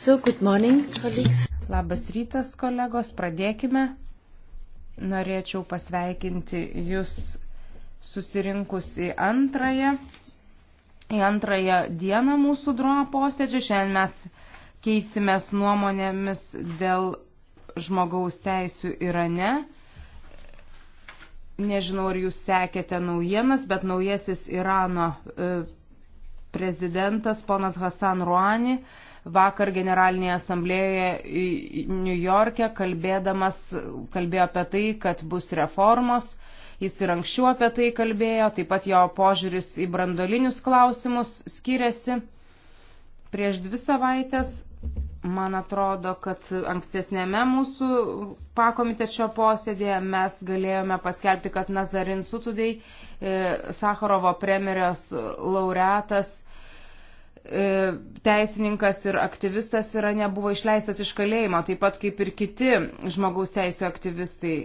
So, good morning, colleagues. Labas rytas, kolegos, pradėkime. Norėčiau pasveikinti Jūs susirinkus į antrąją, į antrąją dieną mūsų drono posėdžio. Šiandien mes keisimės nuomonėmis dėl žmogaus teisių Irane. Nežinau, ar jūs sekėte naujienas, bet naujasis Irano e, prezidentas, ponas Hasan Ruani, vakar Generalinėje asamblėjoje New York'e kalbėdamas kalbėjo apie tai, kad bus reformos. Jis ir anksčiau apie tai kalbėjo, taip pat jo požiūris į brandolinius klausimus skiriasi. Prieš dvi savaitės Man atrodo, kad ankstesnėme mūsų pakomitečio posėdėje mes galėjome paskelbti, kad Nazarin Sutudai, e, Sakarovo premjeros laureatas, E, teisininkas ir aktyvistas yra nebuvo išleistas iš kalėjimo, taip pat kaip ir kiti žmogaus teisų aktyvistai.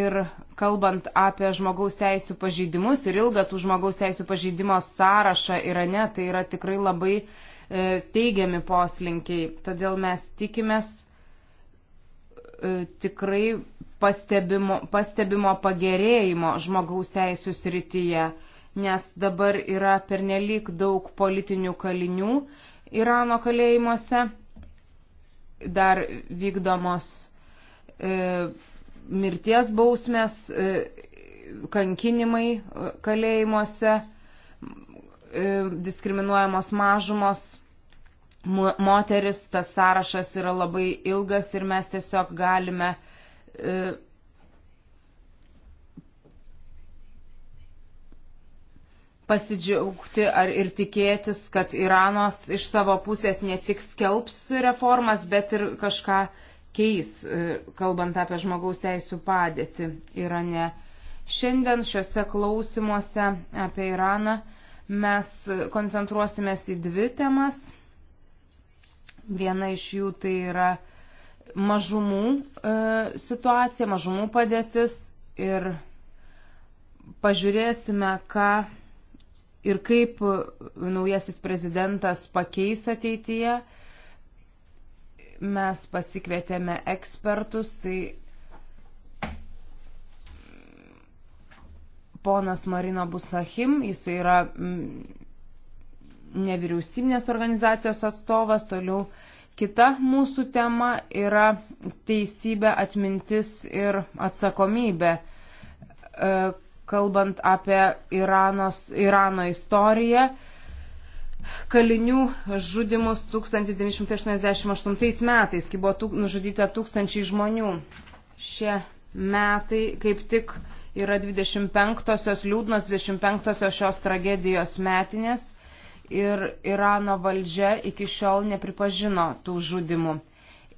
Ir kalbant apie žmogaus teisų pažeidimus ir ilgą tų žmogaus teisų pažeidimo sąrašą Irane, tai yra tikrai labai e, teigiami poslinkiai. Todėl mes tikimės e, tikrai pastebimo, pastebimo pagerėjimo žmogaus teisų srityje. E, nes dabar yra pernelyg daug politinių kalinių Irano kalėjimuose, dar vykdomos e, mirties bausmės, e, kankinimai e, kalėjimuose, e, diskriminuojamos mažumos moteris, tas sąrašas yra labai ilgas ir mes tiesiog galime e, pasidžiaugti ar ir tikėtis, kad Iranas iš savo pusės ne tik skelbs reformas, bet ir kažką keis, e, kalbant apie žmogaus teisų padėtį Irane. Šiandien šiuose klausimuose apie Iraną mes koncentruosimės į dvi temas. Viena iš jų tai yra mažumų e, situacija, mažumų padėtis ir pažiūrėsime, ką ir kaip uh, naujasis prezidentas pakeis ateityje. Mes pasikvietėme ekspertus, tai ponas Marino Busnahim, jis yra mm, nevyriausybinės organizacijos atstovas, toliau kita mūsų tema yra teisybė, atmintis ir atsakomybė uh, kalbant apie Iranos, Irano istoriją, kalinių žudimus 1988 metais, kai buvo tuk, nužudyta tūkstančiai žmonių. Šie metai kaip tik yra 25-osios liūdnos 25-osios šios tragedijos metinės ir Irano valdžia iki šiol nepripažino tų žudimų.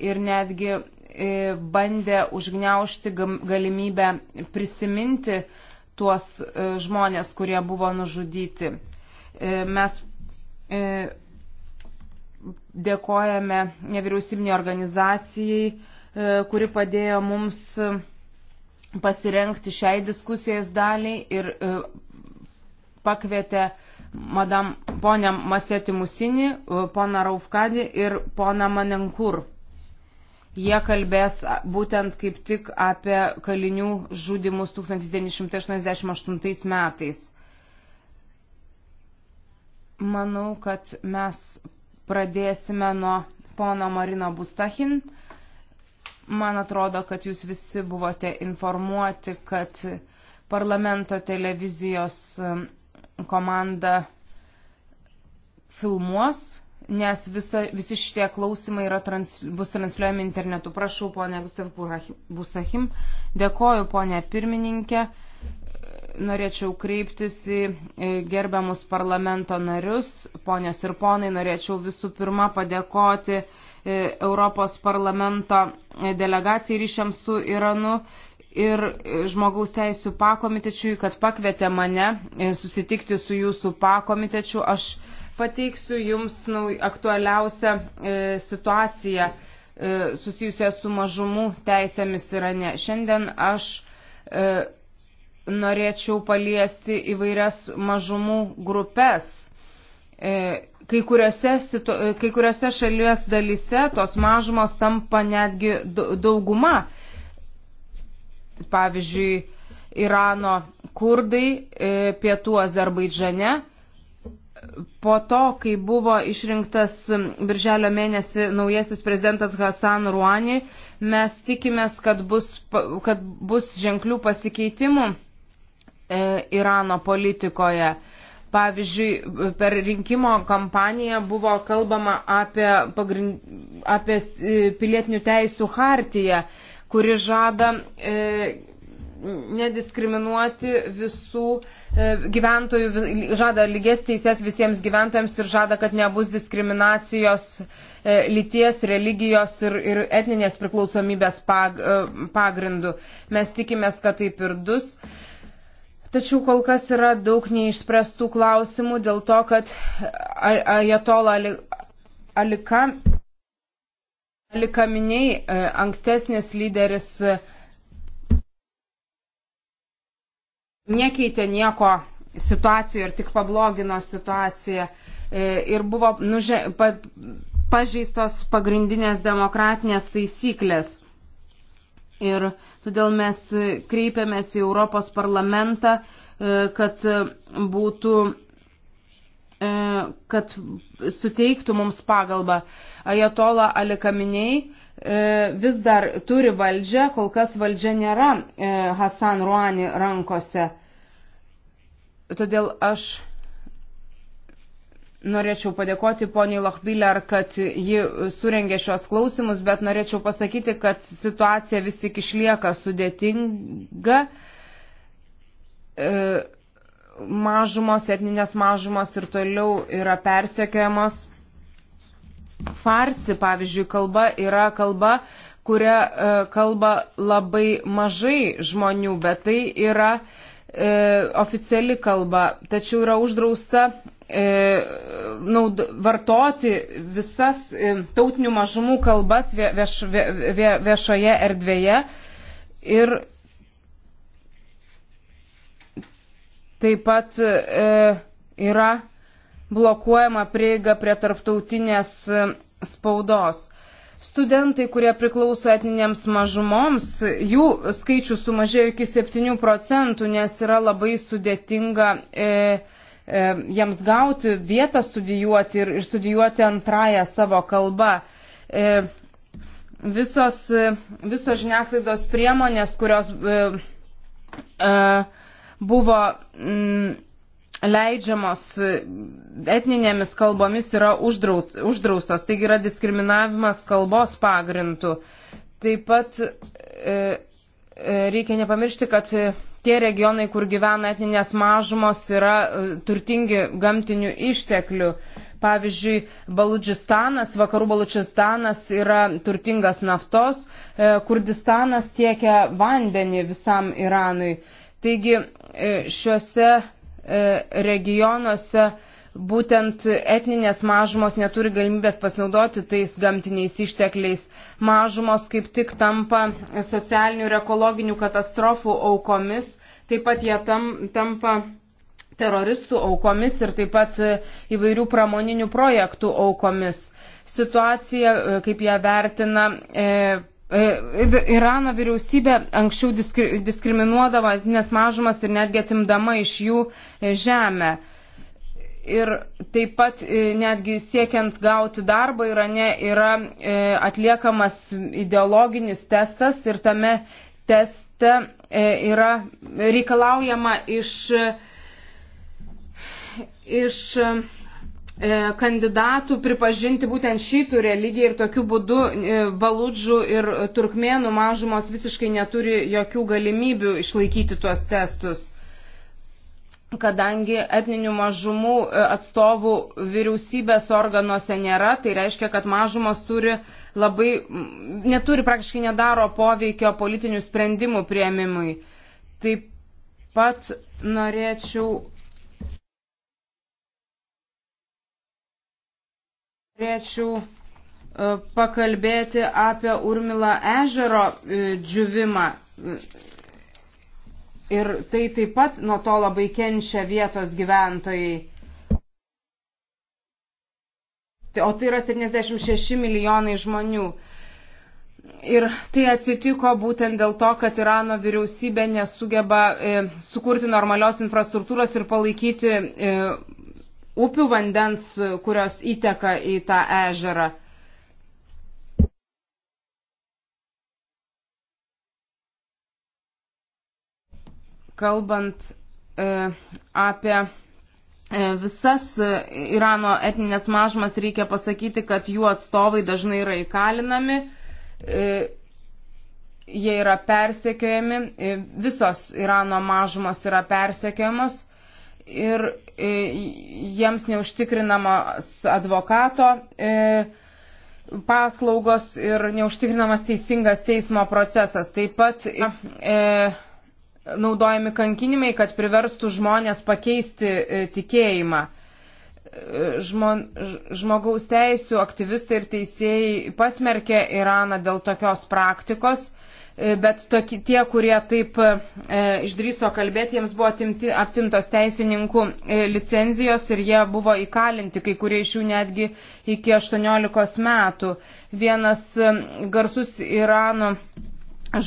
Ir netgi e, bandė užgneušti galimybę prisiminti tuos e, žmonės, kurie buvo nužudyti. E, mes e, dėkojame nevyriausybinė organizacijai, kuri padėjo mums pasirenkti šiai diskusijos daliai ir pakvietė madam, ponę Masetį Musinį, poną Raufkadį ir poną Manenkur. Jie kalbės būtent kaip tik apie kalinių žudimus 1988 metais. Manau, kad mes pradėsime nuo pono Marino Bustahin. Man atrodo, kad jūs visi buvote informuoti, kad parlamento televizijos um, komanda filmuos nes visa, visi šitie klausimai trans, bus transliuojami internetu. Prašau, ponė Gustav Busahim. Dėkoju, ponė pirmininkė. Norėčiau kreiptis į gerbiamus parlamento narius. Ponios ir ponai, norėčiau visų pirma padėkoti e, Europos parlamento e, delegacijai ryšiams su Iranu ir e, žmogaus teisų pakomitečiui, kad pakvietė mane susitikti su jūsų pakomitečiu. Aš pateiksiu Jums nu, aktualiausią e, situaciją e, susijusią su mažumų teisėmis Irane. Šiandien aš e, norėčiau paliesti įvairias mažumų grupės. E, kai kuriuose, situ, e, kai kuriuose šalies dalyse tos mažumos tampa netgi dauguma. Pavyzdžiui, Irano kurdai e, pietų Azerbaidžane po to, kai buvo išrinktas birželio mėnesį naujasis prezidentas Hasan Ruani, mes tikimės, kad bus, kad bus ženklių pasikeitimų e, Irano politikoje. Pavyzdžiui, per rinkimo kampaniją buvo kalbama apie, pagrind, apie e, pilietinių teisų hartiją, kuri žada e, nediskriminuoti visų e, gyventojų, žada lygės teises visiems gyventojams ir žada, kad nebus diskriminacijos e, lyties, religijos ir, ir etninės priklausomybės pag, e, pagrindų. Mes tikimės, kad taip ir dus. Tačiau kol kas yra daug neišspręstų klausimų dėl to, kad Ajatola Alika, Alikaminiai, ankstesnis lyderis, nekeitė nieko situacijoje ir tik pablogino situaciją. E, ir buvo nuže, pa, pažeistos pagrindinės demokratinės taisyklės. Ir todėl mes kreipiamės į Europos parlamentą, e, kad būtų e, kad suteiktų mums pagalbą. Ajatola Alikaminiai E, vis dar turi valdžią, kol kas valdžia nėra e, Hasan Ruani rankose. Todėl aš norėčiau padėkoti poniai Lochbiller, kad ji surengė šios klausimus, bet norėčiau pasakyti, kad situacija vis tik išlieka sudėtinga. E, mažumos, etninės mažumos ir toliau yra persekiojamos farsi, pavyzdžiui, kalba yra kalba, kurią e, kalba labai mažai žmonių, bet tai yra e, oficiali kalba, tačiau yra uždrausta e, naud, vartoti visas e, tautinių mažumų kalbas vie, vieš, vie, vie, viešoje erdvėje. Ir taip pat e, yra blokuojama prieiga prie tarptautinės e, spaudos. Studentai, kurie priklauso etninėms mažumoms, jų skaičius sumažėjo iki 7 procentų, nes yra labai sudėtinga e, e, jiems gauti vietą studijuoti ir, ir studijuoti antrąją savo kalbą. E, visos, e, visos žiniasklaidos priemonės, kurios e, e, buvo. M, leidžiamos e, etninėmis kalbomis yra uždraustos, taigi yra diskriminavimas kalbos pagrindų. Taip pat e, e, reikia nepamiršti, kad tie regionai, kur gyvena etninės mažumos, yra turtingi gamtinių išteklių. Pavyzdžiui, Baludžistanas, vakarų Baludžistanas yra turtingas naftos, Kurdistanas tiekia vandenį visam Iranui. Taigi šiuose E, regionuose būtent etninės mažumos neturi galimybės pasinaudoti tais gamtiniais ištekliais. Mažumos kaip tik tampa socialinių ir ekologinių katastrofų aukomis, taip pat jie tam, tampa teroristų aukomis ir taip pat įvairių pramoninių projektų aukomis. Situacija, e, kaip ją vertina e, E, Irano vyriausybė anksčiau diskri, diskriminuodavo nes mažumas ir netgi atimdama iš jų e, žemę. Ir taip pat e, netgi siekiant gauti darbą Irane yra atliekamas ideologinis testas ir tame teste yra reikalaujama iš, iš E, kandidatų pripažinti būtent šitų religiją ir tokiu būdu valudžų e, ir turkmėnų mažumos visiškai neturi jokių galimybių išlaikyti tuos testus, kadangi etninių mažumų e, atstovų vyriausybės organuose nėra, tai reiškia, kad mažumos turi labai, neturi praktiškai nedaro poveikio politinių sprendimų prieimimui. Taip pat norėčiau Norėčiau e, pakalbėti apie Urmila ežero e, džiuvimą. Ir tai taip pat nuo to labai kenčia vietos gyventojai. O tai yra 76 milijonai žmonių. Ir tai atsitiko būtent dėl to, kad Irano vyriausybė nesugeba e, sukurti normalios infrastruktūros ir palaikyti e, upių vandens, kurios įteka į tą ežerą. Kalbant e, apie e, visas e, Irano etninės mažumas, reikia pasakyti, kad jų atstovai dažnai yra įkalinami, e, jie yra persekiojami, visos Irano mažumos yra persekiojamos ir e, jiems neužtikrinamas advokato e, paslaugos ir neužtikrinamas teisingas teismo procesas. Taip pat e, naudojami kankinimai, kad priverstų žmonės pakeisti e, tikėjimą. E, žmon, žmogaus teisų aktyvistai ir teisėjai pasmerkė Iraną dėl tokios praktikos. E, bet tokie, tie, kurie taip e, išdryso kalbėti, jiems buvo atimti, aptimtos teisininkų e, licenzijos ir jie buvo įkalinti, kai kurie iš jų netgi iki 18 metų. Vienas e, garsus Irano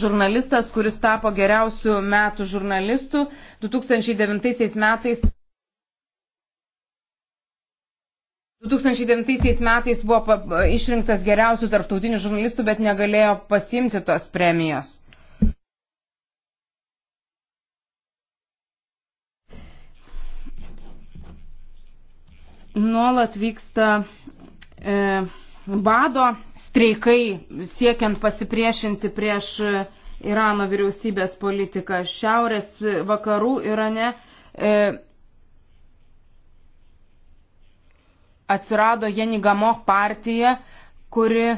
žurnalistas, kuris tapo geriausių metų žurnalistų, 2009 metais 2009 metais buvo išrinktas geriausių tarptautinių žurnalistų, bet negalėjo pasimti tos premijos. Nuolat vyksta e, bado streikai siekiant pasipriešinti prieš e, Irano vyriausybės politiką. Šiaurės vakarų Irane e, atsirado Jenigamo partija, kuri e,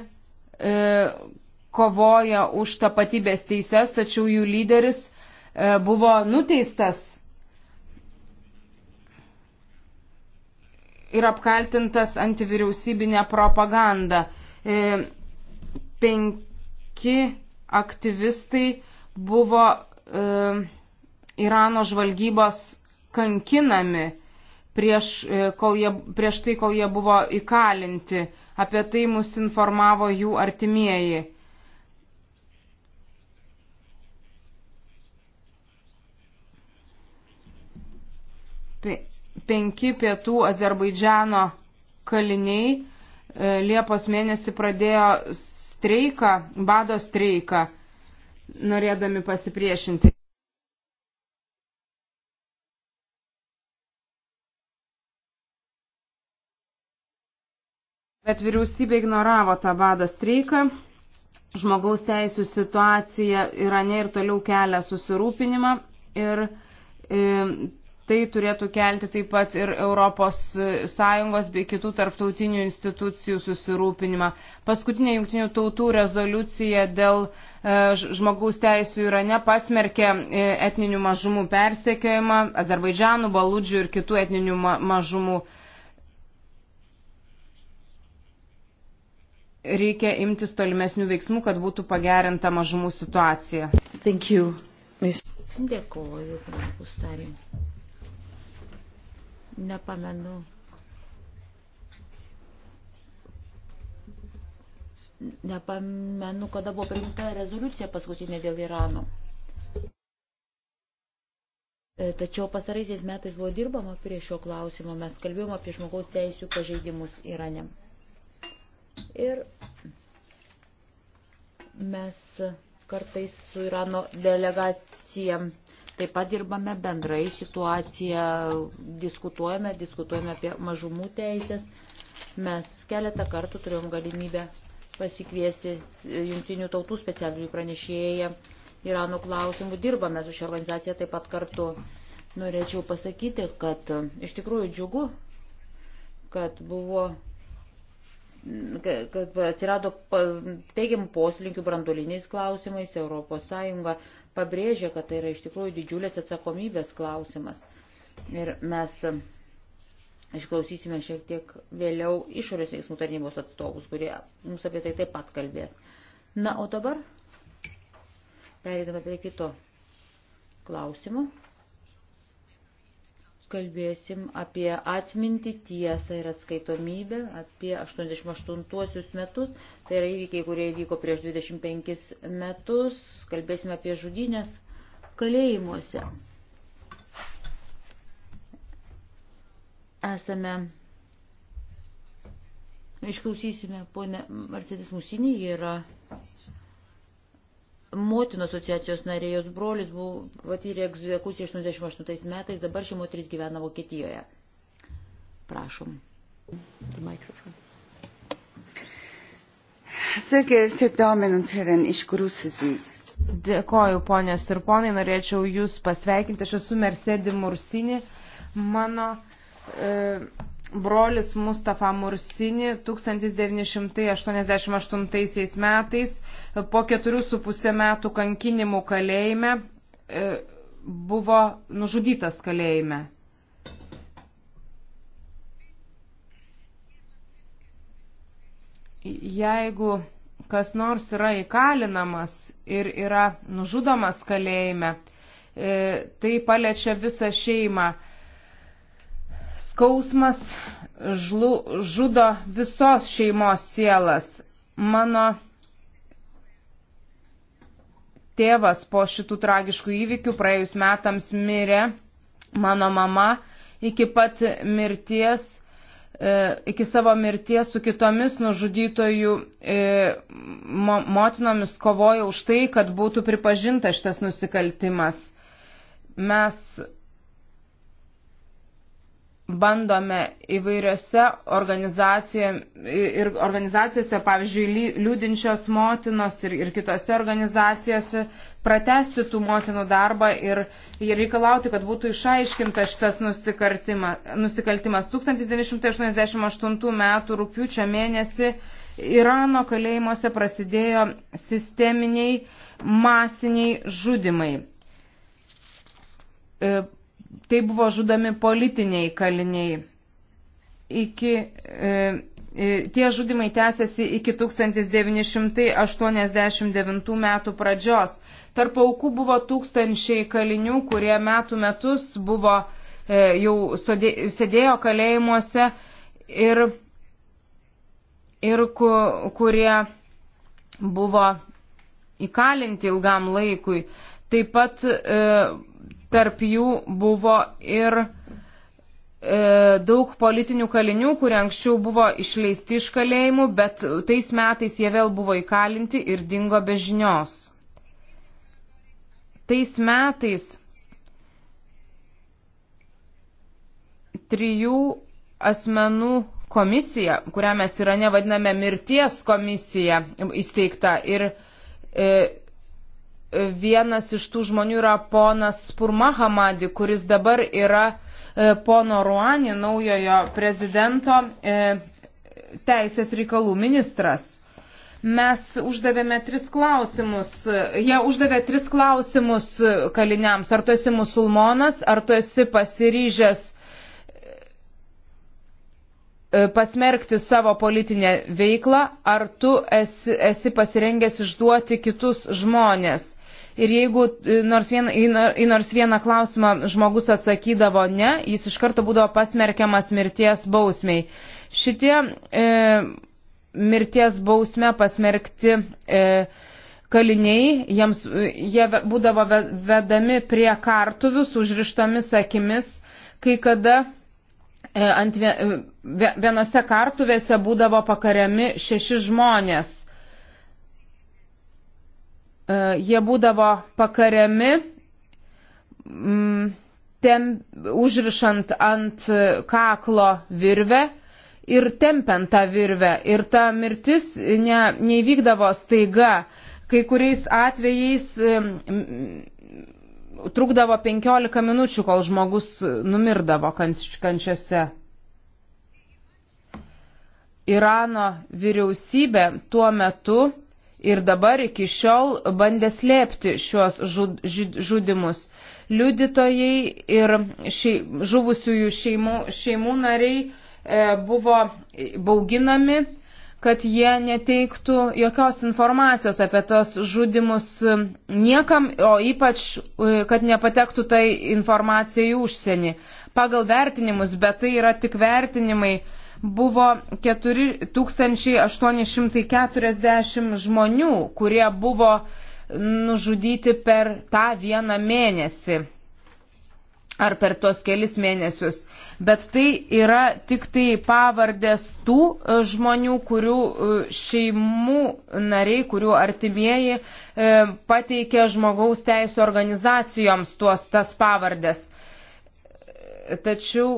kovoja už tapatybės teises, tačiau jų lyderis e, buvo nuteistas ir apkaltintas antivyriausybinę propagandą. E, penki aktyvistai buvo e, Irano žvalgybos kankinami prieš, e, kol jie, prieš tai, kol jie buvo įkalinti. Apie tai mus informavo jų artimieji. Penki pietų Azerbaidžiano kaliniai e, Liepos mėnesį pradėjo streiką, bado streiką, norėdami pasipriešinti. Bet vyriausybė ignoravo tą bado streiką. Žmogaus teisų situacija Irane ir toliau kelia susirūpinimą ir e, tai turėtų kelti taip pat ir ES e, bei kitų tarptautinių institucijų susirūpinimą. Paskutinė jungtinių tautų rezoliucija dėl e, žmogaus teisų Irane pasmerkė e, etninių mažumų persekiojimą, Azerbaidžianų, Baludžių ir kitų etninių ma mažumų persekiojimą reikia imtis tolimesnių veiksmų, kad būtų pagerinta mažumų situacija. Thank you. Miss. Dėkuoju, panakus tarim. Nepamenu. Nepamenu, kada buvo priimta rezoliucija paskutinė dėl Irano. E, tačiau pasaraisiais metais buvo dirbama prie šio klausimo. Mes kalbėjome apie žmogaus teisų pažeidimus Irane. Ir mes kartais su Irano delegacija taip pat dirbame bendrai situaciją, diskutuojame, diskutuojame apie mažumų teisės. Mes keletą kartų turėjom galimybę pasikviesti jungtinių tautų specialiųjų pranešėją Irano klausimų. Dirbame su šia organizacija taip pat kartu. Norėčiau pasakyti, kad iš tikrųjų džiugu, kad buvo kad atsirado teigiamų poslinkių brandoliniais klausimais, ES pabrėžia, kad tai yra iš tikrųjų didžiulės atsakomybės klausimas. Ir mes išklausysime šiek tiek vėliau išorės veiksmų tarnybos atstovus, kurie mums apie tai taip pat kalbės. Na, o dabar perėdame prie kito klausimo kalbėsim apie atmintį, tiesą ir atskaitomybę, apie 88 metus, tai yra įvykiai, kurie įvyko prieš 25 metus, kalbėsim apie žudynės kalėjimuose. Esame, išklausysime ponę Marcedis Musinį, ji yra motinų asociacijos narė, jos brolis buvo patyrė egzekuciją 88 metais, dabar ši moteris gyvena Vokietijoje. Prašom. Dėkoju, ponės ir ponai, norėčiau Jūs pasveikinti. Aš esu Mercedi Mursini. Mano e, brolis Mustafa Mursini 1988 metais po keturių su pusė metų kankinimų kalėjime e, buvo nužudytas kalėjime. Jeigu kas nors yra įkalinamas ir yra nužudomas kalėjime, e, tai paliečia visą šeimą. Skausmas žlu, žudo visos šeimos sielas. Mano tėvas po šitų tragiškų įvykių praėjus metams mirė, mano mama iki pat mirties, e, iki savo mirties su kitomis nužudytojų e, motinomis kovojo už tai, kad būtų pripažinta šitas nusikaltimas. Mes bandome įvairiose ir organizacijose, pavyzdžiui, liūdinčios motinos ir, ir kitose organizacijose, pratesti tų motinų darbą ir, ir reikalauti, kad būtų išaiškinta šitas nusikaltimas. 1988 m. rūpiučio mėnesį Irano kalėjimuose prasidėjo sisteminiai masiniai žudimai e, tai buvo žudomi politiniai kaliniai. Iki, e, e tie žudimai tęsiasi iki 1989 metų pradžios. Tarp aukų buvo tūkstančiai kalinių, kurie metų metus buvo e, jau sodė, sėdėjo kalėjimuose ir, ir ku, kurie buvo įkalinti ilgam laikui. Taip pat e, Tarp jų buvo ir e, daug politinių kalinių, kurie anksčiau buvo išleisti iš kalėjimų, bet tais metais jie vėl buvo įkalinti ir dingo be žinios. Tais metais trijų asmenų komisija, kurią mes yra nevadiname mirties komisija įsteigta ir e, vienas iš tų žmonių yra ponas Spurma Hamadi, kuris dabar yra e, pono Ruani, naujojo prezidento e, teisės reikalų ministras. Mes uždavėme tris klausimus. Jie uždavė tris klausimus kaliniams. Ar tu esi musulmonas, ar tu esi pasiryžęs e, pasmerkti savo politinę veiklą, ar tu esi, esi pasirengęs išduoti kitus žmonės ir jeigu e, nors vien, į, į nors vieną klausimą žmogus atsakydavo ne, jis iš karto būdavo pasmerkiamas mirties bausmiai. Šitie e, mirties bausme pasmerkti e, kaliniai, jiems, jie būdavo vedami prie kartuvius užrištomis akimis, kai kada e, ant e, vienose kartuvėse būdavo pakariami šeši žmonės. E, jie būdavo pakariami mm, tem, užrišant ant kaklo virvę ir tempiant tą virvę. Ir ta mirtis ne, neįvykdavo staiga. Kai kuriais atvejais e, trukdavo 15 minučių, kol žmogus numirdavo kančiose. Irano vyriausybė tuo metu ir dabar iki šiol bandė slėpti šiuos žud, žud, žudimus. Liudytojai ir šei, žuvusiųjų šeimų, šeimų nariai e, buvo bauginami, kad jie neteiktų jokios informacijos apie tos žudimus niekam, o ypač, e, kad nepatektų tai informacija į užsienį. Pagal vertinimus, bet tai yra tik vertinimai, buvo 4840 žmonių, kurie buvo nužudyti per tą vieną mėnesį ar per tuos kelis mėnesius. Bet tai yra tik tai pavardės tų e, žmonių, kurių e, šeimų nariai, kurių artimieji e, pateikė žmogaus teisų organizacijoms tuos tas pavardės. Tačiau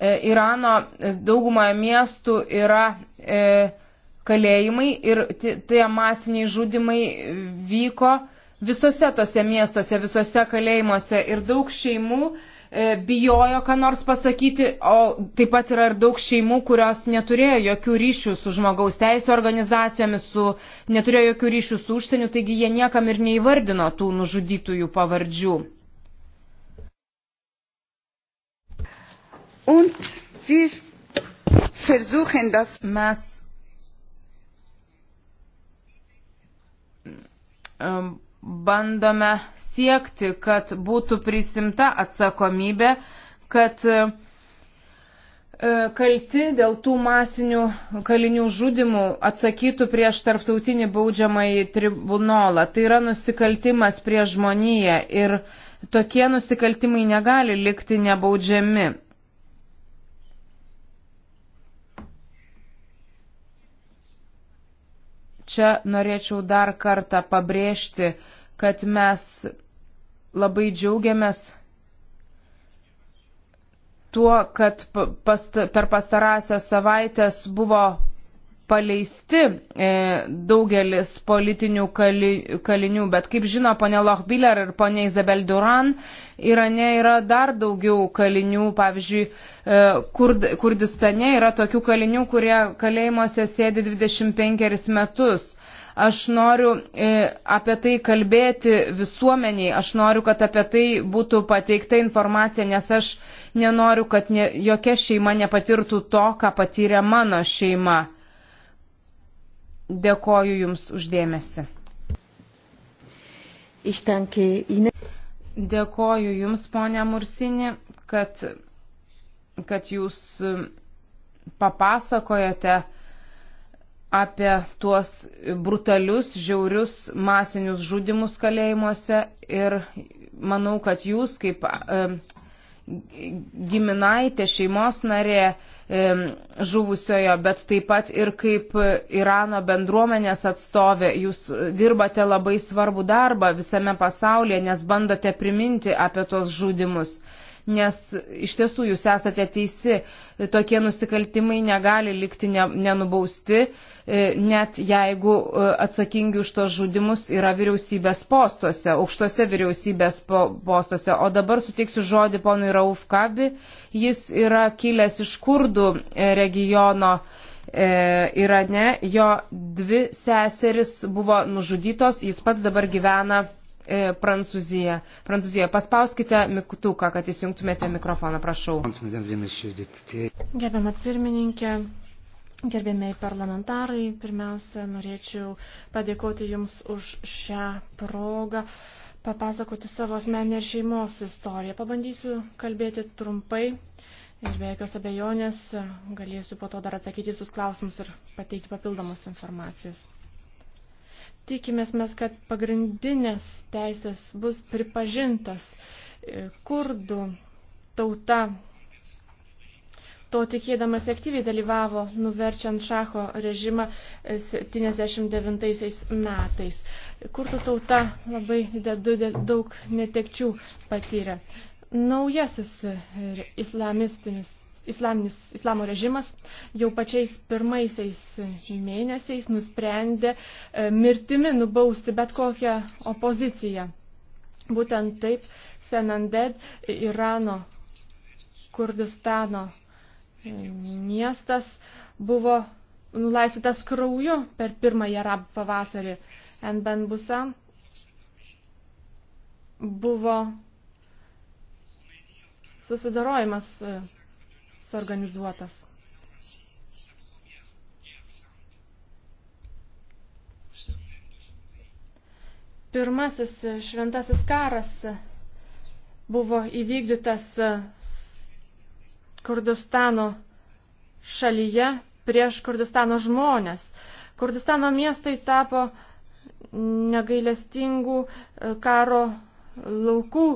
E, Irano e, daugumoje miestų yra e, kalėjimai ir tie masiniai žudimai vyko visose tose miestuose, visose kalėjimuose ir daug šeimų bijojo ką nors pasakyti, o taip pat yra ir daug šeimų, kurios neturėjo jokių ryšių su žmogaus teisų organizacijomis, su, neturėjo jokių ryšių su užsieniu, taigi jie niekam ir neįvardino tų nužudytųjų pavardžių. Und wir versuchen das. Mes bandome siekti, kad būtų prisimta atsakomybė, kad e, kalti dėl tų masinių kalinių žudimų atsakytų prieš tarptautinį baudžiamąjį tribunolą. Tai yra nusikaltimas prieš žmoniją ir tokie nusikaltimai negali likti nebaudžiami. Čia norėčiau dar kartą pabrėžti, kad mes labai džiaugiamės tuo, kad past, per pastarąsias savaitės buvo paleisti e, daugelis politinių kali, kalinių, bet kaip žino ponė Lochbiller ir ponė Izabel Duran, Irane yra dar daugiau kalinių, pavyzdžiui, e, Kurd, Kurdistane yra tokių kalinių, kurie kalėjimuose sėdi 25 metus. Aš noriu e, apie tai kalbėti visuomeniai, aš noriu, kad apie tai būtų pateikta informacija, nes aš nenoriu, kad ne, jokia šeima nepatirtų to, ką patyrė mano šeima. Dėkoju Jums uždėmesi. Dėkoju Jums, ponia Mursini, kad, kad Jūs papasakojate apie tuos brutalius, žiaurius masinius žudimus kalėjimuose ir manau, kad Jūs kaip e, giminaitė, šeimos narė žuvusiojo, bet taip pat ir kaip Irano bendruomenės atstovė, jūs dirbate labai svarbų darbą visame pasaulyje, nes bandote priminti apie tos žudimus nes iš tiesų jūs esate teisi, tokie nusikaltimai negali likti nenubausti, e, net jeigu e, atsakingi už tos žudimus yra vyriausybės postuose, aukštose vyriausybės postuose. O dabar suteiksiu žodį ponui Rauf Kabi, jis yra kilęs iš kurdų e, regiono. Irane jo dvi seseris buvo nužudytos, jis pats dabar gyvena E, Prancūzija. Prancūzija, paspauskite mygtuką, kad įsijungtumėte mikrofoną, prašau. Gerbiama pirmininkė, gerbėmiai parlamentarai, pirmiausia, norėčiau padėkoti Jums už šią progą papasakoti savo asmenę ir šeimos istoriją. Pabandysiu kalbėti trumpai ir be jokios abejonės galėsiu po to dar atsakyti visus klausimus ir pateikti papildomos informacijos tikimės mes, kad pagrindinės teisės bus pripažintas e, kurdų tauta. To tikėdamas aktyviai dalyvavo nuverčiant šacho režimą 79 e, metais. Kurdų tauta labai daug netekčių patyrė. Naujasis e, islamistinis islaminis, islamo režimas jau pačiais pirmaisiais mėnesiais nusprendė e, mirtimi nubausti bet kokią opoziciją. Būtent taip Senanded Irano Kurdistano e, miestas buvo nulaistytas krauju per pirmąjį arabų pavasarį. Enben Busa buvo susidarojimas e, suorganizuotas. Pirmasis šventasis karas buvo įvykdytas Kurdistano šalyje prieš Kurdistano žmonės. Kurdistano miestai tapo negailestingų karo laukų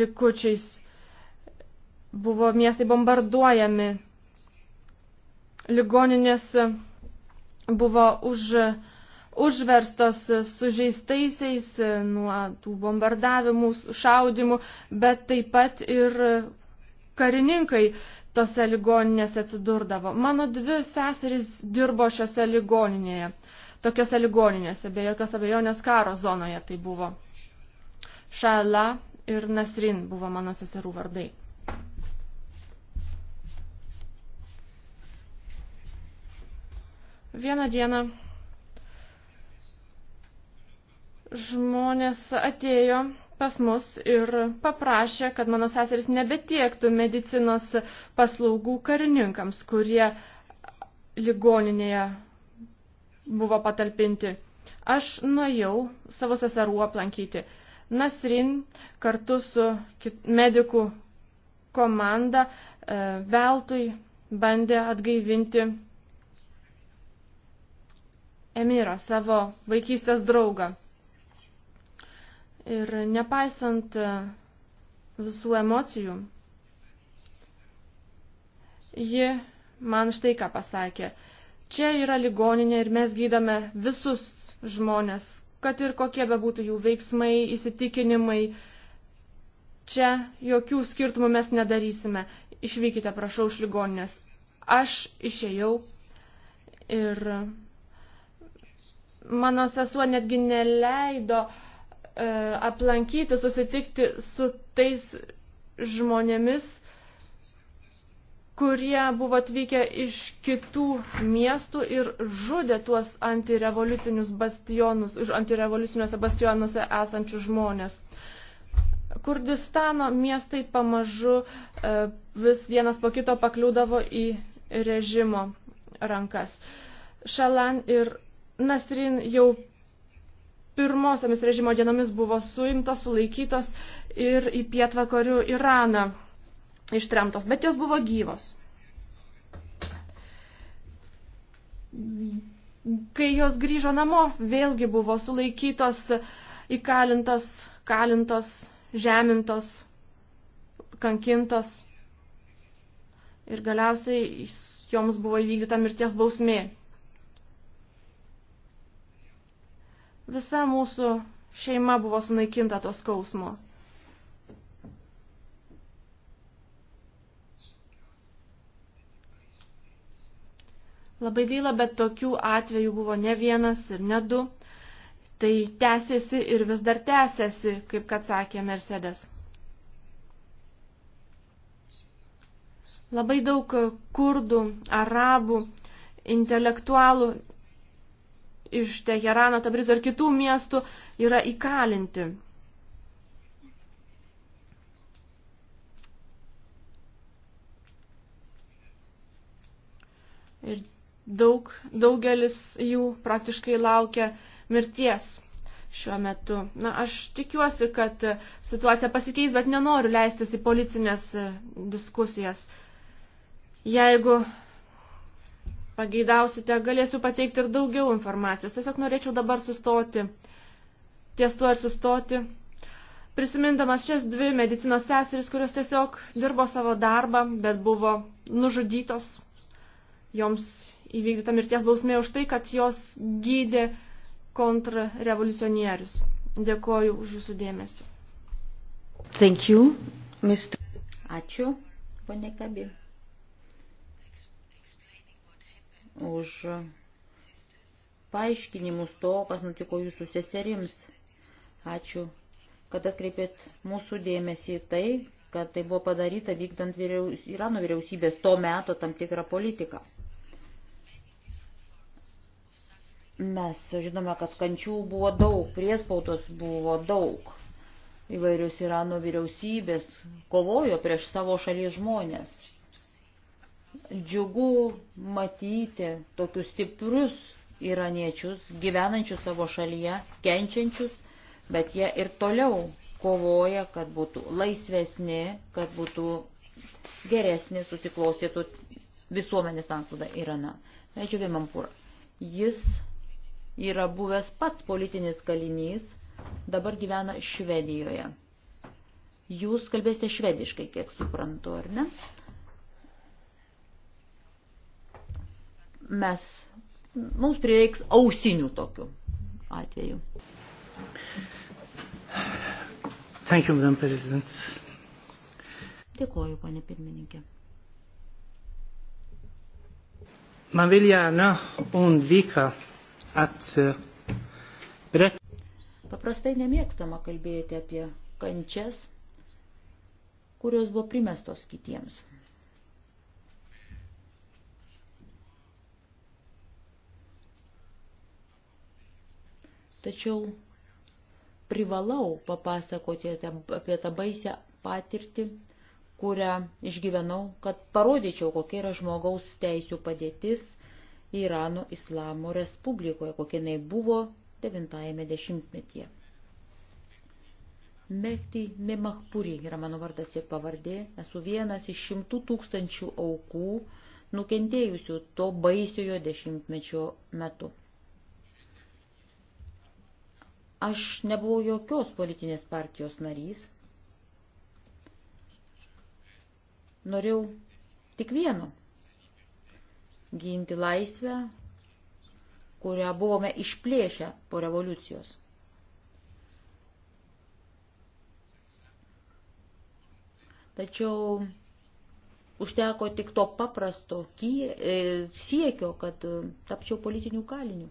likučiais buvo miestai bombarduojami, ligoninės buvo už, užverstos sužeistaisiais nuo tų bombardavimų, šaudimų, bet taip pat ir karininkai tose ligoninėse atsidurdavo. Mano dvi seserys dirbo šiose ligoninėje, tokiose ligoninėse, be jokios abejonės karo zonoje tai buvo. Šala ir Nasrin buvo mano seserų vardai. Vieną dieną žmonės atėjo pas mus ir paprašė, kad mano seseris nebetiektų medicinos paslaugų karininkams, kurie ligoninėje buvo patalpinti. Aš nuėjau savo seserų aplankyti. Nasrin kartu su medikų komanda e, veltui bandė atgaivinti Emiro, savo vaikystės draugą. Ir nepaisant e, visų emocijų, ji man štai ką pasakė. Čia yra ligoninė ir mes gydame visus žmonės, kad ir kokie bebūtų jų veiksmai, įsitikinimai. Čia jokių skirtumų mes nedarysime. Išvykite, prašau, iš ligoninės. Aš išėjau ir Mano sesuo netgi neleido e, aplankyti, susitikti su tais žmonėmis, kurie buvo atvykę iš kitų miestų ir žudė tuos antirevoliucinius bastionus, antirevoliuciniuose bastionuose esančius žmonės. Kurdistano miestai pamažu e, vis vienas po kito pakliūdavo į režimo rankas. Šalan ir Nasrin jau pirmosiamis režimo dienomis buvo suimtos, sulaikytos ir į pietvakarių Iraną ištremtos, bet jos buvo gyvos. Kai jos grįžo namo, vėlgi buvo sulaikytos, įkalintos, kalintos, žemintos, kankintos ir galiausiai joms buvo įvykdyta mirties bausmė. Visa mūsų šeima buvo sunaikinta to skausmo. Labai gaila, bet tokių atvejų buvo ne vienas ir ne du. Tai tęsiasi ir vis dar tęsiasi, kaip kad sakė Mercedes. Labai daug kurdų, arabų, intelektualų iš Teherano, Tabrizo ir kitų miestų yra įkalinti. Ir daug, daugelis jų praktiškai laukia mirties šiuo metu. Na, aš tikiuosi, kad situacija pasikeis, bet nenoriu leistis į policinės diskusijas. Jeigu pageidausite, galėsiu pateikti ir daugiau informacijos. Tiesiog norėčiau dabar sustoti, ties tuo ir sustoti, prisimindamas šias dvi medicinos seseris, kurios tiesiog dirbo savo darbą, bet buvo nužudytos. Joms įvykdyta mirties bausmė už tai, kad jos gydė kontrrevoliucionierius. Dėkoju už jūsų dėmesį. Thank you, Mr. Ačiū, ponė Kabė. už paaiškinimus to, kas nutiko jūsų seserims. Ačiū, kad atkreipėt mūsų dėmesį į tai, kad tai buvo padaryta vykdant vyriaus, Irano vyriausybės to meto tam tikrą politiką. Mes žinome, kad kančių buvo daug, priespaudos buvo daug. Įvairius Irano vyriausybės kovojo prieš savo šalies žmonės džiugu matyti tokius stiprius iraniečius, gyvenančius savo šalyje, kenčiančius, bet jie ir toliau kovoja, kad būtų laisvesni, kad būtų geresnė susiklostytų visuomenės anklada Irana. Ačiū Vimampūra. Jis yra buvęs pats politinis kalinys, dabar gyvena Švedijoje. Jūs kalbėsite švediškai, kiek suprantu, ar ne? mes, mums prireiks ausinių tokių atvejų. Thank you, Madam President. Dėkuoju, ponė pirmininkė. Man vill gärna undvika att eh, berätta. Paprastai nemėgstama kalbėti apie kančias, kurios buvo primestos kitiems. Tačiau privalau papasakoti apie tą baisę patirtį, kurią išgyvenau, kad parodyčiau, kokia yra žmogaus teisų padėtis Irano Islamo Respublikoje, kokia jinai buvo 90-ame dešimtmetyje. Mehti Memahpuri yra mano vardas ir pavardė, esu vienas iš šimtų tūkstančių aukų nukentėjusių to baisiojo dešimtmečio metu. Aš nebuvau jokios politinės partijos narys. Norėjau tik vieno - ginti laisvę, kurią buvome išplėšę po revoliucijos. Tačiau užteko tik to paprasto e, siekio, kad e, tapčiau politinių kalinių.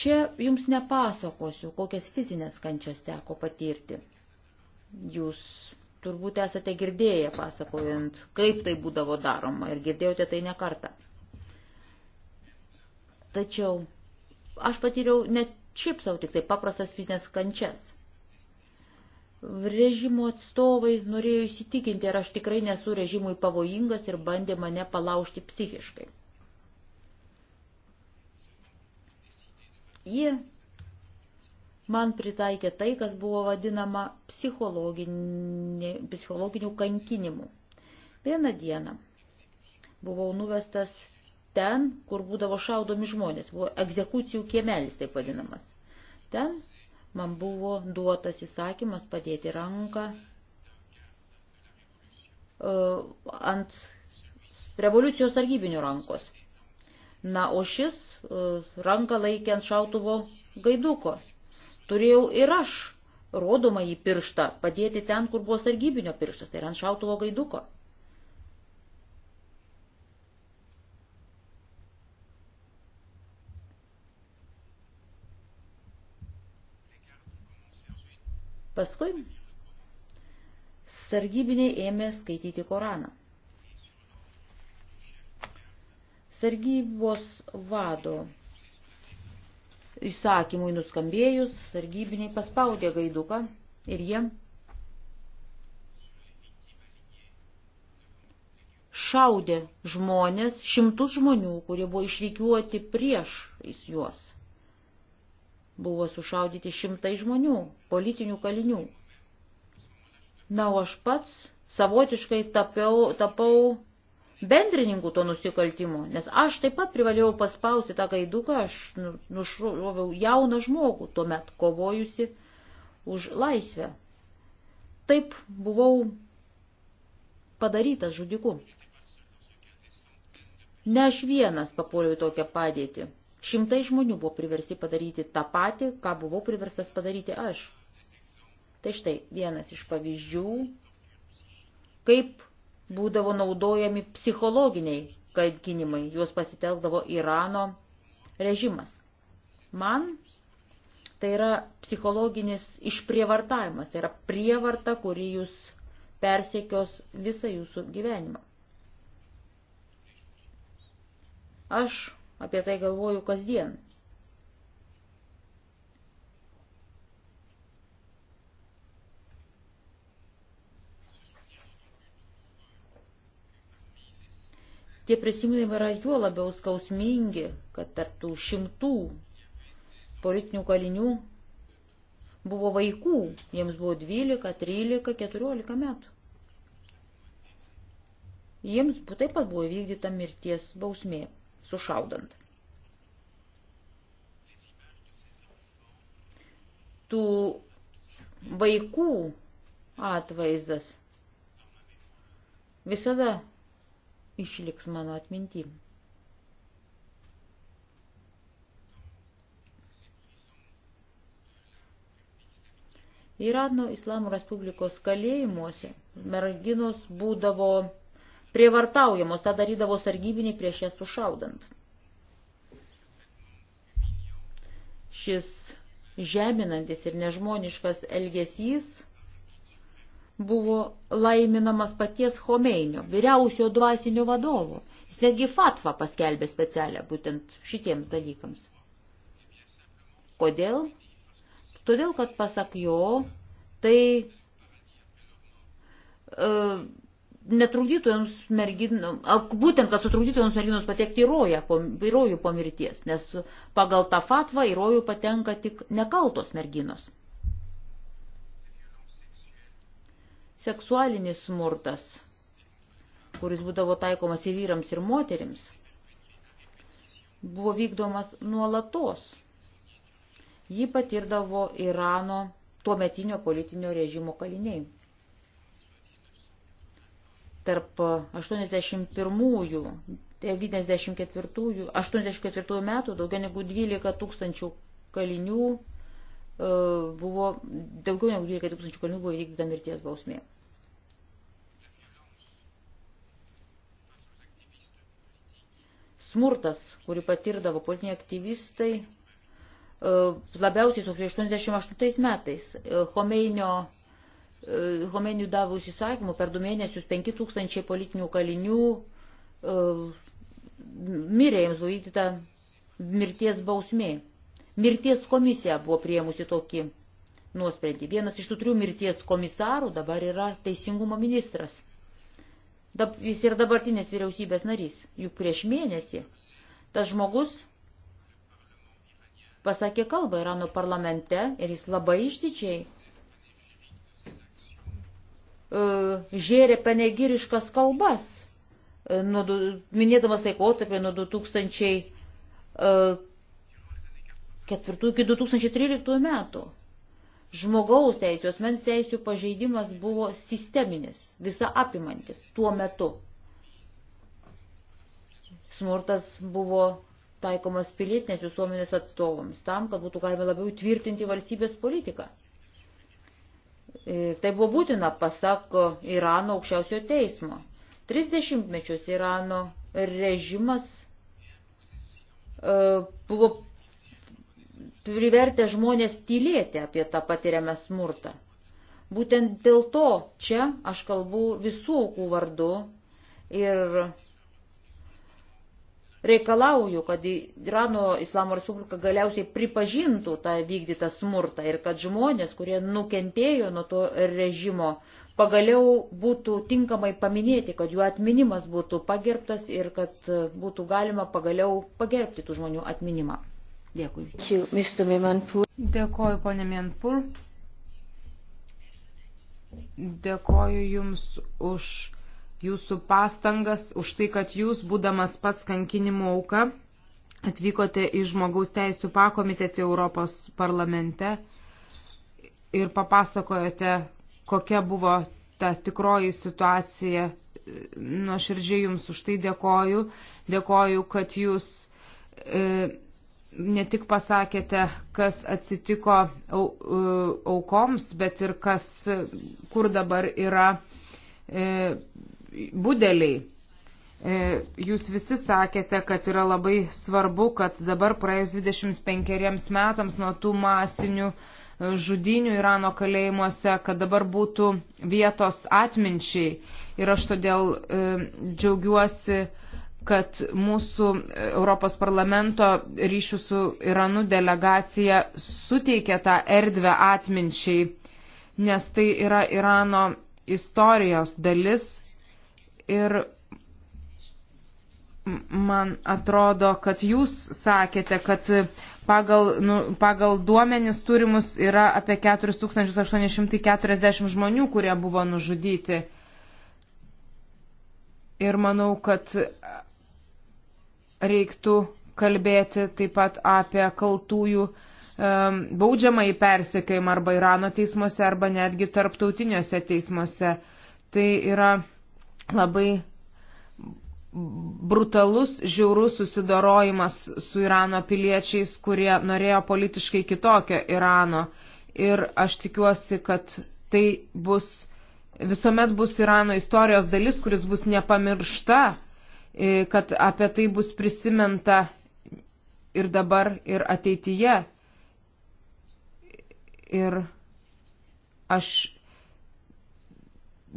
Čia jums nepasakosiu, kokias fizinės kančias teko patirti. Jūs turbūt esate girdėję pasakojant, kaip tai būdavo daroma ir girdėjote tai ne kartą. Tačiau aš patyriau net šiaip savo tik tai paprastas fizinės kančias režimo atstovai norėjo įsitikinti, ar aš tikrai nesu režimui pavojingas ir bandė mane palaužti psichiškai. Ji man pritaikė tai, kas buvo vadinama psichologiniu kankinimu. Vieną dieną buvau nuvestas ten, kur būdavo šaudomi žmonės, buvo egzekucijų kiemelis, taip vadinamas. Ten man buvo duotas įsakymas padėti ranką uh, ant revoliucijos sargybinių rankos. Na, o šis e, ranką laikė ant šautuvo gaiduko. Turėjau ir aš rodomą į pirštą padėti ten, kur buvo sargybinio pirštas, tai yra ant šautuvo gaiduko. Paskui sargybiniai ėmė skaityti Koraną. Sargybos vado įsakymui nuskambėjus, sargybiniai paspaudė gaiduką ir jie šaudė žmonės, šimtus žmonių, kurie buvo išrikiuoti prieš juos. Buvo sušaudyti šimtai žmonių, politinių kalinių. Na, o aš pats savotiškai tapiau, tapau bendrininkų to nusikaltimo, nes aš taip pat privalėjau paspausti tą gaiduką, aš nu, nušroviau jauną žmogų, tuomet kovojusi už laisvę. Taip buvau padarytas žudiku. Ne aš vienas papuoliau į tokią padėtį. Šimtai žmonių buvo priversti padaryti tą patį, ką buvau priverstas padaryti aš. Tai štai vienas iš pavyzdžių, kaip būdavo naudojami psichologiniai kankinimai, juos pasitelkdavo Irano režimas. Man tai yra psichologinis išprievartavimas, tai yra prievarta, kuri jūs persiekios visą jūsų gyvenimą. Aš apie tai galvoju kasdien. Tie prisiminimai yra juo labiau skausmingi, kad tarptų šimtų politinių kalinių buvo vaikų, jiems buvo 12, 13, 14 metų. Jiems taip pat buvo vykdyta mirties bausmė, sušaudant. Tų vaikų atvaizdas visada išliks mano atminti. Irano Islamo Respublikos kalėjimuose merginos būdavo prievartaujamos, tą darydavo sargybiniai prieš jas sušaudant. Šis žeminantis ir nežmoniškas elgesys buvo laiminamas paties Homeinio, vyriausio dvasinio vadovo. Jis netgi fatvą paskelbė specialią būtent šitiems dalykams. Kodėl? Todėl, kad pasak jo, tai e, netrukdytojams merginoms, būtent, kad sutrukdytojams merginoms patekti į, roją, po, į rojų po mirties, nes pagal tą fatvą į rojų patenka tik nekaltos merginos. seksualinis smurtas, kuris būdavo taikomas ir vyrams, ir moterims, buvo vykdomas nuolatos. Jį patirdavo Irano tuometinio politinio režimo kaliniai. Tarp 84-84 metų daugiau negu 12 tūkstančių kalinių E, buvo daugiau negu 12 tūkstančių kalinių buvo įvykdyta mirties bausmė. Smurtas, kurį patirdavo politiniai aktyvistai, e, labiausiai 88 metais e, Homeinio Homenių davus įsakymų per du mėnesius 5000 politinių kalinių mirė, jiems buvo įvykdyta mirties bausmė. Mirties komisija buvo priemusi tokį nuosprendį. Vienas iš tų trijų mirties komisarų dabar yra teisingumo ministras. Dab, jis yra dabartinės vyriausybės narys. Juk prieš mėnesį tas žmogus pasakė kalbą Irano parlamente ir jis labai išdidžiai e, žėrė panegiriškas kalbas, e, minėdamas laikotarpį nuo 2000 2004 iki 2013 metų. Žmogaus teisų, asmens teisų pažeidimas buvo sisteminis, visa apimantis tuo metu. Smurtas buvo taikomas pilietinės visuomenės atstovams, tam, kad būtų galima labiau tvirtinti valstybės politiką. E, tai buvo būtina, pasak Irano aukščiausio teismo. 30 mečius Irano režimas e, buvo privertę žmonės tylėti apie tą patiriamą smurtą. Būtent dėl to čia aš kalbu visų aukų vardu ir reikalauju, kad Irano Islamo Respublika galiausiai pripažintų tą vykdytą smurtą ir kad žmonės, kurie nukentėjo nuo to režimo, pagaliau būtų tinkamai paminėti, kad jų atminimas būtų pagerbtas ir kad būtų galima pagaliau pagerbti tų žmonių atminimą. Dėkui. Dėkoju, ponė Mienpur. Dėkoju Jums už Jūsų pastangas, už tai, kad Jūs, būdamas pats kankinimo auka, atvykote į žmogaus teisų pakomitetį Europos parlamente ir papasakojote, kokia buvo ta tikroji situacija. Nuoširdžiai Jums už tai dėkoju. Dėkoju, kad Jūs. E, ne tik pasakėte, kas atsitiko au, e, aukoms, bet ir kas, kur dabar yra e, budeliai. E, jūs visi sakėte, kad yra labai svarbu, kad dabar praėjus 25 metams nuo tų masinių e, žudinių Irano kalėjimuose, kad dabar būtų vietos atminčiai. Ir aš todėl e, džiaugiuosi, e, kad mūsų e, Europos parlamento ryšių su Iranu delegacija suteikia tą erdvę atminčiai, nes tai yra Irano istorijos dalis ir man atrodo, kad jūs sakėte, kad pagal, nu, pagal duomenis turimus yra apie 4840 žmonių, kurie buvo nužudyti. Ir manau, kad reiktų kalbėti taip pat apie kaltųjų baudžiamą į persekiojimą arba Irano teismuose, arba netgi tarptautiniuose teismuose. Tai yra labai brutalus, žiaurus susidorojimas su Irano piliečiais, kurie norėjo politiškai kitokio Irano. Ir aš tikiuosi, kad tai bus, visuomet bus Irano istorijos dalis, kuris bus nepamiršta E, kad apie tai bus prisiminta ir dabar, ir ateityje. Ir aš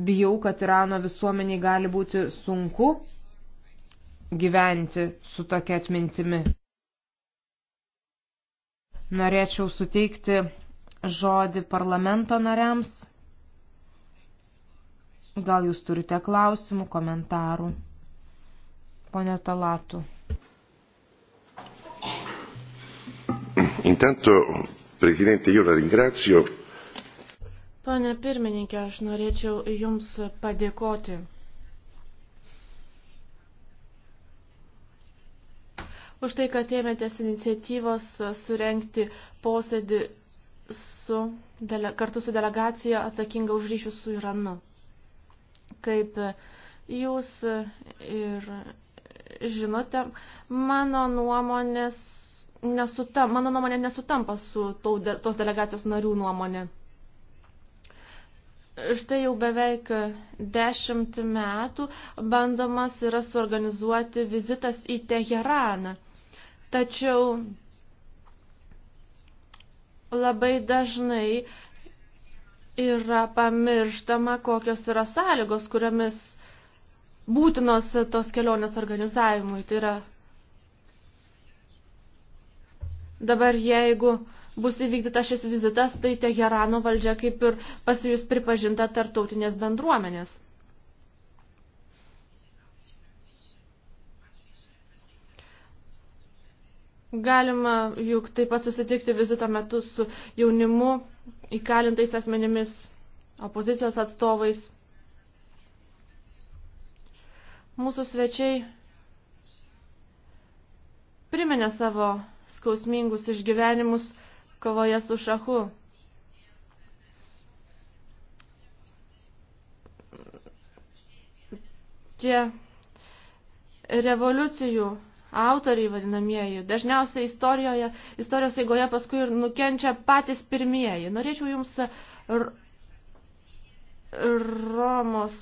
bijau, kad Irano visuomeniai gali būti sunku gyventi su tokia atmintimi. Norėčiau suteikti žodį parlamento nariams. Gal jūs turite klausimų, komentarų? ponė Talatų. Intanto, prezidentė, jau la ringracijo. Pane pirmininkė, aš norėčiau Jums padėkoti. Už tai, kad ėmėtės iniciatyvos surenkti posėdį su, dele, kartu su delegacija atsakinga už ryšius su Iranu. Kaip jūs ir žinote, mano nuomonės nesutam, mano nuomonė nesutampa su de, tos delegacijos narių nuomonė. Štai jau beveik dešimt metų bandomas yra suorganizuoti vizitas į Teheraną. Tačiau labai dažnai yra pamirštama, kokios yra sąlygos, kuriomis būtinos tos kelionės organizavimui. Tai yra dabar jeigu bus įvykdyta šis vizitas, tai Teherano valdžia kaip ir pasijus pripažinta tartautinės bendruomenės. Galima juk taip pat susitikti vizito metu su jaunimu, įkalintais asmenimis, opozicijos atstovais. Mūsų svečiai priminė savo skausmingus išgyvenimus kovoje su šachu. Tie revoliucijų autoriai vadinamieji, dažniausiai istorijoje, istorijos eigoje paskui ir nukenčia patys pirmieji. Norėčiau jums Romos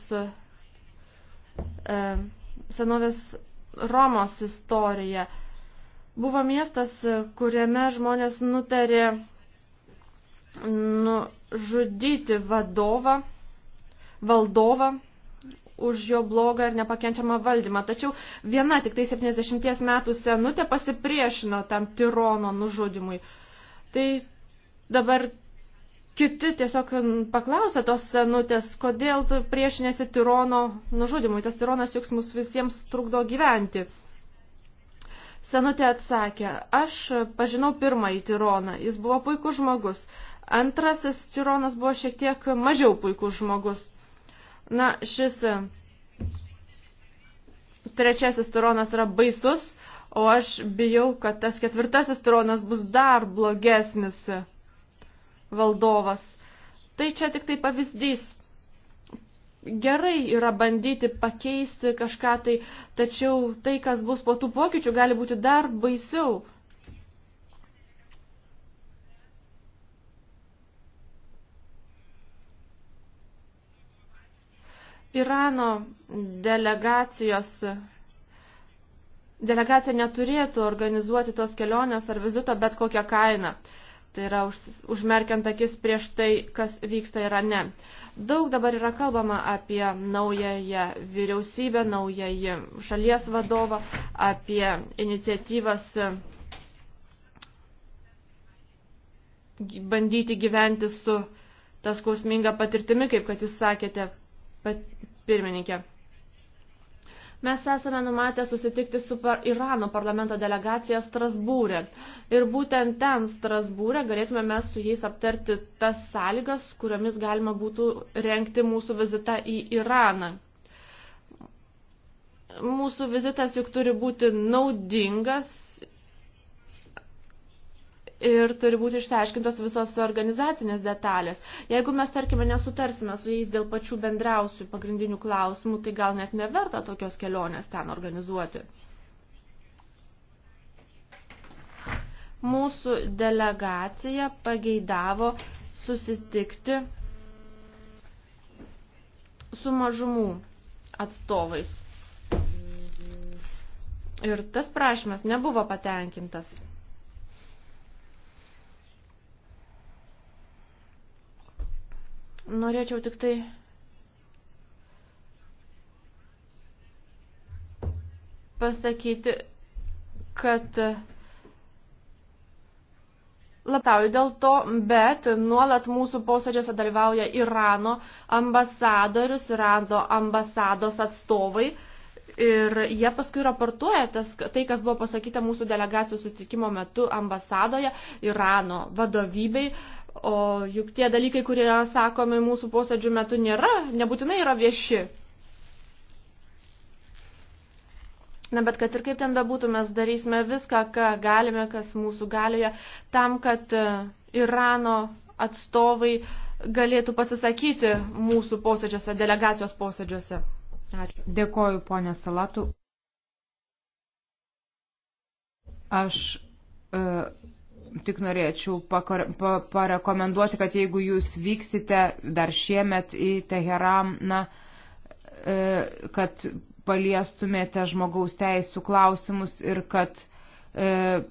E, senovės Romos istoriją. Buvo miestas, kuriame žmonės nutarė nužudyti vadovą, valdovą už jo blogą ir nepakenčiamą valdymą. Tačiau viena tik tai 70 metų senutė pasipriešino tam tirono nužudimui. Tai dabar kiti tiesiog paklausė tos senutės, kodėl tu priešinėsi tirono nužudimui, tas tironas juk mus visiems trukdo gyventi. Senutė atsakė, aš pažinau pirmąjį tironą, jis buvo puikus žmogus, antrasis tironas buvo šiek tiek mažiau puikus žmogus. Na, šis e, trečiasis tironas yra baisus, o aš bijau, kad tas ketvirtasis tironas bus dar blogesnis valdovas. Tai čia tik tai pavyzdys. Gerai yra bandyti pakeisti kažką tai, tačiau tai, kas bus po tų pokyčių, gali būti dar baisiau. Irano delegacijos delegacija neturėtų organizuoti tos kelionės ar vizito bet kokią kainą. Uh, Tai yra už, užmerkiant akis prieš tai, kas vyksta Irane. Daug dabar yra kalbama apie naująją vyriausybę, naująją šalies vadovą, apie iniciatyvas e, bandyti gyventi su tas skausminga patirtimi, kaip kad jūs sakėte, pat, pirmininkė. Mes esame numatę susitikti su Irano parlamento delegacija Strasbūrė. Ir būtent ten Strasbūrė galėtume mes su jais aptarti tas sąlygas, kuriomis galima būtų renkti mūsų vizitą į Iraną. Mūsų vizitas juk turi būti naudingas ir turi būti išsiaiškintos visos organizacinės detalės. Jeigu mes, tarkime, nesutarsime su jais dėl pačių bendriausių pagrindinių klausimų, tai gal net neverta tokios kelionės ten organizuoti. Mūsų delegacija pageidavo susitikti su mažumų atstovais. Ir tas prašymas nebuvo patenkintas. Norėčiau tik tai pasakyti, kad Laptauju dėl to, bet nuolat mūsų posėdžiuose dalyvauja Irano ambasadorius, Irano ambasados atstovai. Ir jie paskui raportuoja tas, tai, kas buvo pasakyta mūsų delegacijų susitikimo metu ambasadoje Irano vadovybei. Uh, O juk tie dalykai, kurie yra sakomi mūsų posėdžių metu, nėra, nebūtinai yra vieši. Na, bet kad ir kaip ten bebūtų, mes darysime viską, ką galime, kas mūsų galioje, tam, kad e, Irano atstovai galėtų pasisakyti mūsų posėdžiuose, delegacijos posėdžiuose. Ačiū. Dėkoju, ponė Salatu. Aš. Uh, tik norėčiau parekomenduoti, kad jeigu jūs vyksite dar šiemet į Teheraną, e, kad paliestumėte žmogaus teisų klausimus ir kad e,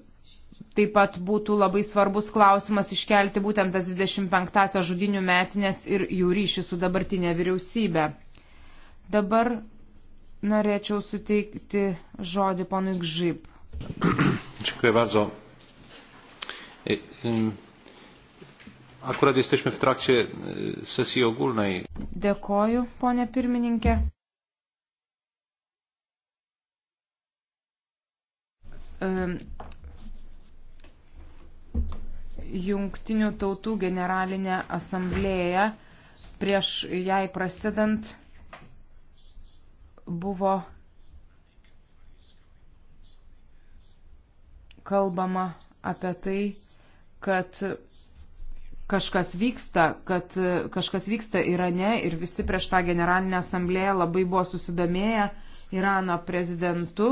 taip pat būtų labai svarbus klausimas iškelti būtent tas 25-asias žudinių metinės ir jų ryšį su dabartinė vyriausybė. Dabar norėčiau suteikti žodį ponui Gžyb. Dziękuję bardzo. Akurat jesteśmy w trakcie sesji ogólnej. Dėkoju, ponė pirmininkė. Jungtinių tautų generalinė asamblėja prieš jai prasidant buvo kalbama apie tai, kad kažkas vyksta, kad kažkas vyksta Irane ir visi prieš tą generalinę asamblėją labai buvo susidomėję Irano prezidentu.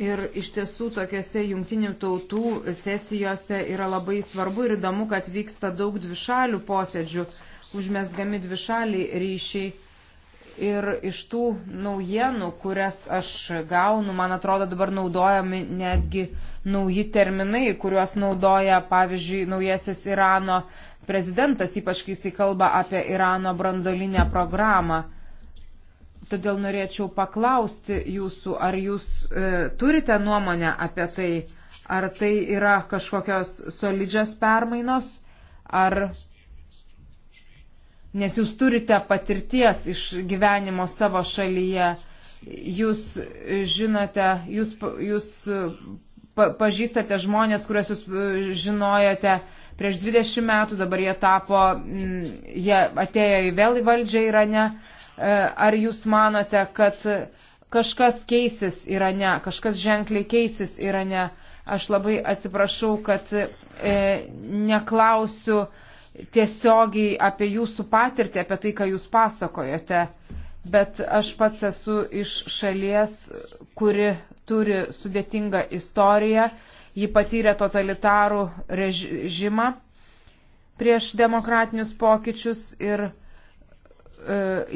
Ir iš tiesų tokiuose jungtinių tautų sesijose yra labai svarbu ir įdomu, kad vyksta daug dvišalių posėdžių, užmesgami dvišaliai ryšiai Ir iš tų naujienų, kurias aš gaunu, man atrodo, dabar naudojami netgi nauji terminai, kuriuos naudoja, pavyzdžiui, naujasis Irano prezidentas, ypač kai jisai kalba apie Irano brandolinę programą. Todėl norėčiau paklausti jūsų, ar jūs e, turite nuomonę apie tai, ar tai yra kažkokios solidžios permainos, ar nes jūs turite patirties iš gyvenimo savo šalyje, jūs e, žinote, jūs, jūs e, pažįstate žmonės, kuriuos jūs e, žinojate prieš 20 metų, dabar jie tapo, jie atėjo į vėl į valdžią Irane. Ar jūs manote, kad kažkas keisis Irane, kažkas ženkliai keisis Irane? Aš labai atsiprašau, kad e, neklausiu, e, tiesiogiai apie jūsų patirtį, apie tai, ką jūs pasakojate. Bet aš pats esu iš šalies, kuri turi sudėtingą istoriją. Ji patyrė totalitarų režimą prieš demokratinius pokyčius ir e,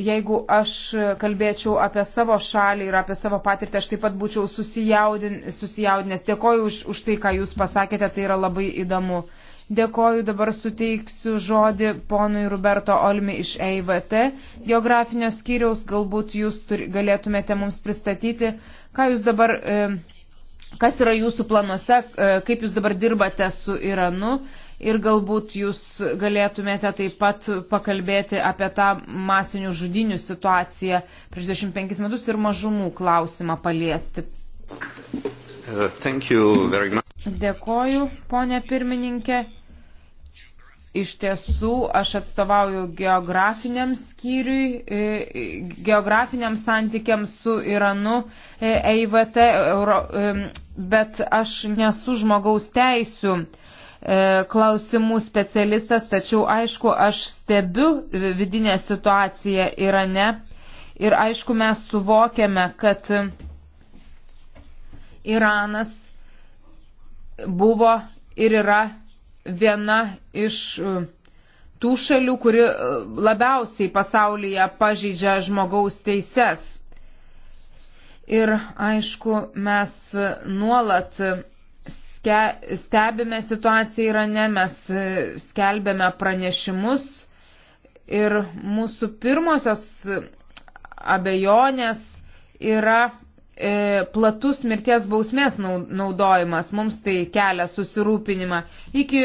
jeigu aš kalbėčiau apie savo šalį ir apie savo patirtį, aš taip pat būčiau susijaudinęs. Dėkoju už, už tai, ką Jūs pasakėte, tai yra labai įdomu. Dėkoju, dabar suteiksiu žodį ponui Roberto Olmi iš EIVT. Geografinio skyriaus galbūt jūs turi, galėtumėte mums pristatyti, ką jūs dabar, e, kas yra jūsų planuose, e, kaip jūs dabar dirbate su Iranu ir galbūt jūs galėtumėte taip pat pakalbėti apie tą masinių žudinių situaciją prieš 25 metus ir mažumų klausimą paliesti. Uh, Dėkoju, ponė pirmininkė. Iš tiesų, aš atstovauju geografiniam skyriui, e, geografiniam santykiam su Iranu, EIVT, e Euro, e, bet aš nesu žmogaus teisių klausimų specialistas, tačiau aišku, aš stebiu vidinę situaciją Irane ir aišku, mes suvokiame, kad Iranas buvo ir yra viena iš e, tų šalių, kuri e, labiausiai pasaulyje pažeidžia žmogaus teises. Ir aišku, mes nuolat stebime situaciją Irane, mes skelbėme pranešimus ir mūsų pirmosios abejonės yra E, platus mirties bausmės naudojimas mums tai kelia susirūpinimą. Iki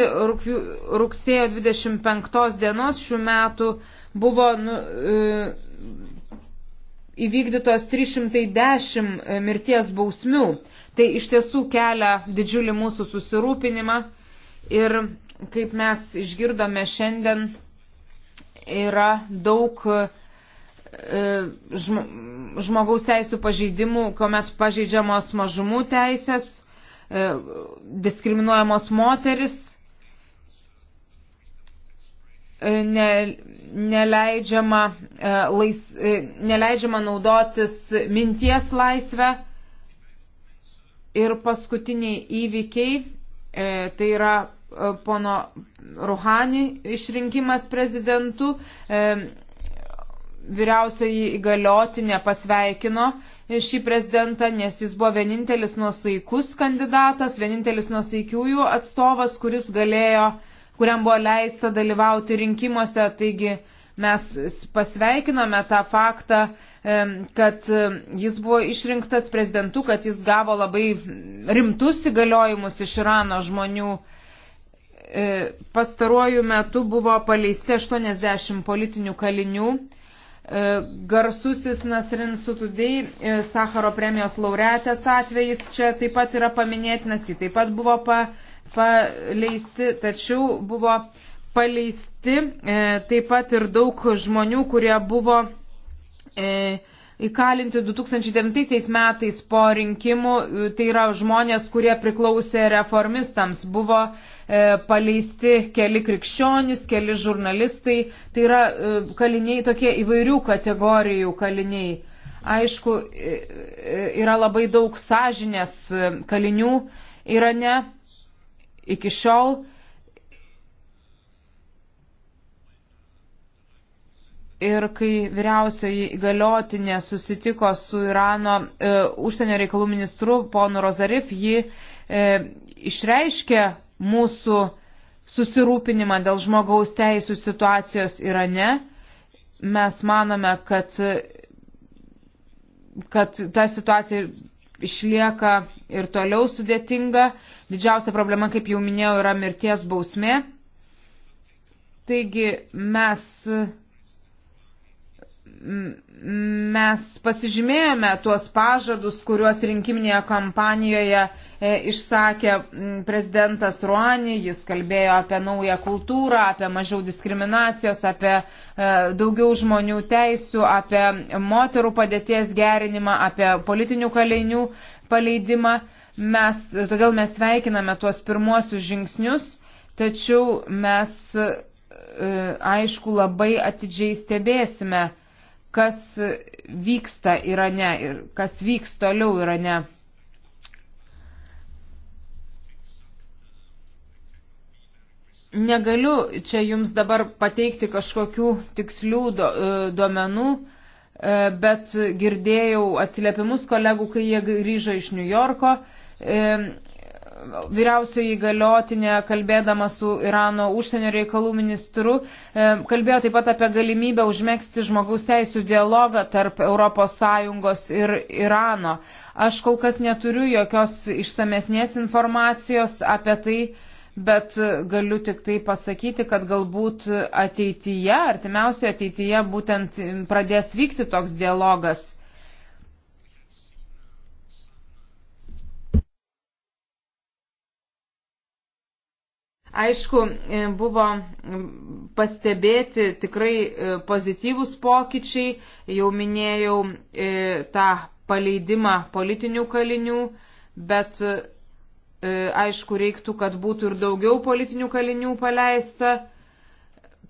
rugsėjo 25 dienos šių metų buvo nu, e, įvykdytos 310 e, mirties bausmių. Tai iš tiesų kelia didžiulį mūsų susirūpinimą ir kaip mes išgirdome šiandien yra daug E, žmogaus teisų pažeidimų, kuomet pažeidžiamos mažumų teisės, e, diskriminuojamos moteris, e, ne, neleidžiama, lais, neleidžiama naudotis minties laisvę. Ir paskutiniai įvykiai, tai yra pono Ruhani išrinkimas prezidentu, vyriausiai įgaliotinė pasveikino šį prezidentą, nes jis buvo vienintelis nuosaikus kandidatas, vienintelis nuosaikiųjų atstovas, kuris galėjo, kuriam buvo leista dalyvauti rinkimuose. Taigi mes pasveikinome tą faktą, kad jis buvo išrinktas prezidentu, kad jis gavo labai rimtus įgaliojimus iš Irano žmonių e, pastaruoju metu buvo paleisti 80 politinių kalinių. E, garsusis Nasrin Sutudei, e, Sakaro premijos laureatės atvejis čia taip pat yra paminėtinas, jį taip pat buvo pa, paleisti, tačiau buvo paleisti e, taip pat ir daug žmonių, kurie buvo e, įkalinti 2009 metais po rinkimų, e, tai yra žmonės, kurie priklausė reformistams, buvo e, paleisti keli krikščionys, keli žurnalistai, tai yra e, kaliniai tokie įvairių kategorijų kaliniai. Aišku, e, e, yra labai daug sąžinės kalinių Irane iki šiol ir kai vyriausiai įgaliotinė susitiko su Irano e, užsienio reikalų ministru ponu Rozarif, ji e, išreiškė mūsų susirūpinimą dėl žmogaus teisų situacijos Irane. Mes manome, kad, kad ta situacija išlieka ir toliau sudėtinga. Didžiausia problema, kaip jau minėjau, yra mirties bausmė. Taigi mes mes pasižymėjome tuos pažadus, kuriuos rinkiminėje kampanijoje e, išsakė prezidentas Ruani, jis kalbėjo apie naują kultūrą, apie mažiau diskriminacijos, apie e, daugiau žmonių teisių, apie moterų padėties gerinimą, apie politinių kalinių paleidimą. Mes, todėl mes sveikiname tuos pirmuosius žingsnius, tačiau mes, e, aišku, labai atidžiai stebėsime, kas vyksta Irane ir kas vyks toliau Irane. Negaliu čia jums dabar pateikti kažkokių tikslių e, duomenų, e, bet girdėjau atsiliepimus kolegų, kai jie grįžo iš Niujorko vyriausioji galiotinė, kalbėdama su Irano užsienio reikalų ministru, e, kalbėjo taip pat apie galimybę užmėgsti žmogaus teisų dialogą tarp ES ir Irano. Aš kol kas neturiu jokios išsamesnės informacijos apie tai, bet galiu tik tai pasakyti, kad galbūt ateityje, artimiausioje ateityje būtent pradės vykti toks dialogas. Aišku, e, buvo pastebėti tikrai e, pozityvūs pokyčiai, jau minėjau e, tą paleidimą politinių kalinių, bet aišku, reiktų, kad būtų ir daugiau politinių kalinių paleista.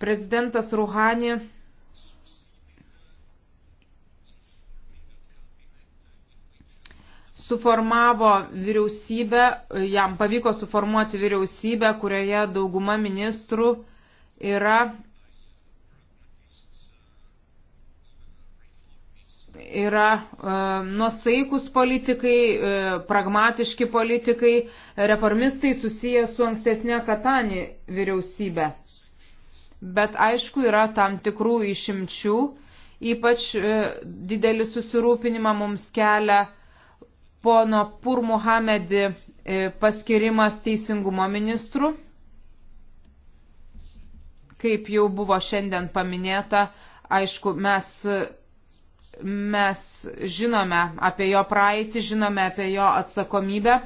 Prezidentas Ruhani suformavo vyriausybę, jam pavyko suformuoti vyriausybę, kurioje dauguma ministrų yra yra e, nuosaikus politikai, e, pragmatiški politikai, reformistai susiję su ankstesnė Katani vyriausybė. Bet aišku, yra tam tikrų išimčių, ypač e, didelį susirūpinimą mums kelia e, pono Pur Muhamedi e, paskirimas teisingumo ministru. Kaip jau buvo šiandien paminėta, aišku, mes, mes žinome apie jo praeitį, žinome apie jo atsakomybę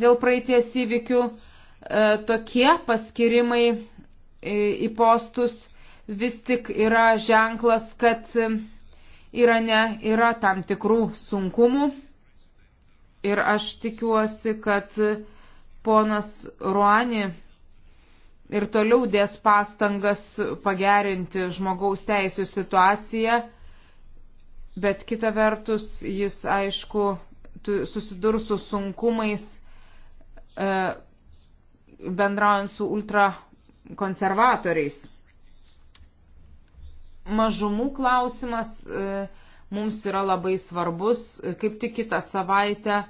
dėl praeities įvykių. E, tokie paskirimai e, į postus vis tik yra ženklas, kad Irane yra tam tikrų sunkumų Ir aš tikiuosi, kad ponas Ruani ir toliau dės pastangas pagerinti žmogaus teisų situaciją, bet kita vertus jis, aišku, susidurs su sunkumais e, bendraujant su ultrakonservatoriais. Mažumų klausimas. E, mums yra labai svarbus. Kaip tik kitą savaitę e,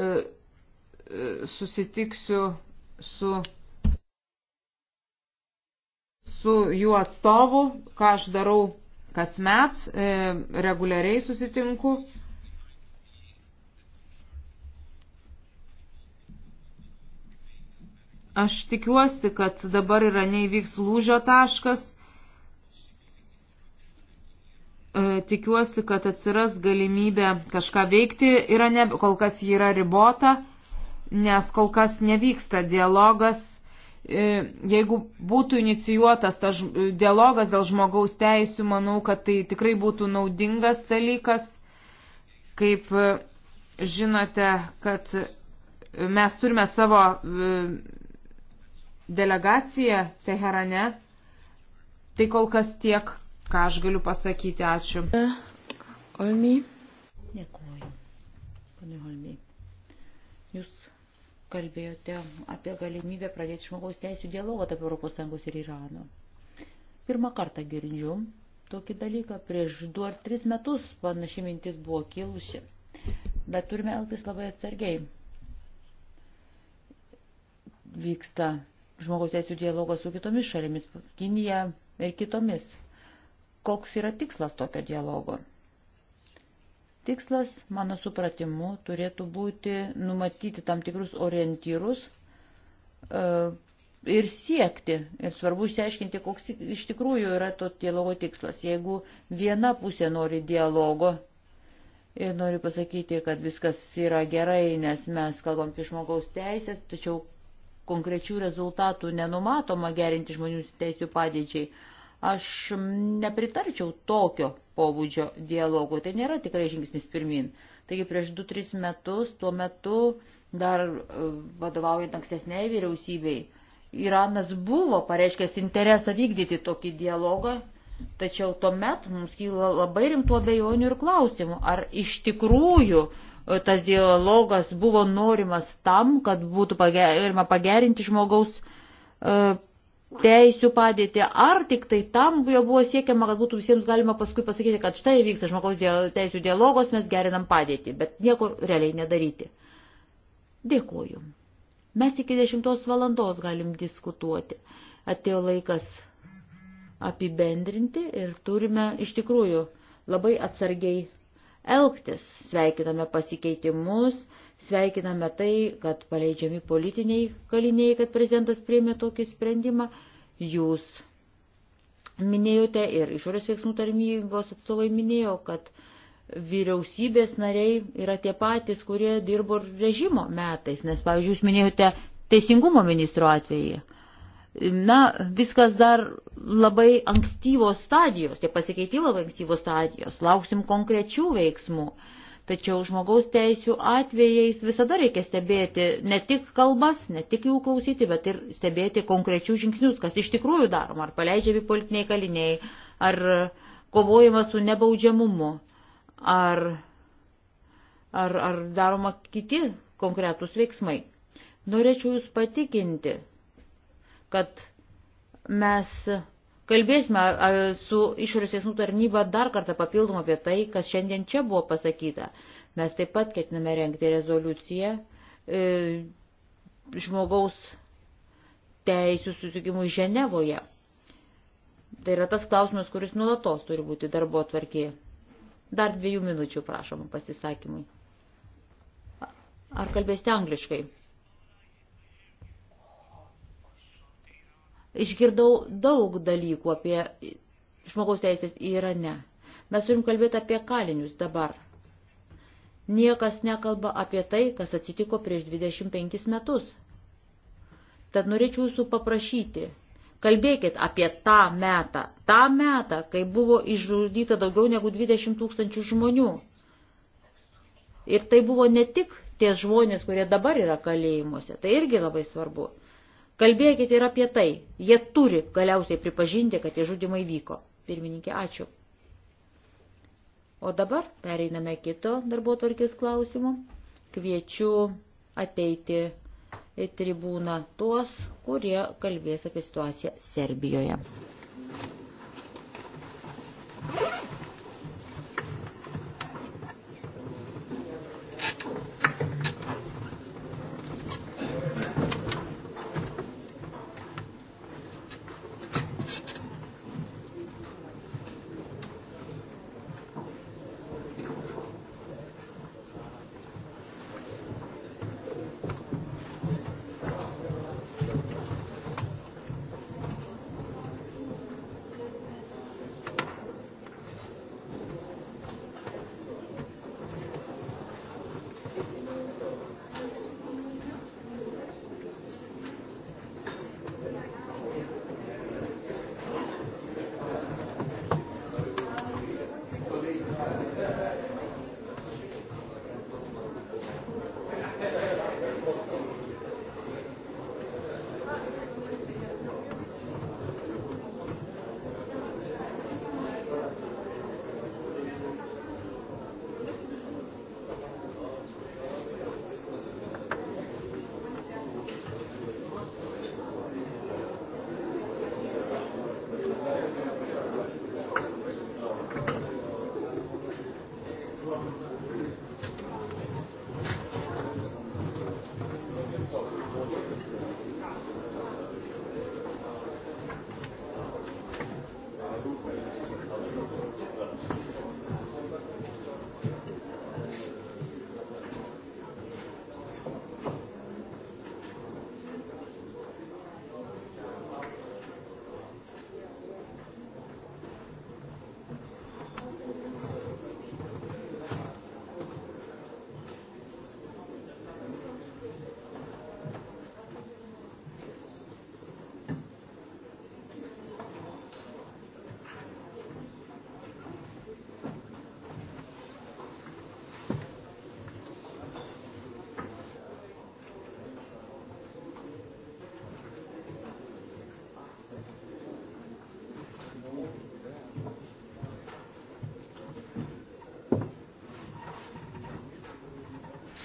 e, susitiksiu su, su jų atstovu, ką aš darau kasmet, e, reguliariai susitinku. Aš tikiuosi, kad dabar yra neįvyks lūžio taškas E, tikiuosi, kad atsiras galimybė kažką veikti, yra ne, kol kas ji yra ribota, nes kol kas nevyksta dialogas. E, jeigu būtų inicijuotas tas dialogas dėl žmogaus teisų, manau, kad tai tikrai būtų naudingas dalykas. Kaip e, žinote, kad mes turime savo delegaciją Teherane, tai kol kas tiek ką aš galiu pasakyti. Ačiū. E, Olmy. Dėkuoju. Pane Olmy. Jūs kalbėjote apie galimybę pradėti žmogaus teisų dialogą tarp ES ir Irano. Pirmą kartą girdžiu tokį dalyką. Prieš du ar tris metus panaši mintis buvo kilusi. Bet turime elgtis labai atsargiai. Vyksta žmogaus teisų dialogas su kitomis šalimis - Kinija ir kitomis koks yra tikslas tokio dialogo. Tikslas, mano supratimu, turėtų būti numatyti tam tikrus orientyrus e, ir siekti. Ir svarbu išsiaiškinti, koks iš tikrųjų yra to dialogo tikslas. Jeigu viena pusė nori dialogo ir noriu pasakyti, kad viskas yra gerai, nes mes kalbam apie žmogaus teisės, tačiau konkrečių rezultatų nenumatoma gerinti žmonių teisų padėčiai Aš nepritarčiau tokio pobūdžio dialogų, tai nėra tikrai žingsnis pirmin. Taigi prieš 2-3 metus, tuo metu dar e, vadovaujant ankstesniai vyriausybei, Iranas buvo pareiškęs interesą vykdyti tokį dialogą, tačiau tuomet mums kyla labai rimtų abejonių ir klausimų, ar iš tikrųjų e, tas dialogas buvo norimas tam, kad būtų galima pagerinti žmogaus e, teisių padėtį, ar tik tai tam jo buvo siekiama, kad būtų visiems galima paskui pasakyti, kad štai vyksta žmogaus teisų dialogos, mes gerinam padėtį, bet nieko realiai nedaryti. Dėkuoju. Mes iki 10 valandos galim diskutuoti. Atėjo laikas apibendrinti ir turime iš tikrųjų labai atsargiai elgtis. Sveikiname pasikeitimus Sveikiname tai, kad paleidžiami politiniai kaliniai, kad prezidentas priėmė tokį sprendimą. Jūs minėjote ir išorės veiksmų tarnybos atstovai minėjo, kad vyriausybės nariai yra tie patys, kurie dirbo režimo metais, nes, pavyzdžiui, jūs minėjote teisingumo ministro atvejį. Na, viskas dar labai ankstyvos stadijos, tie pasikeitimai labai ankstyvos stadijos, lauksim konkrečių veiksmų. Uh, Tačiau žmogaus teisų atvejais visada reikia stebėti ne tik kalbas, ne tik jų klausyti, bet ir stebėti konkrečių žingsnius, kas iš tikrųjų daroma, ar paleidžiami politiniai kaliniai, ar kovojama su nebaudžiamumu, ar, ar, ar daroma kiti konkretūs veiksmai. Norėčiau Jūs patikinti, kad mes Kalbėsime su išorės teismų tarnyba dar kartą papildomą apie tai, kas šiandien čia buvo pasakyta. Mes taip pat ketiname renkti rezoliuciją e, žmogaus teisų susitikimui Ženevoje. Tai yra tas klausimas, kuris nulatos turi būti darbo atvarkėje. Dar dviejų minučių prašom pasisakymui. Ar kalbėsite angliškai? Išgirdau daug dalykų apie žmogaus teisės Irane. Mes turim kalbėti apie kalinius dabar. Niekas nekalba apie tai, kas atsitiko prieš 25 metus. Tad norėčiau jūsų paprašyti, kalbėkit apie tą metą, tą metą, kai buvo išžudyta daugiau negu 20 tūkstančių žmonių. Ir tai buvo ne tik tie žmonės, kurie dabar yra kalėjimuose, tai irgi labai svarbu. Kalbėkite ir apie tai. Jie turi galiausiai pripažinti, kad tie žudimai vyko. Pirmininkė, ačiū. O dabar pereiname kito darbo tvarkės klausimų. Kviečiu ateiti į tribūną tuos, kurie kalbės apie situaciją Serbijoje. Thank you.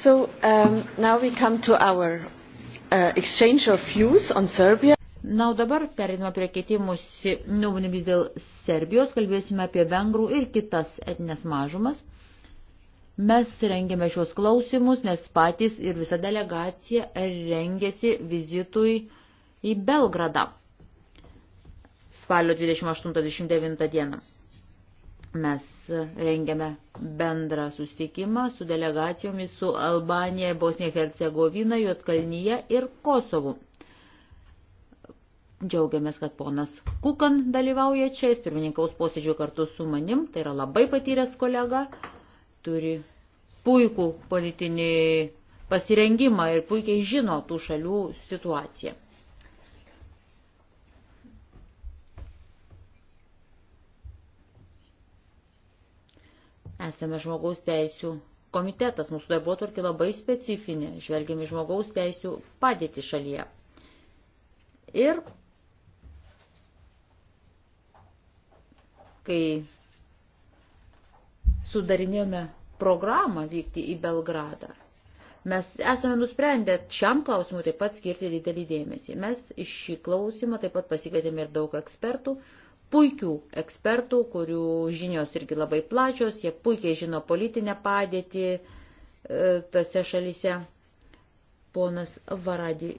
So um, now we come to our uh, exchange of views on Serbia. Na, o dabar perinimo prie keitimus nuomonėmis dėl Serbijos, kalbėsime apie vengrų ir kitas etinės mažumas. Mes rengėme šios klausimus, nes patys ir visa delegacija rengėsi vizitui į Belgradą spalio 28-29 dieną. Mes rengiame bendrą susitikimą su delegacijomis su Albanija, Bosnija, Hercegovina, Jotkalnyje ir Kosovu. Džiaugiamės, kad ponas Kukan dalyvauja čia, jis pirmininkaus posėdžių kartu su manim, tai yra labai patyręs kolega, turi puikų politinį pasirengimą ir puikiai žino tų šalių situaciją. Esame žmogaus teisų komitetas, mūsų darbotvarkė labai specifinė, žvelgiame žmogaus teisų padėti šalyje. Ir kai sudarinėjome programą vykti į Belgradą, mes esame nusprendę šiam klausimui taip pat skirti didelį dėmesį. Mes iš šį klausimą taip pat pasikvietėme ir daug ekspertų, puikių ekspertų, kurių žinios irgi labai plačios, jie puikiai žino politinę padėtį e, tose šalise. Ponas Varadi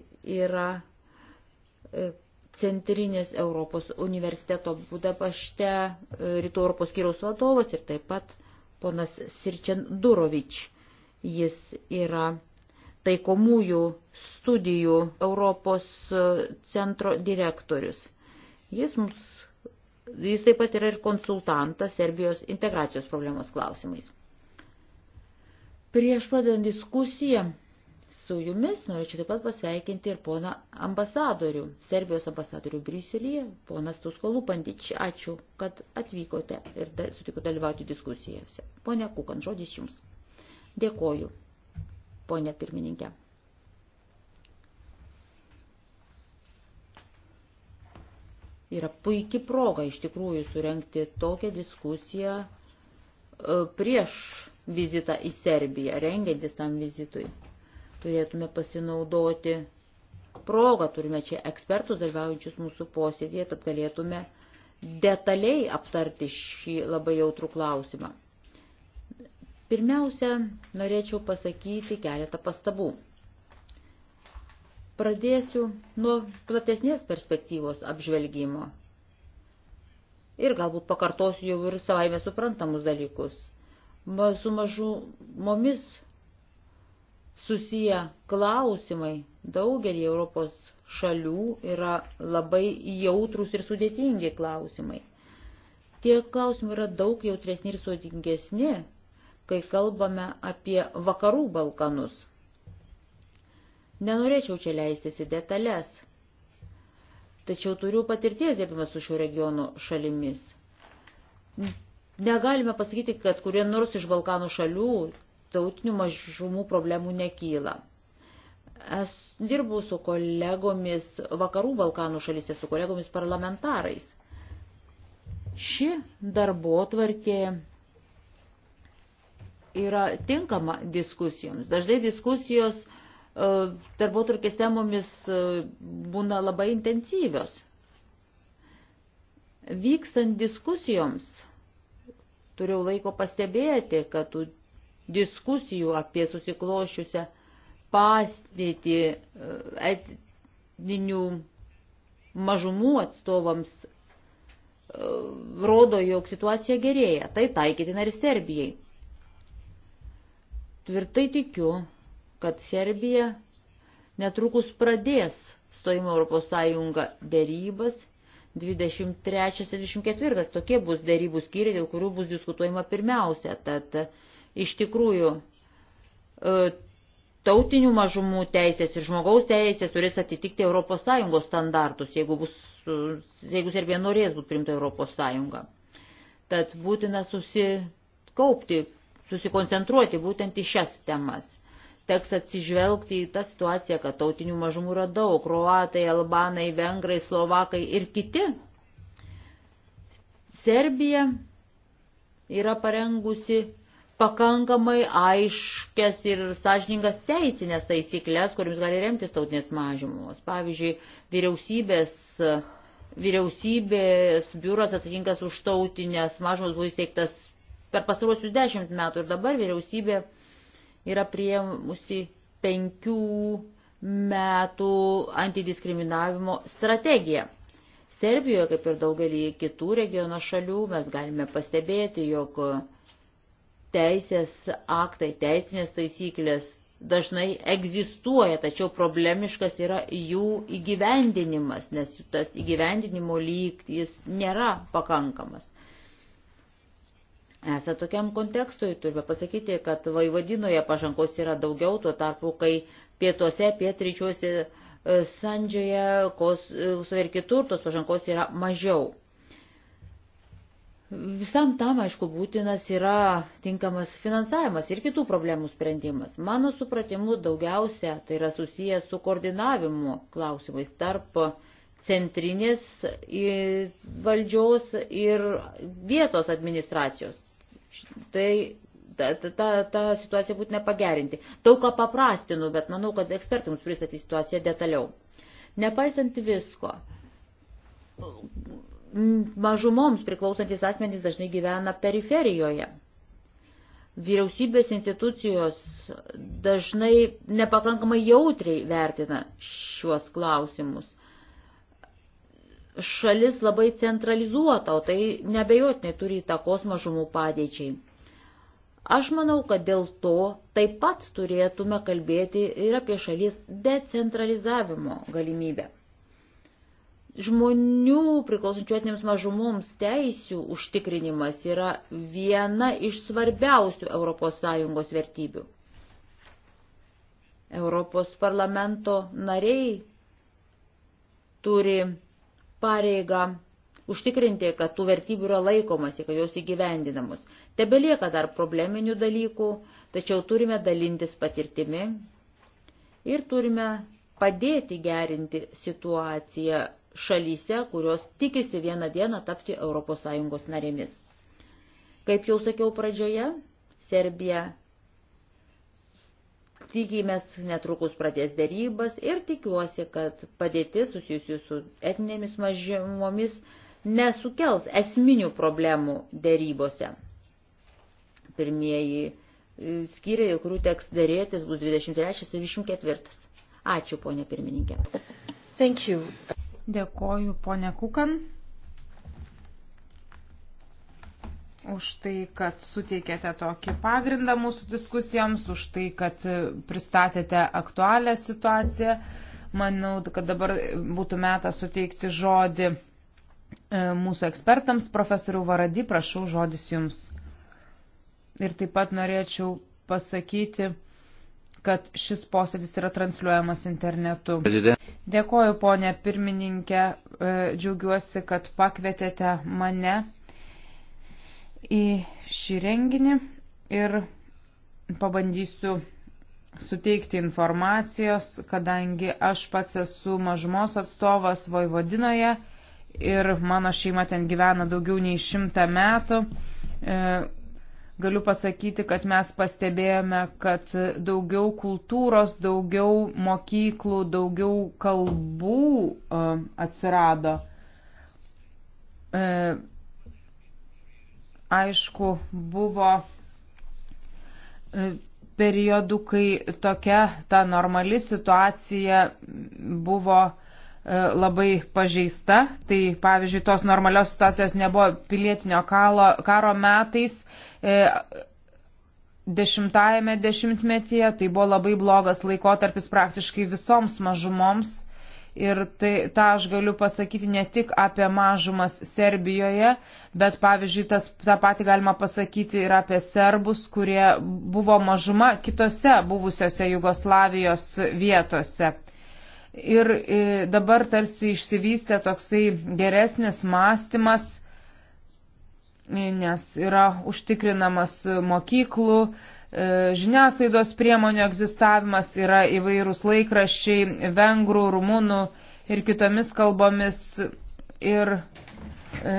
yra e, Centrinės Europos universiteto Budapašte e, Rytų Europos skyriaus vadovas ir taip pat ponas Sirčian Durovič. Jis yra taikomųjų studijų Europos e, centro direktorius. Jis mums Jis taip pat yra ir konsultantas Serbijos integracijos problemos klausimais. Prieš pradedant diskusiją su jumis norėčiau taip pat pasveikinti ir poną ambasadorių, Serbijos ambasadorių Briselyje, ponas Tuskolų Pandič. Ačiū, kad atvykote ir da, sutiko dalyvauti diskusijose. Pone Kukan, žodis jums. Dėkoju, ponė pirmininkė. yra puikia proga iš tikrųjų surenkti tokią diskusiją e, prieš vizitą į Serbiją, rengiantis tam vizitui. Turėtume pasinaudoti progą, turime čia ekspertus dalyvaujančius mūsų posėdėje, tad galėtume detaliai aptarti šį labai jautrų klausimą. Pirmiausia, norėčiau pasakyti keletą pastabų. Pradėsiu nuo platesnės perspektyvos apžvelgimo. Ir galbūt pakartosiu jau ir savaime suprantamus dalykus. Su mažumomis susiję klausimai daugelį Europos šalių yra labai jautrus ir sudėtingi klausimai. Tie klausimai yra daug jautresni ir sudėtingesni, kai kalbame apie vakarų Balkanus – Nenorėčiau čia leistis į detalės, tačiau turiu patirties dirbimą su šio regiono šalimis. Negalime pasakyti, kad kurie nors iš Balkanų šalių tautinių mažumų problemų nekyla. Aš dirbu su kolegomis vakarų Balkanų šalyse, su kolegomis parlamentarais. Ši darbo tvarkė yra tinkama diskusijoms. Dažnai diskusijos uh, E, darbotvarkės temomis e, būna labai intensyvios. Vykstant diskusijoms, turėjau laiko pastebėti, kad tų diskusijų apie susiklošiusią pastėti e, etninių mažumų atstovams rodo, jog situacija gerėja. Tai taikytina ir Serbijai. Tvirtai tikiu, kad Serbija netrukus pradės stojimo Europos Sąjunga dėrybas 23-24. Tokie bus dėrybų skyriai, dėl kurių bus diskutuojama pirmiausia. Tad iš tikrųjų e, tautinių mažumų teisės ir žmogaus teisės turės atitikti ES standartus, jeigu, bus, jeigu Serbija norės būti primta ES. Tad būtina susikaupti, susikoncentruoti būtent į šias temas teks atsižvelgti į tą situaciją, kad tautinių mažumų yra daug - kroatai, albanai, vengrai, slovakai ir kiti. Serbija yra parengusi pakankamai aiškias ir sąžiningas teisinės taisyklės, kuriams gali remtis tautinės mažumos. Pavyzdžiui, vyriausybės, vyriausybės biuras atsakingas už tautinės mažumos buvo įsteigtas per pastaruosius dešimt metų ir dabar vyriausybė uh, yra prieimusi penkių metų antidiskriminavimo strategiją. Serbijoje, kaip ir daugelį kitų regiono šalių, mes galime pastebėti, jog teisės aktai, teisinės taisyklės dažnai egzistuoja, tačiau problemiškas yra jų įgyvendinimas, nes tas įgyvendinimo lygtis nėra pakankamas. Esą tokiam kontekstui turime pasakyti, kad vaivadinoje pažangos yra daugiau, tuo tarpu, kai pietuose, pietryčiuose, e, Sandžioje, Kosovo e, ir kitur tos pažangos yra mažiau. Visam tam, aišku, būtinas yra tinkamas finansavimas ir kitų problemų sprendimas. Mano supratimu, daugiausia tai yra susijęs su koordinavimu klausimais tarp centrinės valdžios ir vietos administracijos tai tą ta, ta, ta situaciją būtina pagerinti. Daug ką paprastinu, bet manau, kad ekspertai mums pristatys situaciją detaliau. Nepaisant visko, mažumoms priklausantis asmenys dažnai gyvena periferijoje. Vyriausybės institucijos dažnai nepakankamai jautriai vertina šiuos klausimus šalis labai centralizuota, o tai nebejotinai turi įtakos mažumų padėčiai. Aš manau, kad dėl to taip pat turėtume kalbėti ir apie šalies decentralizavimo galimybę. Žmonių priklausančių etinėms mažumoms teisių užtikrinimas yra viena iš svarbiausių ES vertybių. Europos parlamento nariai turi pareigą užtikrinti, kad tų vertybių yra laikomasi, kad jos įgyvendinamos. Tebelieka dar probleminių dalykų, tačiau turime dalintis patirtimi ir turime padėti gerinti situaciją šalyse, kurios tikisi vieną dieną tapti ES narėmis. Kaip jau sakiau pradžioje, Serbija tikimės netrukus pradės dėrybas ir tikiuosi, kad padėtis susijusi su etinėmis mažymomis nesukels esminių problemų dėrybose. Pirmieji e, skyriai, dėl kurių teks dėrėtis, bus 23 ir 24. Ačiū, ponė pirmininkė. Thank you. Dėkoju, ponė Kukan. už tai, kad suteikėte tokį pagrindą mūsų diskusijoms, už tai, kad e, pristatėte aktualią situaciją. Manau, kad dabar būtų metas suteikti žodį e, mūsų ekspertams. Profesorių Varadį, prašau, žodis jums. Ir taip pat norėčiau pasakyti, kad šis posėdis yra transliuojamas internetu. Dėkoju, ponė pirmininkė, e, džiaugiuosi, kad pakvietėte mane į šį renginį ir pabandysiu suteikti informacijos, kadangi aš pats esu mažumos atstovas Vojvodinoje ir mano šeima ten gyvena daugiau nei šimtą metų. E, galiu pasakyti, kad mes pastebėjome, kad daugiau kultūros, daugiau mokyklų, daugiau kalbų e, atsirado. E, aišku, buvo e, periodų, kai tokia ta normali situacija buvo e, labai pažeista. Tai pavyzdžiui, tos normalios situacijos nebuvo pilietinio kalo, karo metais. E, dešimtajame dešimtmetyje tai buvo labai blogas laikotarpis praktiškai visoms mažumoms. Ir tai, tą aš galiu pasakyti ne tik apie mažumas Serbijoje, bet pavyzdžiui, tas, tą patį galima pasakyti ir apie serbus, kurie buvo mažuma kitose buvusiose Jugoslavijos vietose. Ir e, dabar tarsi išsivystė toksai geresnis mąstymas nes yra užtikrinamas mokyklų E, žiniasklaidos priemonių egzistavimas, yra įvairūs laikraščiai vengrų, rumunų ir kitomis kalbomis. Ir, e,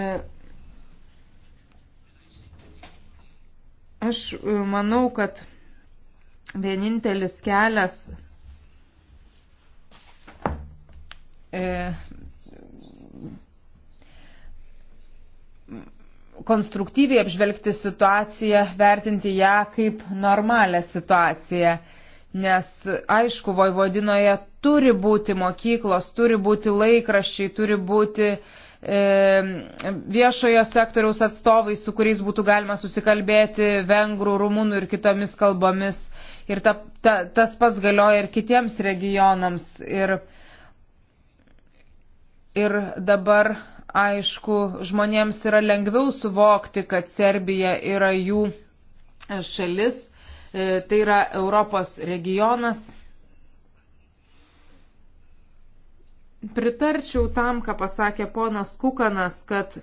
aš e, manau, kad vienintelis kelias e, konstruktyviai apžvelgti situaciją, vertinti ją kaip normalią situaciją. Nes aišku, Vojvodinoje turi būti mokyklos, turi būti laikraščiai, turi būti e, viešojo sektoriaus atstovai, su kuriais būtų galima susikalbėti vengrų, rumunų ir kitomis kalbomis. Ir ta, ta, tas pats galioja ir kitiems regionams. Ir, ir dabar aišku, žmonėms yra lengviau suvokti, kad Serbija yra jų šalis, e, tai yra Europos regionas. Pritarčiau tam, ką pasakė ponas Kukanas, kad,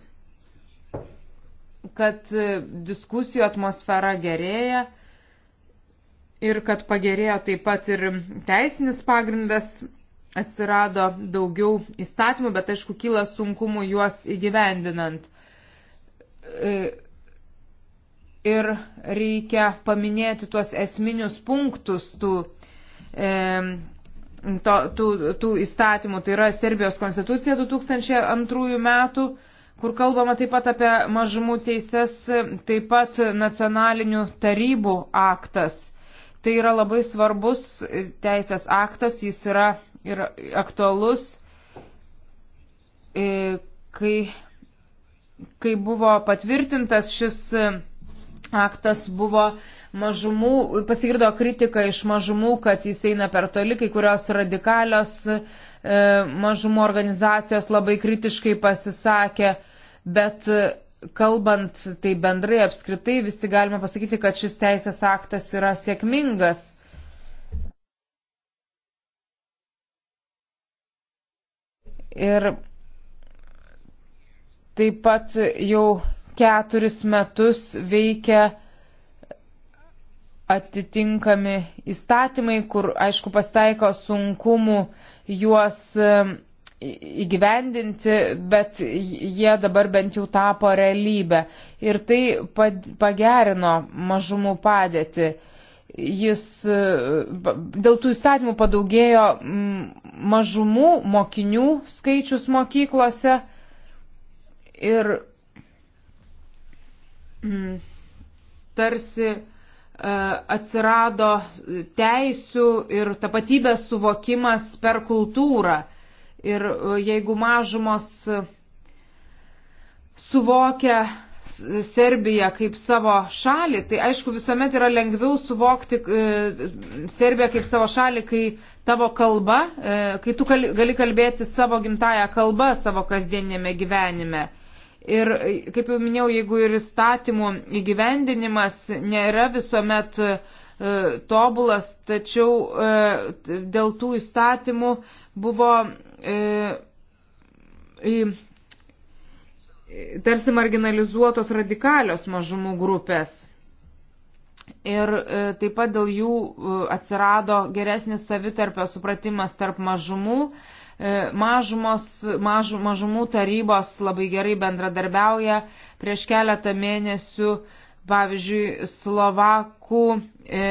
kad e, diskusijų atmosfera gerėja ir kad pagerėjo taip pat ir teisinis pagrindas atsirado daugiau įstatymų, bet aišku, kyla sunkumų juos įgyvendinant. E, ir reikia paminėti tuos esminius punktus tų, e, to, tų, tų įstatymų. Tai yra Serbijos konstitucija 2002 metų, kur kalbama taip pat apie mažumų teises, taip pat nacionalinių tarybų aktas. Tai yra labai svarbus teisės aktas, jis yra yra aktualus, e, kai, kai buvo patvirtintas šis e, aktas buvo mažumų, pasigirdo kritika iš mažumų, kad jis eina per toli, kai kurios radikalios e, mažumų organizacijos labai kritiškai pasisakė, bet e, kalbant tai bendrai apskritai, vis tik galima pasakyti, kad šis teisės aktas yra sėkmingas. Ir taip pat jau keturis metus veikia atitinkami įstatymai, kur, aišku, pastaiko sunkumų juos įgyvendinti, bet jie dabar bent jau tapo realybę. Ir tai pagerino mažumų padėtį. Jis e, dėl tų įstatymų padaugėjo mažumų mokinių skaičius mokyklose ir mm, tarsi e, atsirado teisių ir tapatybės suvokimas per kultūrą. Ir e, jeigu mažumos e, suvokia Serbiją kaip savo šalį, tai aišku visuomet yra lengviau suvokti e, Serbiją kaip savo šalį, kai tavo kalba, e, kai tu gali kalbėti savo gimtają kalbą savo kasdienėme gyvenime. Ir, e, kaip jau minėjau, jeigu ir įstatymų įgyvendinimas nėra visuomet tobulas, tačiau dėl tų įstatymų buvo tarsi marginalizuotos radikalios mažumų grupės. Ir e, taip pat dėl jų e, atsirado geresnis savitarpio supratimas tarp mažumų. E, mažumos, maž, mažumų tarybos labai gerai bendradarbiauja. Prieš keletą mėnesių, pavyzdžiui, Slovakų e,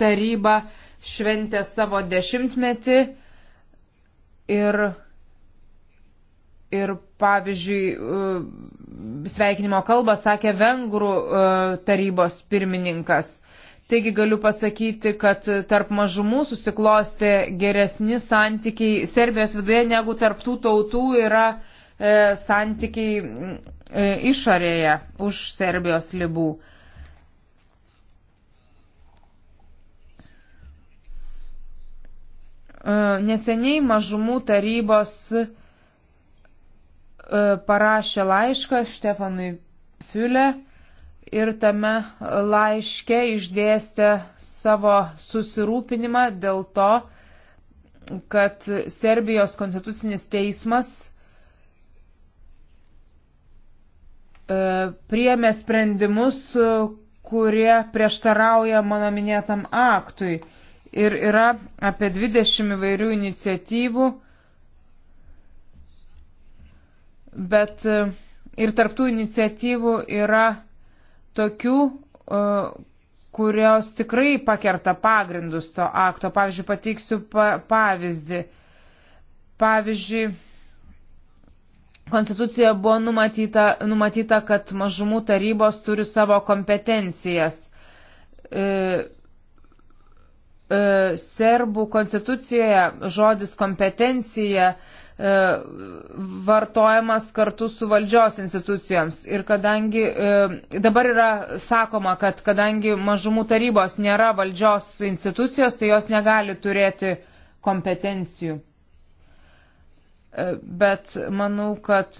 taryba šventė savo dešimtmetį ir, ir pavyzdžiui, e, sveikinimo kalbą sakė vengrų e, tarybos pirmininkas. Taigi galiu pasakyti, kad tarp mažumų susiklosti geresni santykiai Serbijos viduje negu tarptų tautų yra e, santykiai e, išorėje už Serbijos libų. E, neseniai mažumų tarybos e, E, parašė laišką Štefanui Fiule ir tame laiške išdėstė savo susirūpinimą dėl to, kad Serbijos konstitucinis teismas e, priemė sprendimus, kurie prieštarauja mano minėtam aktui. Ir yra apie 20 įvairių iniciatyvų, bet e, ir tarptų iniciatyvų yra tokių, e, kurios tikrai pakerta pagrindus to akto. Pavyzdžiui, pateiksiu pa pavyzdį. Pavyzdžiui, Konstitucijoje buvo numatyta, numatyta, kad mažumų tarybos turi savo kompetencijas. E, e, serbų konstitucijoje žodis kompetencija e, E, vartojamas kartu su valdžios institucijoms. Ir kadangi e, dabar yra sakoma, kad kadangi mažumų tarybos nėra valdžios institucijos, tai jos negali turėti kompetencijų. E, bet manau, kad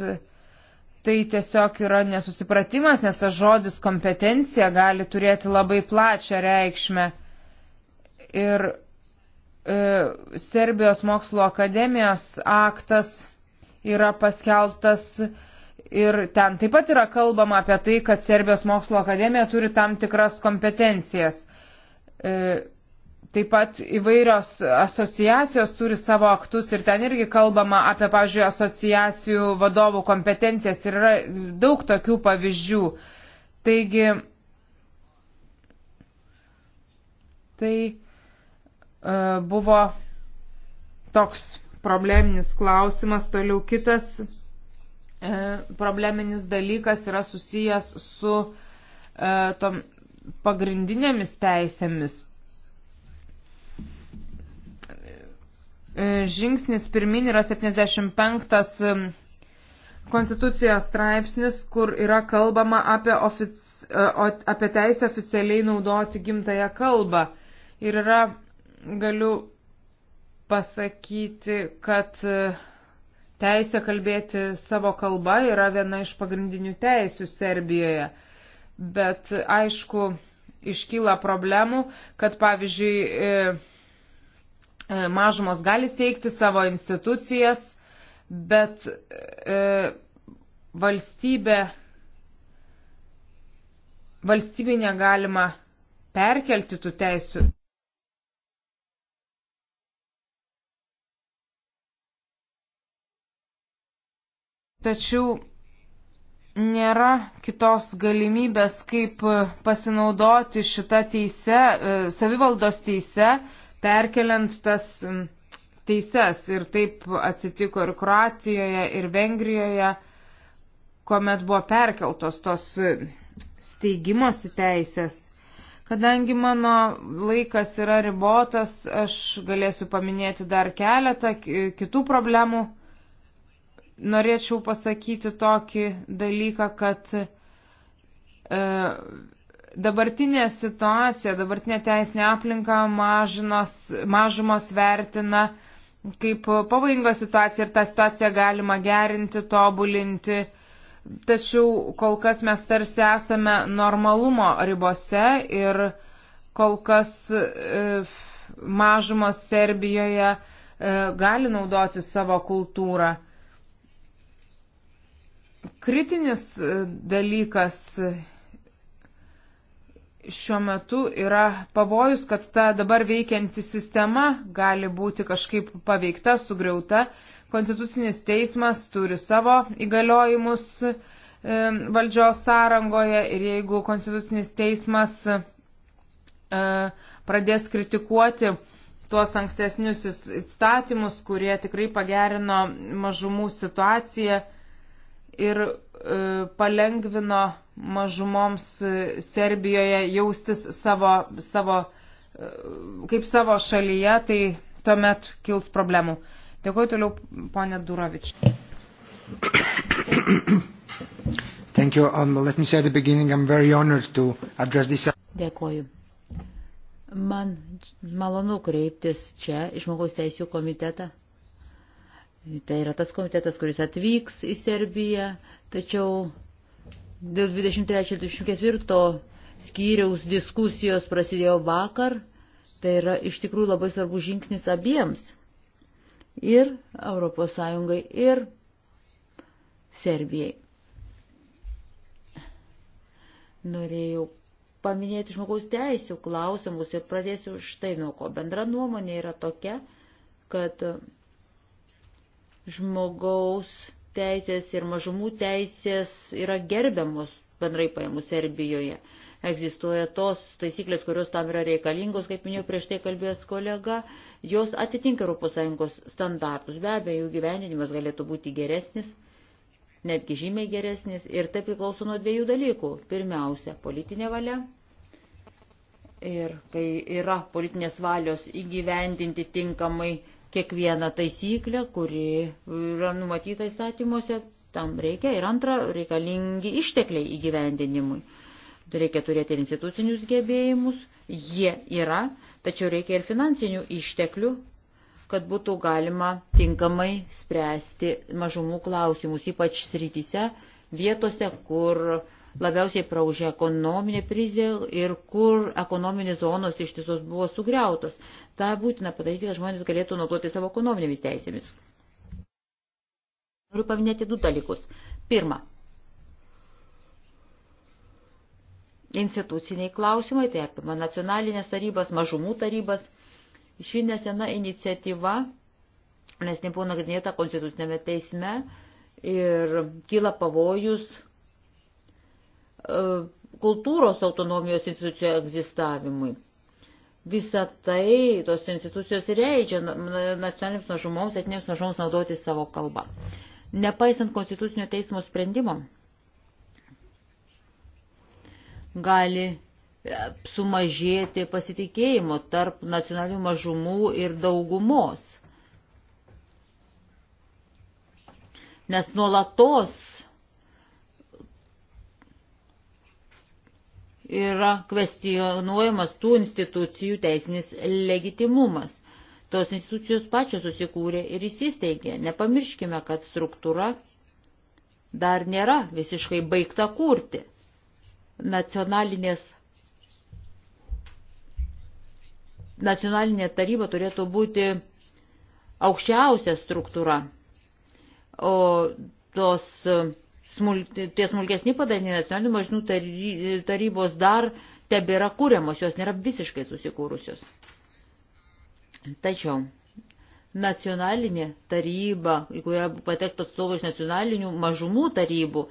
tai tiesiog yra nesusipratimas, nes tas žodis kompetencija gali turėti labai plačią reikšmę. Ir E, Serbijos mokslo akademijos aktas yra paskelbtas ir ten taip pat yra kalbama apie tai, kad Serbijos mokslo akademija turi tam tikras kompetencijas. E, taip pat įvairios asociacijos turi savo aktus ir ten irgi kalbama apie, pavyzdžiui, asociacijų vadovų kompetencijas ir yra daug tokių pavyzdžių. Taigi, tai E, buvo toks probleminis klausimas. Toliau kitas e, probleminis dalykas yra susijęs su e, tom pagrindinėmis teisėmis. Žingsnis pirmin yra 75 konstitucijos straipsnis, kur yra kalbama apie, ofic, apie teisę oficialiai naudoti gimtają kalbą. Ir yra galiu pasakyti, kad e, teisė kalbėti savo kalbą yra viena iš pagrindinių teisių Serbijoje. Bet aišku, iškyla problemų, kad pavyzdžiui, e, e, mažumos gali steigti savo institucijas, bet valstybė, valstybė negalima perkelti tų teisių. Tačiau nėra kitos galimybės, kaip pasinaudoti šitą teisę, e, savivaldos teisę, perkeliant tas teises. Ir taip atsitiko ir Kroatijoje, ir Vengrijoje, kuomet buvo perkeltos tos e, steigimosi teisės. Kadangi mano laikas yra ribotas, aš galėsiu paminėti dar keletą kitų problemų norėčiau pasakyti tokį dalyką, kad e, dabartinė situacija, dabartinė teisinė aplinka mažinos, mažumos vertina kaip pavojinga situacija ir tą situaciją galima gerinti, tobulinti. Tačiau kol kas mes tarsi esame normalumo ribose ir kol kas e, mažumos Serbijoje e, gali naudoti savo kultūrą kritinis e, dalykas e, šiuo metu yra pavojus, kad ta dabar veikianti sistema gali būti kažkaip paveikta, sugriauta. Konstitucinis teismas turi savo įgaliojimus e, valdžios sąrangoje ir jeigu Konstitucinis teismas pradės kritikuoti tuos ankstesnius įstatymus, kurie tikrai pagerino mažumų situaciją, ir e, palengvino mažumoms e, Serbijoje jaustis savo, savo, e, kaip savo šalyje, tai tuomet kils problemų. Dėkuoju toliau, ponė Durovič. Thank you. Um, let me say at the beginning, I'm very honored to address this. Dėkuoju. Man malonu kreiptis čia, žmogaus teisų komitetą, Tai yra tas komitetas, kuris atvyks į Serbiją, tačiau dėl 23-24 skyriaus diskusijos prasidėjo vakar. Tai yra iš tikrųjų labai svarbus žingsnis abiems - ir ES, ir Serbijai. Norėjau paminėti žmogaus teisų klausimus ir pradėsiu štai nuo ko. Bendra nuomonė yra tokia, kad žmogaus teisės ir mažumų teisės yra gerbiamos bendrai paėmų Serbijoje. Egzistuoja tos taisyklės, kurios tam yra reikalingos, kaip minėjau prieš tai kalbėjęs kolega, jos atitinka ES standartus. Be abejo, jų gyvendinimas galėtų būti geresnis, netgi žymiai geresnis ir tai priklauso nuo dviejų dalykų. Pirmiausia, politinė valia. Ir kai yra politinės valios įgyvendinti tinkamai kiekvieną taisyklę, kuri yra numatyta įstatymuose, tam reikia ir antra, reikalingi ištekliai įgyvendinimui. Reikia turėti ir institucinius gebėjimus, jie yra, tačiau reikia ir finansinių išteklių, kad būtų galima tinkamai spręsti mažumų klausimus, ypač srityse, vietose, kur uh, labiausiai praužė ekonominė krizė ir kur ekonominės zonos iš tiesos buvo sugriautos. Ta būtina padaryti, kad žmonės galėtų naudoti savo ekonominėmis teisėmis. Noriu paminėti du dalykus. Pirma, instituciniai klausimai, tai apima nacionalinės tarybas, mažumų tarybas. Ši nesena iniciatyva, nes nebuvo nagrinėta konstitucinėme teisme ir kyla pavojus E, kultūros autonomijos institucijų egzistavimui. Visą tai tos institucijos leidžia nacionalinėms mažumoms, etinėms mažumoms naudoti savo kalbą. Nepaisant konstitucinio teismo sprendimo, gali e, sumažėti pasitikėjimo tarp nacionalinių mažumų ir daugumos. Nes nuolatos yra kvestionuojamas tų institucijų teisinis legitimumas. Tos institucijos pačios susikūrė ir įsisteigė. Nepamirškime, kad struktūra dar nėra visiškai baigta kurti. Nacionalinės nacionalinė taryba turėtų būti aukščiausia struktūra, o tos smul, tie smulkesni padaliniai nacionalinių mažinų tarybos dar tebėra kūriamos, jos nėra visiškai susikūrusios. Tačiau nacionalinė taryba, į kurią patektų atstovai iš nacionalinių mažumų tarybų,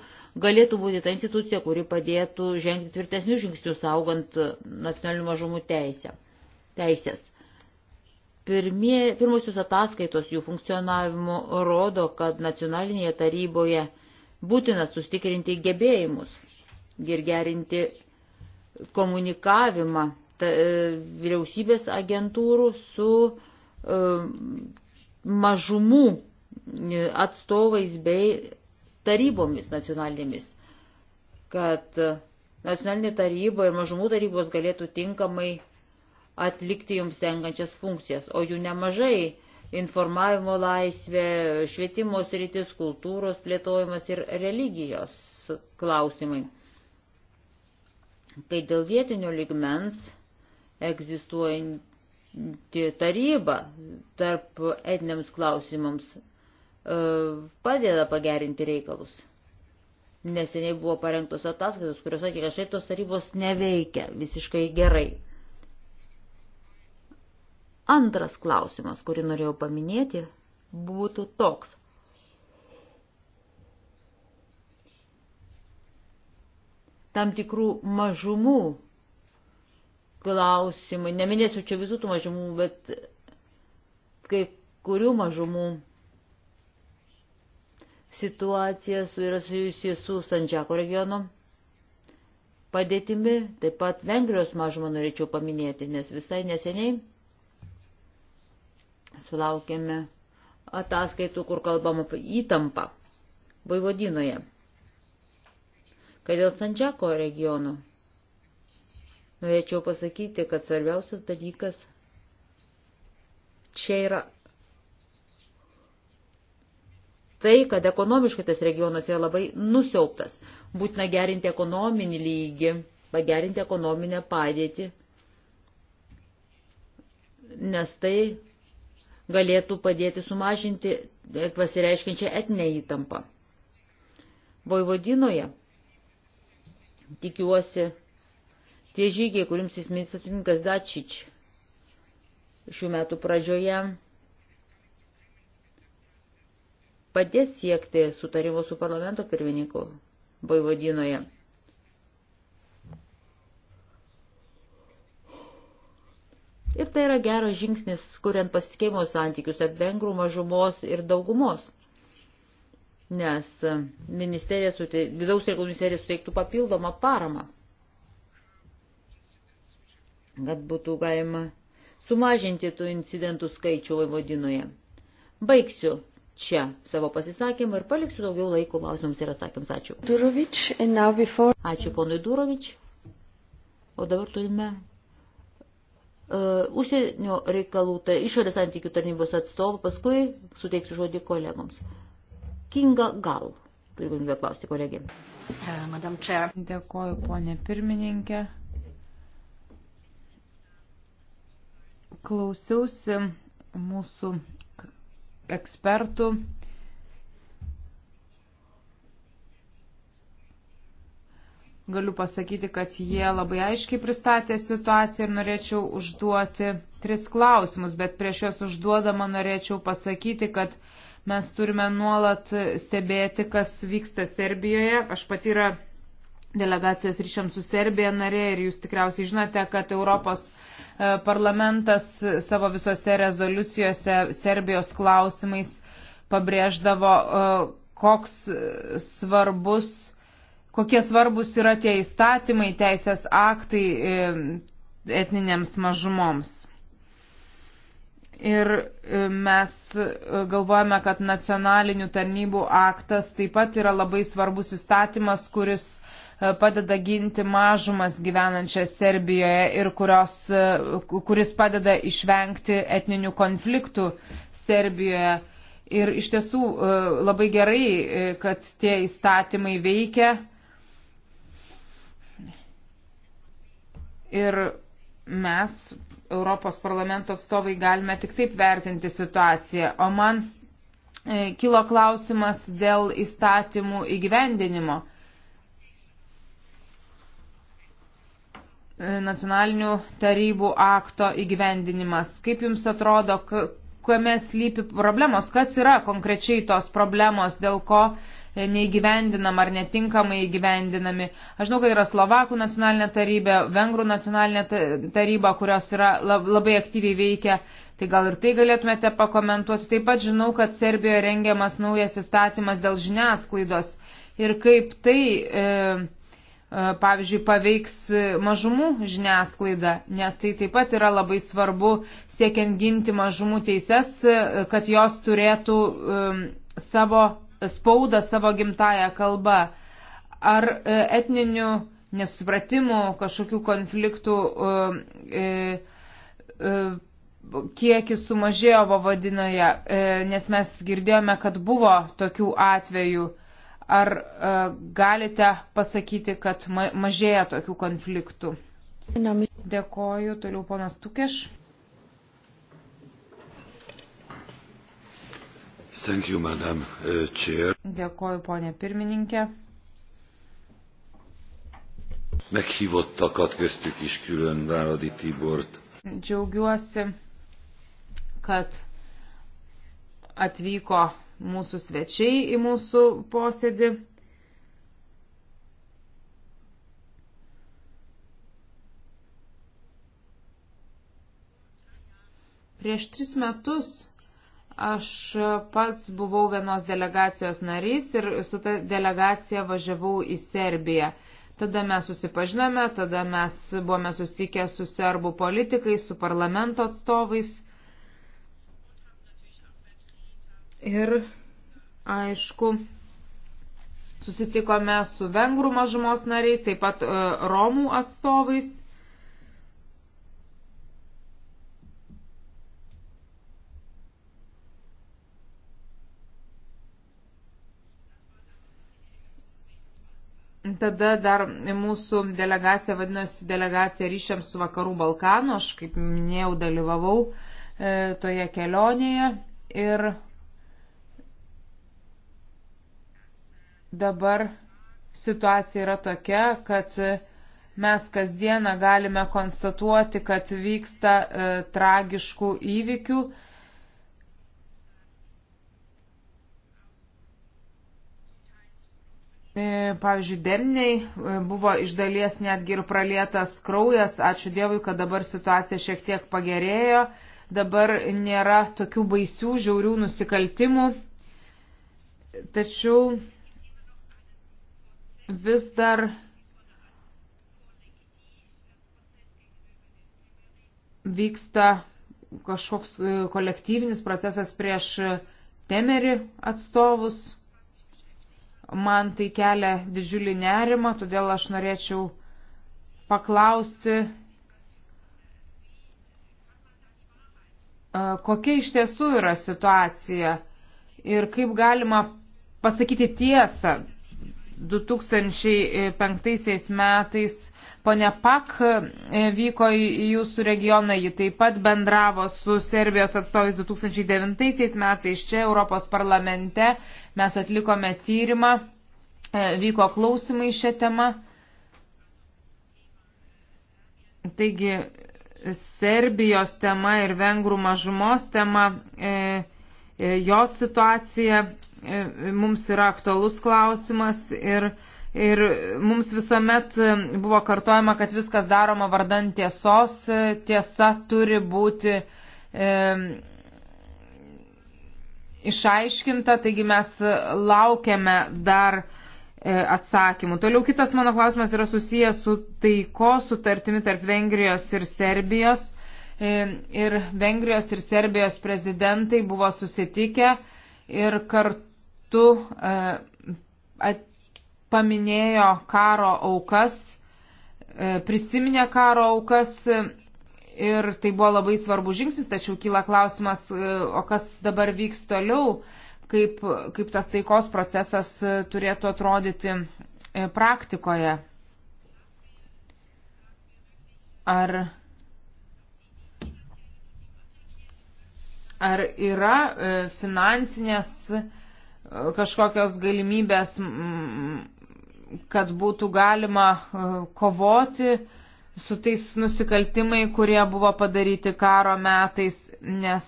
galėtų būti ta institucija, kuri padėtų žengti tvirtesnius žingsnius saugant nacionalinių mažumų teisę, teisės. Pirmie, pirmosios ataskaitos jų funkcionavimo rodo, kad nacionalinėje taryboje Būtina sustikrinti gebėjimus ir gerinti komunikavimą ta, e, vyriausybės agentūrų su e, mažumų e, atstovais bei tarybomis nacionalinėmis, kad nacionalinė taryba ir mažumų tarybos galėtų tinkamai atlikti jums tenkančias funkcijas, o jų nemažai informavimo laisvė, švietimo sritis, kultūros plėtojimas ir religijos klausimai. Kai dėl vietinio ligmens egzistuojanti taryba tarp etiniams klausimams e, padeda pagerinti reikalus. Neseniai buvo parengtos ataskaitos, kurios sakė, kad šitos tarybos neveikia visiškai gerai. Antras klausimas, kurį norėjau paminėti, būtų toks. Tam tikrų mažumų klausimai, neminėsiu čia visų tų mažumų, bet kai kurių mažumų situacija yra susijusi su Sančiako regionu padėtimi, taip pat Vengrijos mažumą norėčiau paminėti, nes visai neseniai Sulaukėme ataskaitų, kur kalbam apie įtampą Vojvodinoje. Kad dėl Sančiako regionų norėčiau pasakyti, kad svarbiausias dalykas čia yra tai, kad ekonomiškai tas regionas yra labai nusiauptas. Būtina gerinti ekonominį lygį, pagerinti ekonominę padėtį, nes tai galėtų padėti sumažinti pasireiškinčią etinę įtampą. Vojvodinoje tikiuosi tie žygiai, kuriems jis ministras pirmininkas Dačič šių metų pradžioje padės siekti sutarimo su parlamento pirmininku Vojvodinoje. Ir tai yra geras žingsnis, kuriant pasitikėjimo santykius ar vengrų mažumos ir daugumos. Nes e, ministerija, vidaus reikalų ministerija suteiktų papildomą paramą, kad būtų galima sumažinti tų incidentų skaičių Vojvodinoje. Baigsiu čia savo pasisakymą ir paliksiu daugiau laiko klausimams ir atsakymams. Ačiū. Durovič, before... Ačiū ponui Durovič. O dabar turime Uh, užsienio reikalų, tai išorės santykių tarnybos atstovų, paskui suteiksiu žodį kolegoms. Kinga Gal, turiu galimybę klausti kolegė. Uh, Madam Chair. Dėkoju, ponė pirmininkė. Klausiausi mūsų ekspertų Galiu pasakyti, kad jie labai aiškiai pristatė situaciją ir norėčiau užduoti tris klausimus, bet prieš juos užduodama norėčiau pasakyti, kad mes turime nuolat stebėti, kas vyksta Serbijoje. Aš pati yra delegacijos ryšiams su Serbija narė ir jūs tikriausiai žinote, kad Europos e, parlamentas savo visose rezoliucijose Serbijos klausimais pabrėždavo, e, koks svarbus kokie svarbus yra tie įstatymai, teisės aktai e, etninėms mažumoms. Ir e, mes e, galvojame, kad nacionalinių tarnybų aktas taip pat yra labai svarbus įstatymas, kuris padeda ginti mažumas gyvenančią Serbijoje ir kurios, kuris padeda išvengti etninių konfliktų Serbijoje. Ir iš tiesų labai gerai, kad tie įstatymai veikia ir mes, Europos parlamento atstovai, galime tik taip vertinti situaciją. O man e, kilo klausimas dėl įstatymų įgyvendinimo. E, nacionalinių tarybų akto įgyvendinimas. Kaip Jums atrodo, kuo mes lypi problemos, kas yra konkrečiai tos problemos, dėl ko uh, neįgyvendinama ar netinkamai įgyvendinami. Aš žinau, kad yra Slovakų nacionalinė taryba, Vengrų nacionalinė taryba, kurios yra labai aktyviai veikia. Tai gal ir tai galėtumėte pakomentuoti. Taip pat žinau, kad Serbijoje rengiamas naujas įstatymas dėl žiniasklaidos ir kaip tai. E, e pavyzdžiui, paveiks mažumų žiniasklaidą, nes tai taip pat yra labai svarbu siekiant ginti mažumų teises, kad jos turėtų um, savo spaudą savo gimtają kalbą, ar e, etninių nesupratimų, kažkokių konfliktų e, e, kiekis sumažėjo Vovadinoje, nes mes girdėjome, kad buvo tokių atvejų. Ar galite pasakyti, kad mažėja tokių konfliktų? Dėkoju, toliau ponas Tukeš. Thank you, madam uh, chair. Dėkoju, ponė pirmininkė. Meghívottakat köztük is külön Váradi Tibort. Džiaugiuosi, kad atvyko mūsų svečiai į mūsų posėdį. Prieš tris metus Aš pats buvau vienos delegacijos narys ir su ta delegacija važiavau į Serbiją. Tada mes susipažinome, tada mes buvome susitikę su serbų politikais, su parlamento atstovais. Ir aišku, susitikome su vengrų mažumos nariais, taip pat e, romų atstovais Tada dar mūsų delegacija vadinosi delegacija ryšiams su Vakarų Balkanu. Aš, kaip minėjau, dalyvavau e, toje kelionėje ir dabar situacija yra tokia, kad mes kasdieną galime konstatuoti, kad vyksta e, tragiškų įvykių. E, E, pavyzdžiui, demniai e, buvo iš dalies netgi ir pralietas kraujas. Ačiū Dievui, kad dabar situacija šiek tiek pagerėjo. Dabar nėra tokių baisių, žiaurių nusikaltimų. Tačiau vis dar vyksta kažkoks e, kolektyvinis procesas prieš temerį atstovus man tai kelia didžiulį nerimą, todėl aš norėčiau paklausti, e, kokia iš tiesų yra situacija ir kaip galima pasakyti tiesą 2005 metais ponia Pak e, vyko į jūsų regioną, ji taip pat bendravo su Serbijos atstovais 2009 metais čia Europos parlamente, mes atlikome tyrimą, e, vyko klausimai šią temą. Taigi Serbijos tema ir vengrų mažumos tema. E, E, jos situacija e, mums yra aktualus klausimas ir Ir mums visuomet e, buvo kartojama, kad viskas daroma vardan tiesos, tiesa turi būti e, išaiškinta, taigi mes laukiame dar e, atsakymų. Toliau kitas mano klausimas yra susijęs su taiko sutartimi tarp Vengrijos ir Serbijos. E, ir Vengrijos ir Serbijos prezidentai buvo susitikę ir kartu e, paminėjo karo aukas, e, prisiminė karo aukas ir tai buvo labai svarbu žingsnis, tačiau kyla klausimas, o kas dabar vyks toliau, kaip, kaip tas taikos procesas turėtų atrodyti praktikoje. Ar Ar yra e, finansinės e, kažkokios galimybės, kad būtų galima e, kovoti su tais nusikaltimai, kurie buvo padaryti karo metais, nes,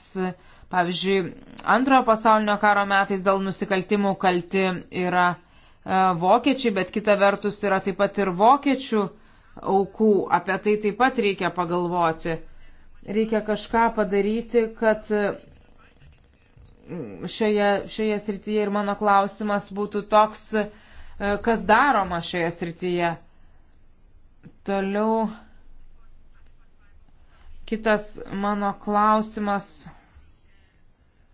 pavyzdžiui, antrojo pasaulinio karo metais dėl nusikaltimų kalti yra vokiečiai, bet kita vertus yra taip pat ir vokiečių aukų, apie tai taip pat reikia pagalvoti. Reikia kažką padaryti, kad mm, šioje, šioje srityje ir mano klausimas būtų toks, e, kas daroma šioje srityje. Toliau kitas mano klausimas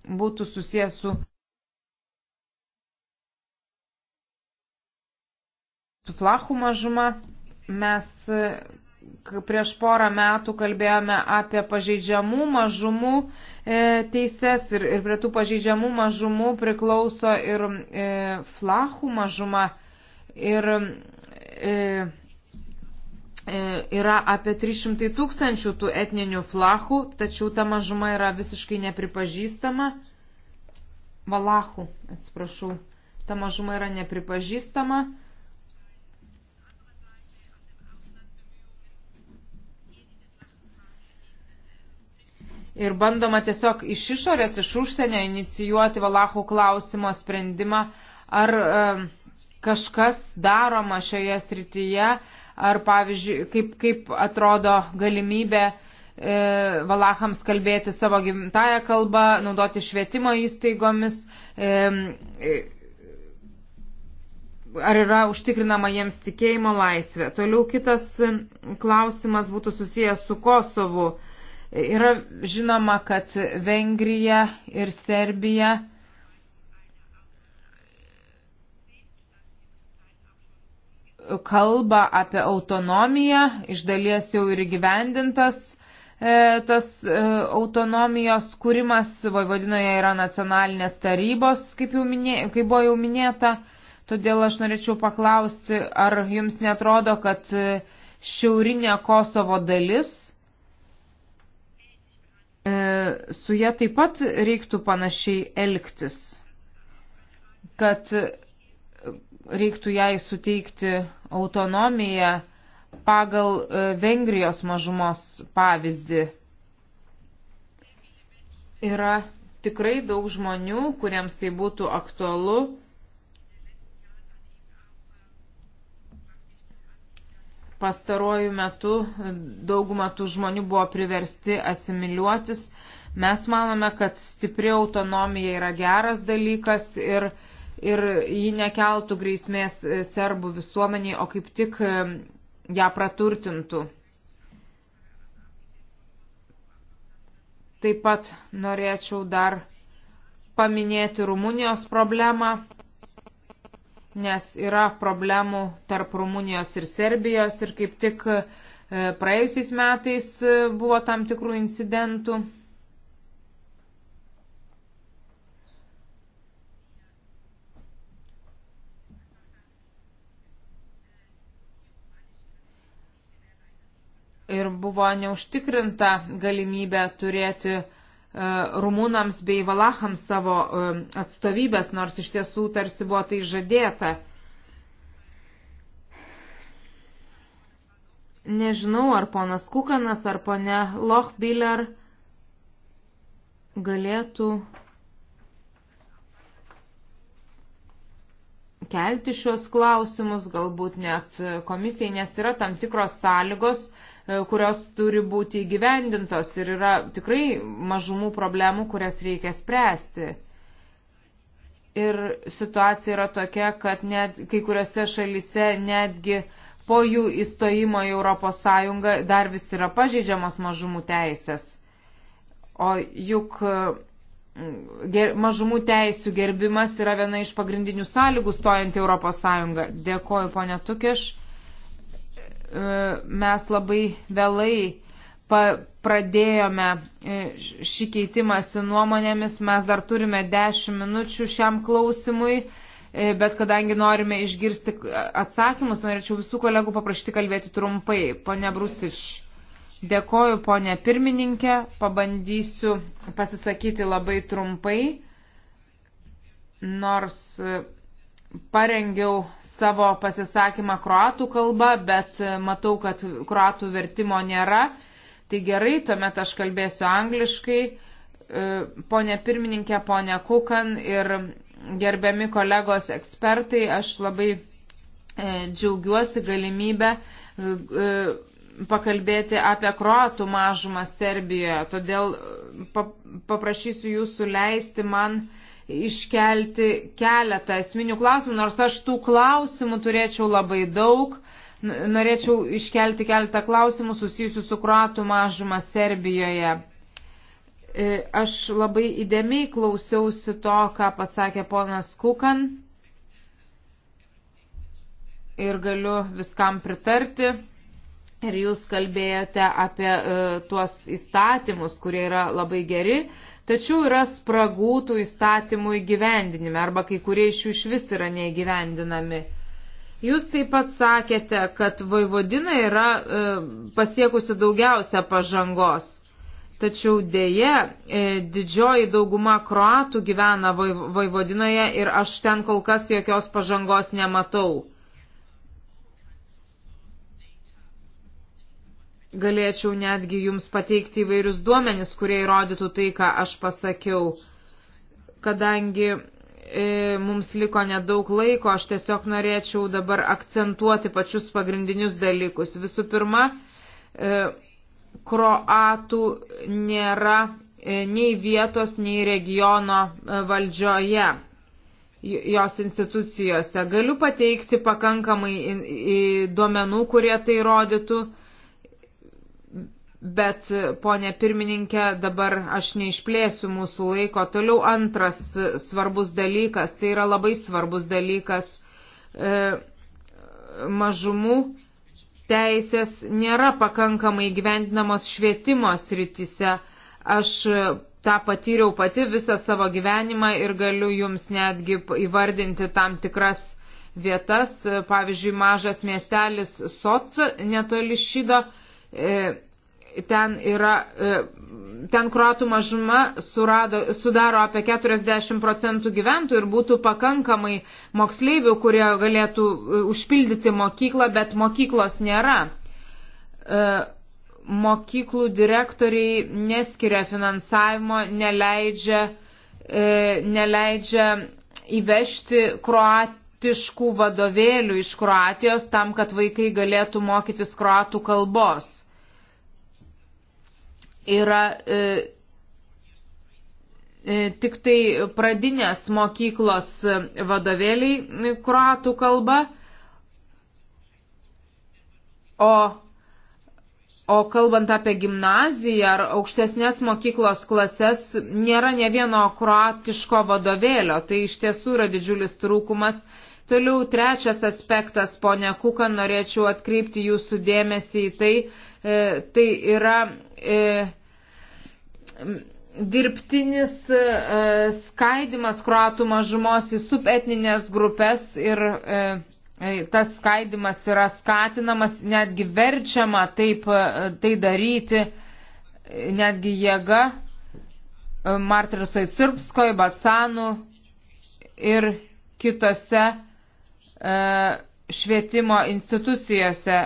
būtų susijęs su, su flachų mažuma. Mes prieš porą metų kalbėjome apie pažeidžiamų mažumų e, teises ir, ir prie tų pažeidžiamų mažumų priklauso ir e, flachų mažuma. Ir e, e yra apie 300 tūkstančių tų etninių flachų, tačiau ta mažuma yra visiškai nepripažįstama. Valachų, atsiprašau, ta mažuma yra nepripažįstama. E, ir bandoma tiesiog iš išorės, iš užsienio inicijuoti valachų klausimo sprendimą, ar e, kažkas daroma šioje srityje, ar pavyzdžiui, kaip, kaip atrodo galimybė e, valachams kalbėti savo gimtają kalbą, naudoti švietimo įstaigomis. E, e, ar yra užtikrinama jiems tikėjimo laisvė. Toliau kitas klausimas būtų susijęs su Kosovu. E, Yra žinoma, kad Vengrija ir Serbija kalba apie autonomiją, iš dalies jau ir įgyvendintas e, tas e, autonomijos kūrimas, Vojvodinoje yra nacionalinės tarybos, kaip, jau minė, kaip buvo jau minėta, todėl aš norėčiau paklausti, ar jums netrodo, kad e, šiaurinė Kosovo dalis E, su jie taip pat reiktų panašiai elgtis, kad reiktų jai suteikti autonomiją pagal e, Vengrijos mažumos pavyzdį. Yra tikrai daug žmonių, kuriems tai būtų aktualu pastaruoju metu dauguma tų žmonių buvo priversti asimiliuotis. Mes manome, kad stipri autonomija yra geras dalykas ir, ir ji nekeltų grėsmės serbų visuomeniai, o kaip tik ją praturtintų. Taip pat norėčiau dar paminėti Rumunijos problemą nes yra problemų tarp Rumunijos ir Serbijos ir kaip tik e, praėjusiais metais e, buvo tam tikrų incidentų. ir buvo neužtikrinta galimybė turėti E, rumūnams bei valachams savo e, atstovybės, nors iš tiesų tarsi buvo tai žadėta. Nežinau, ar ponas Kukanas, ar ponė Lochbiller galėtų kelti šios klausimus, galbūt net komisijai, nes yra tam tikros sąlygos, uh, E, kurios turi būti gyvendintos ir yra tikrai mažumų problemų, kurias reikia spręsti. Ir situacija yra tokia, kad net kai kuriuose šalise netgi po jų įstojimo į Europos Sąjungą dar vis yra pažeidžiamos mažumų teisės. O juk e, ger, mažumų teisų gerbimas yra viena iš pagrindinių sąlygų stojant į Europos Sąjungą. Dėkoju, ponė Tukiš. E, mes labai vėlai pradėjome e, šį keitimąsi nuomonėmis, mes dar turime 10 minučių šiam klausimui, e, bet kadangi norime išgirsti atsakymus, norėčiau visų kolegų paprašyti kalbėti trumpai. Pone Brusiš, dėkoju ponė pirmininkė, pabandysiu pasisakyti labai trumpai, nors parengiau savo pasisakymą kroatų kalba, bet e, matau, kad kroatų vertimo nėra. Tai gerai, tuomet aš kalbėsiu angliškai. E, pone pirmininkė, pone Kukan ir gerbiami kolegos ekspertai, aš labai e, džiaugiuosi galimybę pakalbėti apie kroatų mažumą Serbijoje. Todėl paprašysiu jūsų leisti man uh, iškelti keletą esminių klausimų, nors aš tų klausimų turėčiau labai daug. Norėčiau iškelti keletą klausimų susijusių su kruatų mažuma Serbijoje. E, aš labai įdėmiai klausiausi to, ką pasakė ponas Kukan ir galiu viskam pritarti. Ir jūs kalbėjote apie e, tuos įstatymus, kurie yra labai geri. E, Tačiau yra spragų tų įstatymų įgyvendinime arba kai kurie iš jų iš vis yra neįgyvendinami. Jūs taip pat sakėte, kad Vojvodina yra e, pasiekusi daugiausia pažangos. Tačiau dėje e, didžioji dauguma kroatų gyvena Vojvodinoje ir aš ten kol kas jokios pažangos nematau. Galėčiau netgi jums pateikti įvairius duomenis, kurie įrodytų tai, ką aš pasakiau. Kadangi e, mums liko nedaug laiko, aš tiesiog norėčiau dabar akcentuoti pačius pagrindinius dalykus. Visų pirma, e, kroatų nėra e, nei vietos, nei regiono valdžioje jos institucijose. Galiu pateikti pakankamai duomenų, kurie tai rodytų. Bet, ponė pirmininkė, dabar aš neišplėsiu mūsų laiko. Toliau antras svarbus dalykas, tai yra labai svarbus dalykas. E, mažumų teisės nėra pakankamai gyvendinamos švietimo srityse. Aš tą patyriau pati visą savo gyvenimą ir galiu jums netgi įvardinti tam tikras vietas. Pavyzdžiui, mažas miestelis Soc netoli šydo. E, ten yra, e, ten kruatų mažuma surado, sudaro apie 40 procentų gyventojų ir būtų pakankamai moksleivių, kurie galėtų e, užpildyti mokyklą, bet mokyklos nėra. E, mokyklų direktoriai neskiria finansavimo, neleidžia, neleidžia įvežti kroatiškų vadovėlių iš Kroatijos tam, kad vaikai galėtų mokytis kroatų kalbos yra e, e, tik tai pradinės mokyklos vadovėliai e, kruatų kalba, o, o kalbant apie gimnaziją ar aukštesnės mokyklos klases, nėra ne vieno kruatiško vadovėlio, tai iš tiesų yra didžiulis trūkumas. Toliau trečias aspektas, ponia Kuka, norėčiau atkreipti jūsų dėmesį į tai, e, tai yra e, dirbtinis e, skaidimas kruatų mažumos į subetninės grupės ir e, e, tas skaidimas yra skatinamas, netgi verčiama taip tai daryti, netgi jėga Martirisoj Sirpskoj, Batsanų ir kitose švietimo institucijose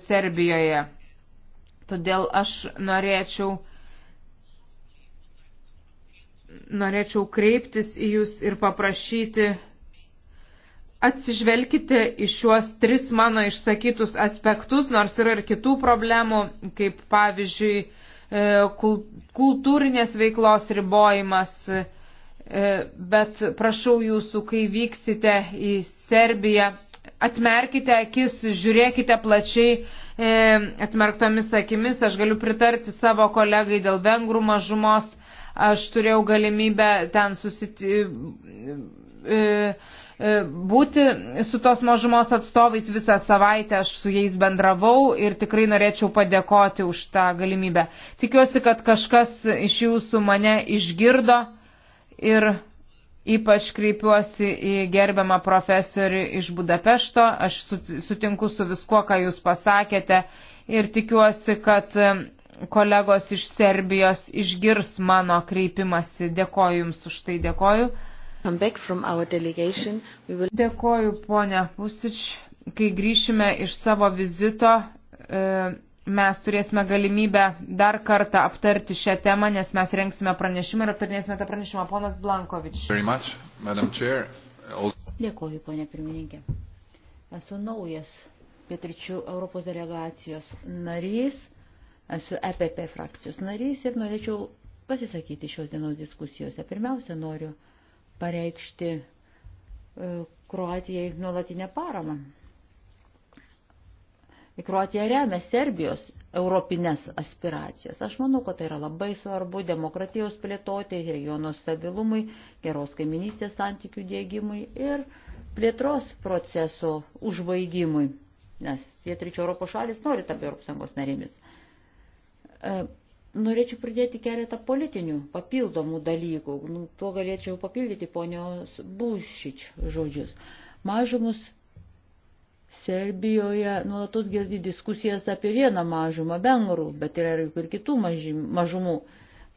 Serbijoje. Todėl aš norėčiau norėčiau kreiptis į Jūs ir paprašyti, atsižvelkite į šiuos tris mano išsakytus aspektus, nors yra ir kitų problemų, kaip pavyzdžiui, e, kultūrinės veiklos ribojimas, e, bet prašau Jūsų, kai vyksite į Serbiją, atmerkite akis, žiūrėkite plačiai e, atmerktomis akimis, aš galiu pritarti savo kolegai dėl vengrų mažumos Aš turėjau galimybę ten susiti... E, e, e, būti su tos mažumos atstovais visą savaitę, aš su jais bendravau ir tikrai norėčiau padėkoti už tą galimybę. Tikiuosi, kad kažkas iš jūsų mane išgirdo ir Ypač kreipiuosi į gerbiamą profesorių iš Budapešto, aš sutinku su viskuo, ką jūs pasakėte ir tikiuosi, kad kolegos iš Serbijos išgirs mano kreipimasi. Dėkoju Jums už tai, dėkoju. Will... Dėkoju, ponia Pusič. Kai grįšime iš savo vizito, e, mes turėsime galimybę dar kartą aptarti šią temą, nes mes renksime pranešimą ir aptarnėsime tą pranešimą. Ponas Blankovič. Much, All... Dėkoju, ponia pirmininkė. Esu naujas pietričių Europos delegacijos narys Esu EPP frakcijos narys ir norėčiau pasisakyti šios dienos diskusijose. Pirmiausia, noriu pareikšti e, Kroatijai nuolatinę paramą. Kroatija remia Serbijos europinės aspiracijas. Aš manau, kad tai yra labai svarbu demokratijos plėtotė, regiono stabilumui, geros kaiminystės santykių dėgymui ir plėtros proceso užbaigimui, nes pietryčio Europos šalis nori tapti Europos Sąjungos narėmis. E, norėčiau pridėti keletą politinių papildomų dalykų. Nu, tuo galėčiau papildyti ponios Bušič žodžius. Mažumus Serbijoje nuolatos girdi diskusijas apie vieną mažumą bengrų, bet yra ir kitų mažumų.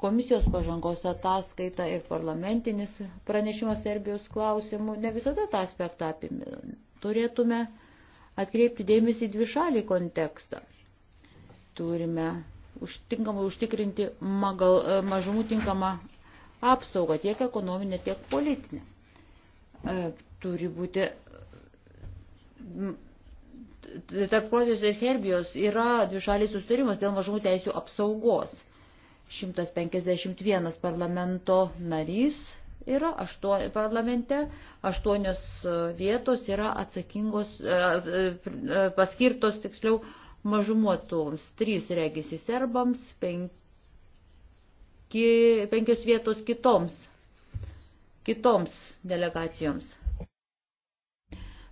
Komisijos pažangos ataskaita ir parlamentinis pranešimas Serbijos klausimų ne visada tą aspektą apimė. Turėtume atkreipti dėmesį į dvišalį kontekstą. Turime tinkamai užtikrinti magal, e, mažumų tinkamą apsaugą tiek ekonominę, tiek politinę. E, turi būti tarp Kroatijos ir Serbijos yra dvišalis sustarimas dėl mažumų teisų apsaugos. 151 parlamento narys yra aštuo, parlamente, aštuonios vietos yra atsakingos, e, paskirtos tiksliau mažumuotoms, trys regisi serbams, penki, penkios vietos kitoms, kitoms delegacijoms.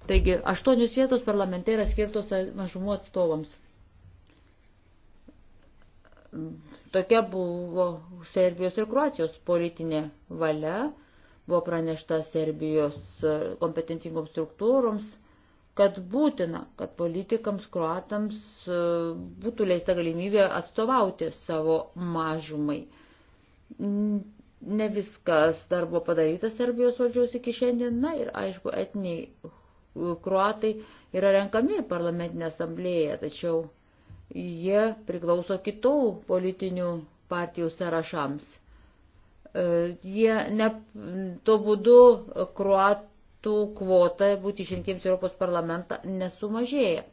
Taigi, aštuonios vietos parlamente yra skirtos mažumų atstovams. Tokia buvo Serbijos ir Kroatijos politinė valia, buvo pranešta Serbijos kompetentingoms struktūroms kad būtina, kad politikams, kruatams e, būtų leista galimybė atstovauti savo mažumai. Ne viskas dar buvo padaryta Serbijos valdžiaus iki šiandien, na ir aišku, etniai e, kruatai yra renkami parlamentinė asamblėje, tačiau jie priklauso kitų politinių partijų sąrašams. E, jie ne, to būdu kruat metų kvota būti išrinktiems Europos parlamentą nesumažėja.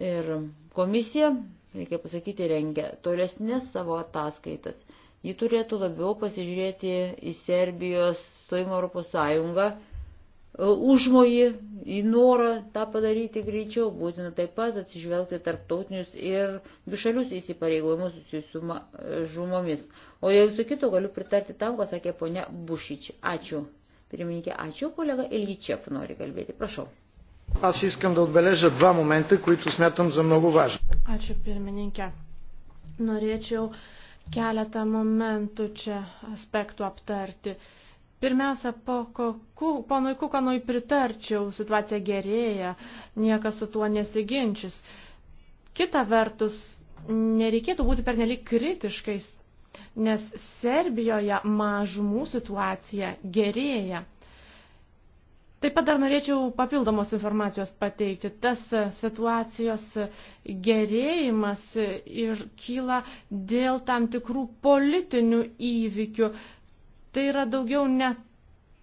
Ir komisija, reikia pasakyti, rengia tolesnės savo ataskaitas. Ji turėtų labiau pasižiūrėti į Serbijos stojimo Europos Sąjungą e, užmojį, į norą tą padaryti greičiau, būtina taip pat atsižvelgti tarptautinius ir bišalius įsipareigojimus susijusius su e, žumomis. O dėl viso kito galiu pritarti tam, ką sakė ponia Bušič. Ačiū. Pirmininkė, ačiū, kolega Ilgičiev nori kalbėti. Prašau. Аз искам да отбележа два момента, които смятам за много важни. Ačiū, pirmininkė. Norėčiau keletą momentų čia aspektų aptarti. Pirmiausia, po koku, ponui Kukanui pritarčiau, situacija gerėja, niekas su tuo nesiginčys. Kita vertus, nereikėtų būti pernelik kritiškais nes Serbijoje mažumų situacija gerėja. Taip pat dar norėčiau papildomos informacijos pateikti. Tas situacijos gerėjimas ir kyla dėl tam tikrų politinių įvykių. Tai yra daugiau ne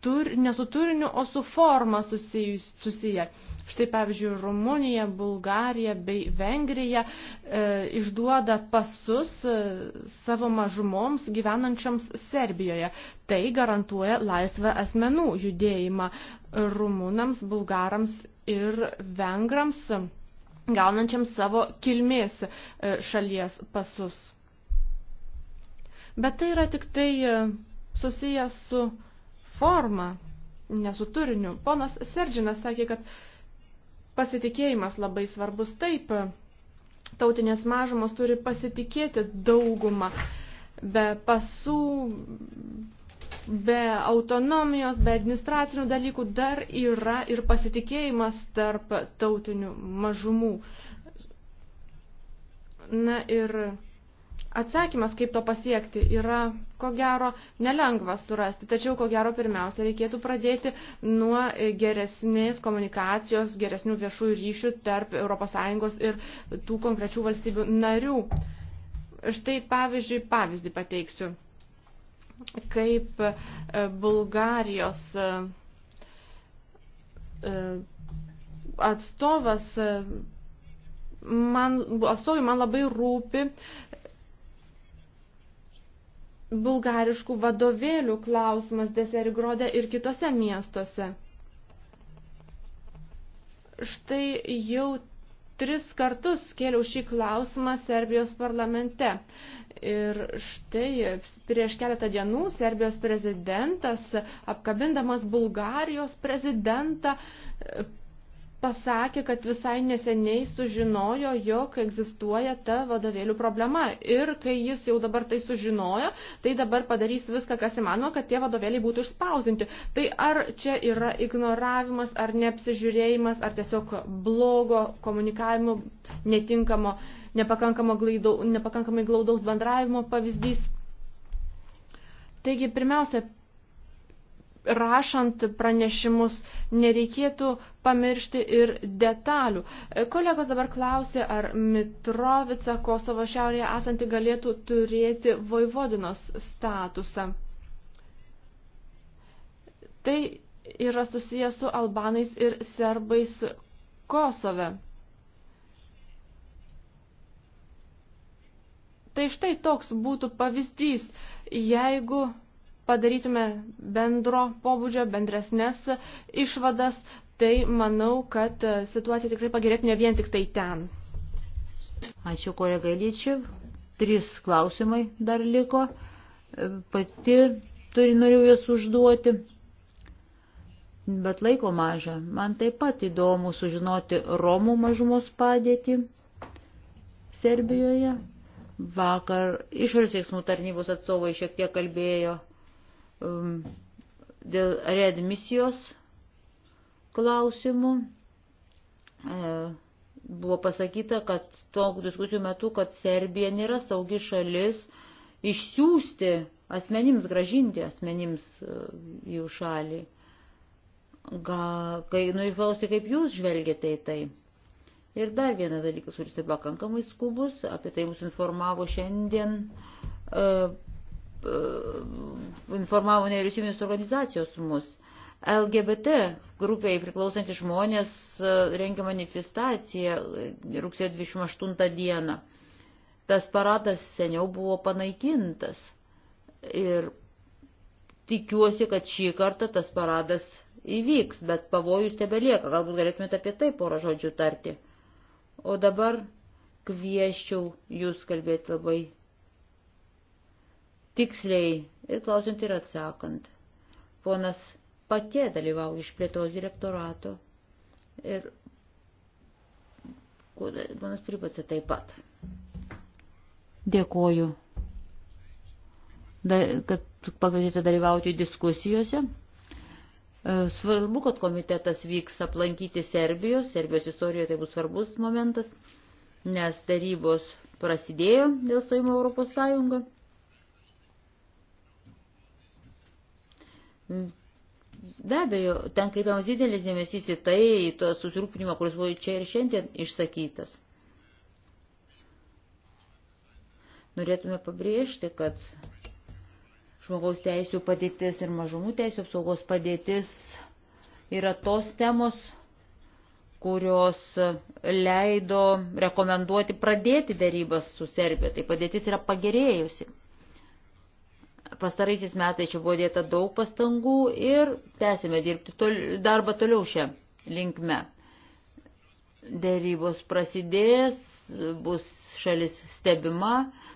tur, ne su turiniu, o su forma susijus, susiję. Štai pavyzdžiui, Rumunija, Bulgarija bei Vengrija e, išduoda pasus e, savo mažumoms gyvenančioms Serbijoje. Tai garantuoja laisvą asmenų judėjimą rumunams, bulgarams ir vengrams gaunančiams savo kilmės e, šalies pasus. Bet tai yra tik tai e, susijęs su forma, nesu turiniu. Ponas Serdžinas sakė, kad pasitikėjimas labai svarbus. Taip, tautinės mažumos turi pasitikėti daugumą be pasų, be autonomijos, be administracinių dalykų dar yra ir pasitikėjimas tarp tautinių mažumų. Na ir Atsakymas, kaip to pasiekti, yra ko gero nelengva surasti, tačiau ko gero pirmiausia reikėtų pradėti nuo geresnės komunikacijos, geresnių viešųjų ryšių tarp ES ir tų konkrečių valstybių narių. Štai pavyzdžiui, pavyzdį pateiksiu, kaip e, Bulgarijos e, e, atstovas man, atstovai man labai rūpi bulgariškų vadovėlių klausimas Deserigrode ir kitose miestuose. Štai jau tris kartus kėliau šį klausimą Serbijos parlamente. Ir štai prieš keletą dienų Serbijos prezidentas, apkabindamas Bulgarijos prezidentą, pasakė, kad visai neseniai sužinojo, jog egzistuoja ta vadovėlių problema. Ir kai jis jau dabar tai sužinojo, tai dabar padarys viską, kas įmanoma, kad tie vadovėliai būtų išspausinti. Tai ar čia yra ignoravimas, ar neapsižiūrėjimas, ar tiesiog blogo komunikavimo, netinkamo, glaidau, nepakankamai glaudaus bendravimo pavyzdys. Taigi, pirmiausia, rašant pranešimus nereikėtų pamiršti ir detalių. Kolegos dabar klausė, ar Mitrovica Kosovo šiaurėje esanti galėtų turėti Vojvodinos statusą. Tai yra susijęs su Albanais ir Serbais Kosove. Tai štai toks būtų pavyzdys, jeigu padarytume bendro pobūdžio, bendresnės išvadas, tai manau, kad e, situacija tikrai pagerėtų ne vien tik tai ten. Ačiū kolega Lyčiav. Trys klausimai dar liko. E, pati turi norėjau juos užduoti. Bet laiko maža. Man taip pat įdomu sužinoti Romų mažumos padėtį Serbijoje. Vakar išorės veiksmų tarnybos atstovai šiek tiek kalbėjo um, dėl readmisijos klausimų. E, buvo pasakyta, kad tuo diskusijų metu, kad Serbija nėra saugi šalis išsiųsti asmenims, gražinti asmenims e, jų šalį. Gal, kai nuišklausti, kaip jūs žvelgiate į tai. Ir dar vienas dalykas, kuris yra pakankamai skubus, apie tai mus informavo šiandien e, E, informavo nevyriausybinės organizacijos mus. LGBT grupiai priklausantys žmonės e, rengia manifestaciją rugsėjo 28 dieną. Tas paradas seniau buvo panaikintas ir tikiuosi, kad šį kartą tas paradas įvyks, bet pavojus tebelieka. Galbūt galėtumėte apie tai porą žodžių tarti. O dabar kvieščiau jūs kalbėti labai tiksliai ir klausant ir atsakant. Ponas patie dalyvauja iš plėtros direktorato ir ponas Pripacė taip pat. Dėkoju, da, kad pakvietėte dalyvauti diskusijose. E, svarbu, kad komitetas vyks aplankyti Serbijos. Serbijos istorijoje tai bus svarbus momentas, nes darybos prasidėjo dėl stojimo Europos Sąjungą. Be abejo, ten kreipiamas didelis dėmesys į tai, į tą susirūpinimą, kuris buvo čia ir šiandien išsakytas. Norėtume pabrėžti, kad žmogaus teisų padėtis ir mažumų teisų apsaugos padėtis yra tos temos, kurios leido rekomenduoti pradėti darybas su Serbija. Tai padėtis yra pagerėjusi. Pastaraisiais metais čia buvo dėta daug pastangų ir tęsime dirbti tol, darbą toliau šią linkme. Dėrybos prasidės, bus šalis stebima.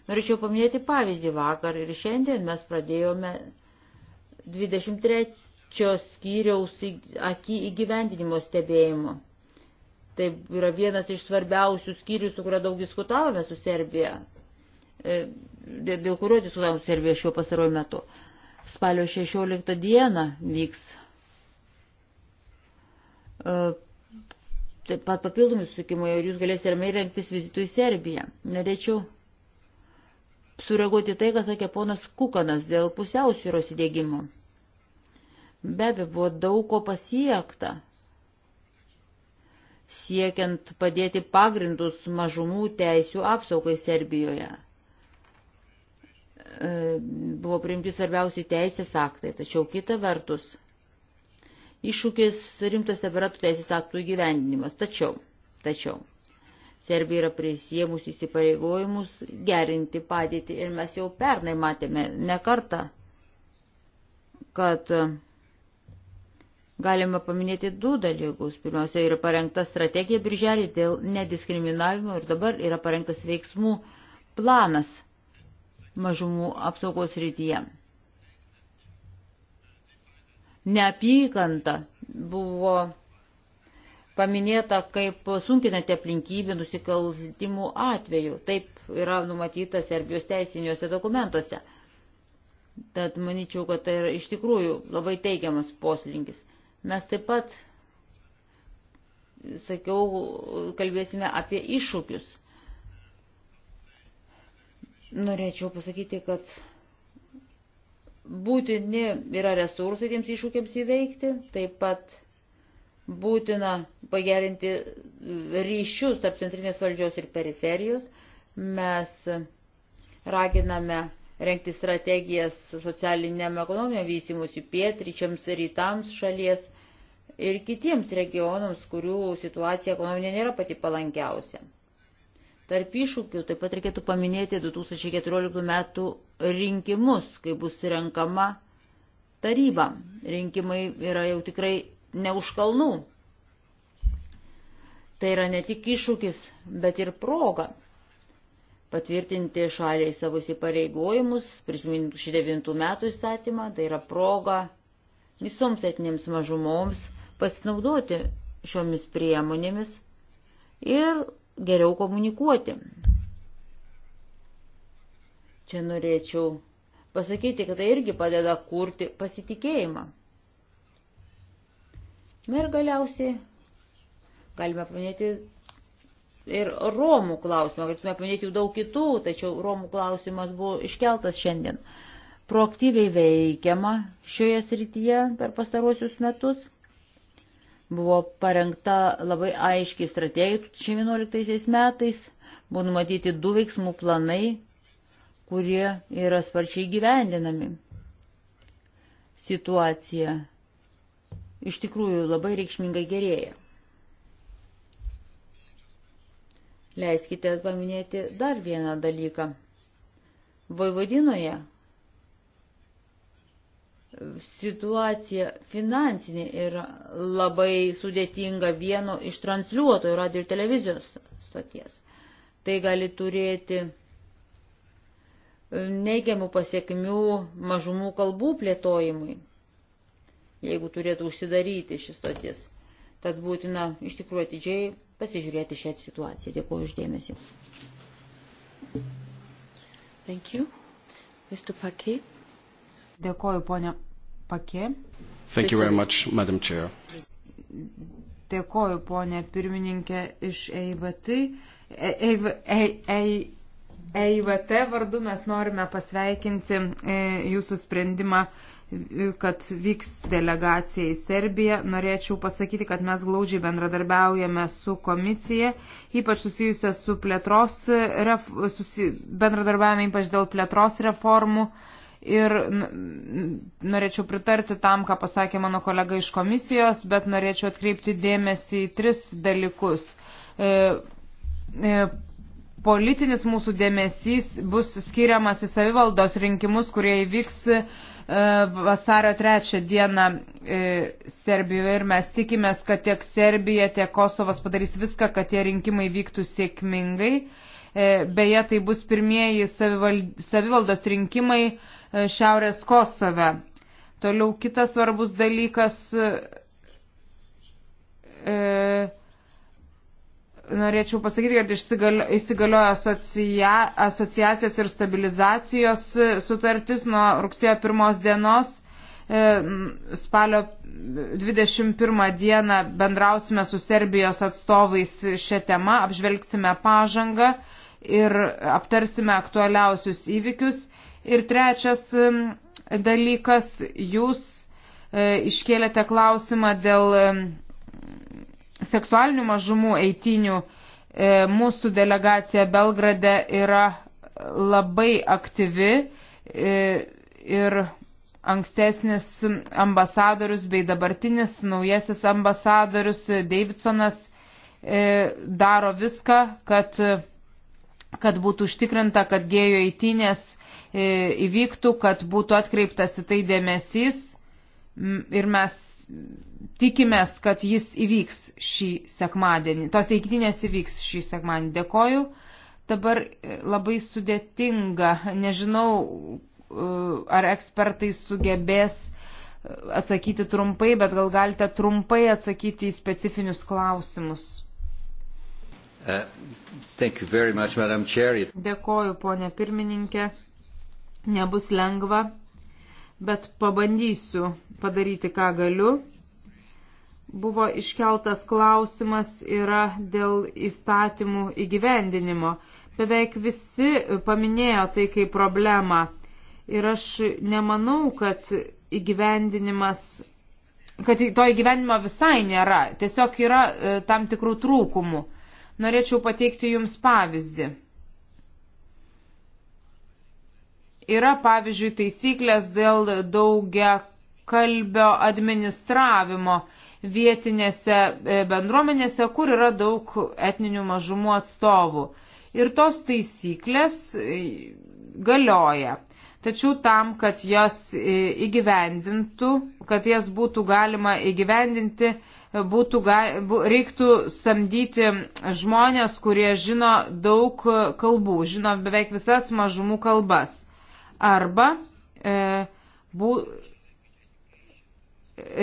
Norėčiau paminėti pavyzdį vakar ir šiandien mes pradėjome 23 skyriaus akį įgyvendinimo stebėjimo. Tai yra vienas iš svarbiausių skyrių, su kuria daug diskutavome su Serbija. E, dėl kurio diskutavom Serbija šiuo pastaruoju metu. Spalio 16 dieną vyks e, taip pat papildomi susitikimai ir jūs galėsite ramiai rengtis vizitų į Serbiją. Norėčiau sureaguoti tai, ką sakė ponas Kukanas dėl pusiausvyros įdėgymo. Be abejo, buvo daug ko pasiekta, siekiant padėti pagrindus mažumų teisių apsaugai Serbijoje buvo priimti svarbiausi teisės aktai, tačiau kita vertus iššūkis rimtas tebėra tų teisės aktų įgyvendinimas. Tačiau, tačiau Serbija yra prisėmus įsipareigojimus gerinti padėtį ir mes jau pernai matėme ne kartą, kad galime paminėti du dalykus. Pirmiausia, yra parengta strategija birželį dėl nediskriminavimo ir dabar yra parengtas veiksmų planas mažumų apsaugos rytyje. Neapykanta buvo paminėta kaip sunkinanti aplinkybė nusikaltimų atveju. Taip yra numatyta Serbijos teisiniuose dokumentuose. Tad manyčiau, kad tai yra iš tikrųjų labai teigiamas poslinkis. Mes taip pat, sakiau, kalbėsime apie iššūkius. Norėčiau pasakyti, kad būtini yra resursai tiems iššūkiams įveikti, taip pat būtina pagerinti ryšius tarp centrinės valdžios ir periferijos. Mes raginame renkti strategijas socialiniam ekonominiam vystimusi pietryčiams, rytams šalies ir kitiems regionams, kurių situacija ekonominė nėra pati palankiausia. Tarp iššūkių taip pat reikėtų paminėti 2014 metų rinkimus, kai bus renkama taryba. Rinkimai yra jau tikrai ne už kalnų. Tai yra ne tik iššūkis, bet ir proga patvirtinti šaliai savo įpareigojimus, prisiminti 69 metų įstatymą, tai yra proga visoms etinėms mažumoms pasinaudoti šiomis priemonėmis ir geriau komunikuoti. Čia norėčiau pasakyti, kad tai irgi padeda kurti pasitikėjimą. Na ir galiausiai galime paminėti ir Romų klausimą, galime paminėti jų daug kitų, tačiau Romų klausimas buvo iškeltas šiandien. Proaktyviai veikiama šioje srityje per pastaruosius metus. Buvo parengta labai aiškiai strategija 2011 metais, buvo numatyti du veiksmų planai, kurie yra sparčiai gyvendinami. Situacija iš tikrųjų labai reikšmingai gerėja. Leiskite paminėti dar vieną dalyką. Vojvodinoje situacija finansinė yra labai sudėtinga vieno iš transliuotojų radio ir televizijos stoties. Tai gali turėti e, neigiamų pasiekmių mažumų kalbų plėtojimui, jeigu turėtų užsidaryti šis stoties. Tad būtina iš tikrųjų atidžiai pasižiūrėti šią situaciją. Dėkuoju uždėmesi. Thank you. Mr. Paquet. Dėkoju, ponia Pakė. Thank you very much, Madam Chair. Dėkoju, ponė pirmininkė iš EIVT. EIVT vardu mes norime pasveikinti e, jūsų sprendimą e, kad vyks delegacija į Serbiją. Norėčiau pasakyti, kad mes glaudžiai bendradarbiaujame su komisija, ypač susijusią su plėtros, ref, susi, bendradarbiavame ypač dėl plėtros reformų. E, ir norėčiau pritarti tam, ką pasakė mano kolega iš komisijos, bet norėčiau atkreipti dėmesį į tris dalykus. E, e, politinis mūsų dėmesys bus skiriamas į savivaldos rinkimus, kurie įvyks e, vasario trečią dieną e, Serbijoje ir mes tikimės, kad tiek Serbija, tiek Kosovas padarys viską, kad tie rinkimai vyktų sėkmingai. E, beje, tai bus pirmieji savivaldos rinkimai, E, šiaurės Kosove. Toliau kitas svarbus dalykas. E, norėčiau pasakyti, kad įsigaliojo asocia, asociacijos ir stabilizacijos sutartis nuo rugsėjo pirmos dienos. E, spalio 21 dieną bendrausime su Serbijos atstovais šią temą, apžvelgsime pažangą ir aptarsime aktualiausius įvykius. Ir trečias dalykas, jūs e, iškėlėte klausimą dėl seksualinių mažumų eitinių. E, mūsų delegacija Belgrade yra labai aktyvi e, ir ankstesnis ambasadorius bei dabartinis naujasis ambasadorius Davidsonas daro viską, kad, kad būtų užtikrinta, kad gėjų eitinės E, įvyktų, kad būtų atkreiptas į tai dėmesys ir mes tikimės, kad jis įvyks šį sekmadienį. Tos eiktynės įvyks šį sekmadienį. Dėkoju. Dabar e, labai sudėtinga, nežinau, e, ar ekspertai sugebės atsakyti trumpai, bet gal galite trumpai atsakyti į specifinius klausimus. Uh, much, Dėkoju, ponė pirmininkė. Nebus lengva, bet pabandysiu padaryti, ką galiu. Buvo iškeltas klausimas yra dėl įstatymų įgyvendinimo. Beveik visi paminėjo tai kaip problemą. Ir aš nemanau, kad įgyvendinimas, kad to įgyvendinimo visai nėra. Tiesiog yra e, tam tikrų trūkumų. Norėčiau pateikti Jums pavyzdį. Yra, pavyzdžiui, taisyklės dėl daugia kalbio administravimo vietinėse e, bendruomenėse, kur yra daug etninių mažumų atstovų. Ir tos taisyklės e, galioja. Tačiau tam, kad jas e, įgyvendintų, kad jas būtų galima įgyvendinti, būtų, reiktų samdyti žmonės, kurie žino daug kalbų, žino beveik visas mažumų kalbas arba e, bū,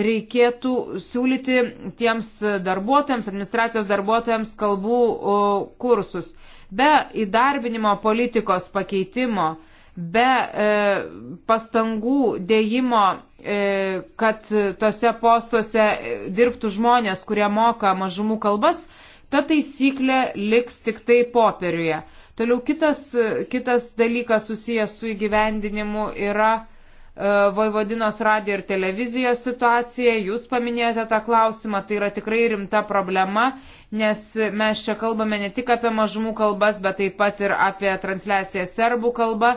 reikėtų siūlyti tiems darbuotojams, administracijos darbuotojams kalbų kursus. Be įdarbinimo politikos pakeitimo, be e, pastangų dėjimo, e, kad tose postuose dirbtų žmonės, kurie moka mažumų kalbas, ta taisyklė liks tik tai popieriuje. Toliau kitas, kitas dalykas susijęs su įgyvendinimu yra e, Vojvodinos radio ir televizijos situacija. Jūs paminėjote tą klausimą, tai yra tikrai rimta problema, nes mes čia kalbame ne tik apie mažumų kalbas, bet taip pat ir apie transliaciją serbų kalbą.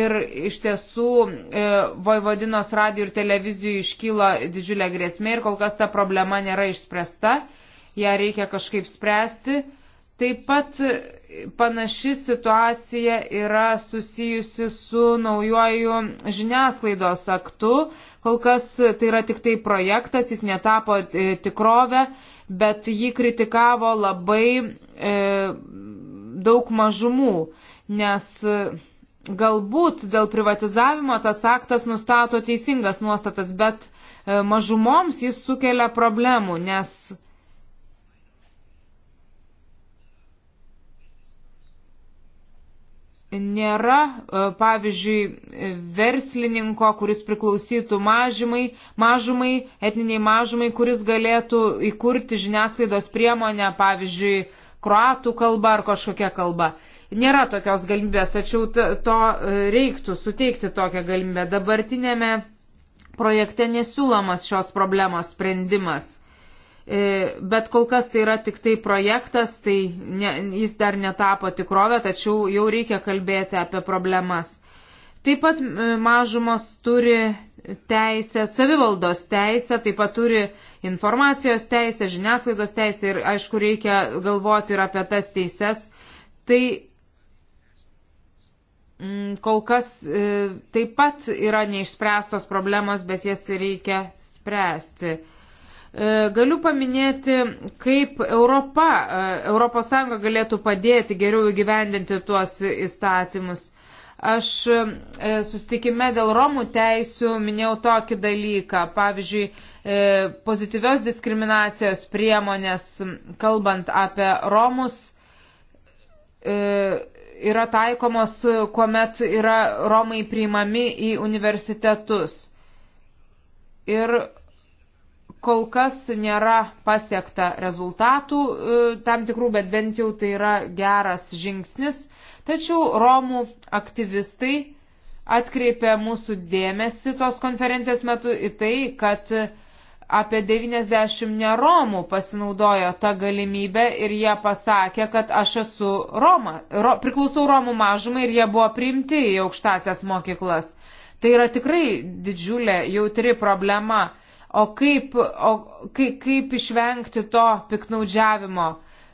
Ir iš tiesų e, Vojvodinos radio ir televizijų iškyla didžiulė grėsmė ir kol kas ta problema nėra išspręsta, ją reikia kažkaip spręsti. Taip pat panaši situacija yra susijusi su naujoju žiniasklaidos aktu. Kol kas tai yra tik tai projektas, jis netapo e, tikrovę, bet jį kritikavo labai e, daug mažumų, nes e, galbūt dėl privatizavimo tas aktas nustato teisingas nuostatas, bet e, mažumoms jis sukelia problemų, nes nėra, e, pavyzdžiui, verslininko, kuris priklausytų mažumai, mažumai, etniniai mažumai, kuris galėtų įkurti žiniasklaidos priemonę, pavyzdžiui, kroatų kalba ar kažkokia kalba. Nėra tokios galimybės, tačiau to e, reiktų suteikti tokią galimybę. Dabartinėme projekte nesiūlomas šios problemos sprendimas. E, bet kol kas tai yra tik tai projektas, tai ne, jis dar netapo tikrovę, tačiau jau reikia kalbėti apie problemas. Taip pat mažumos turi teisę, savivaldos teisę, taip pat turi informacijos teisę, žiniasklaidos teisę ir aišku reikia galvoti ir apie tas teises. Tai kol kas e, taip pat yra neišspręstos problemos, bet jas reikia spręsti. E, galiu paminėti, kaip Europa, ES galėtų padėti geriau įgyvendinti tuos įstatymus. Aš e, sustikime dėl Romų teisių minėjau tokį dalyką, pavyzdžiui, e, pozityvios diskriminacijos priemonės, kalbant apie Romus, yra taikomos, kuomet yra Romai priimami į universitetus. Ir kol kas nėra pasiekta rezultatų e, tam tikrų, bet bent jau tai yra geras žingsnis. Tačiau Romų aktyvistai atkreipė mūsų dėmesį tos konferencijos metu į tai, kad apie 90 neromų pasinaudojo tą galimybę ir jie pasakė, kad aš esu Roma, ro, priklausau Romų mažumai ir jie buvo priimti į aukštasias mokyklas. Tai yra tikrai didžiulė jautri problema. O kaip, o, kaip, kaip išvengti to piknaudžiavimo?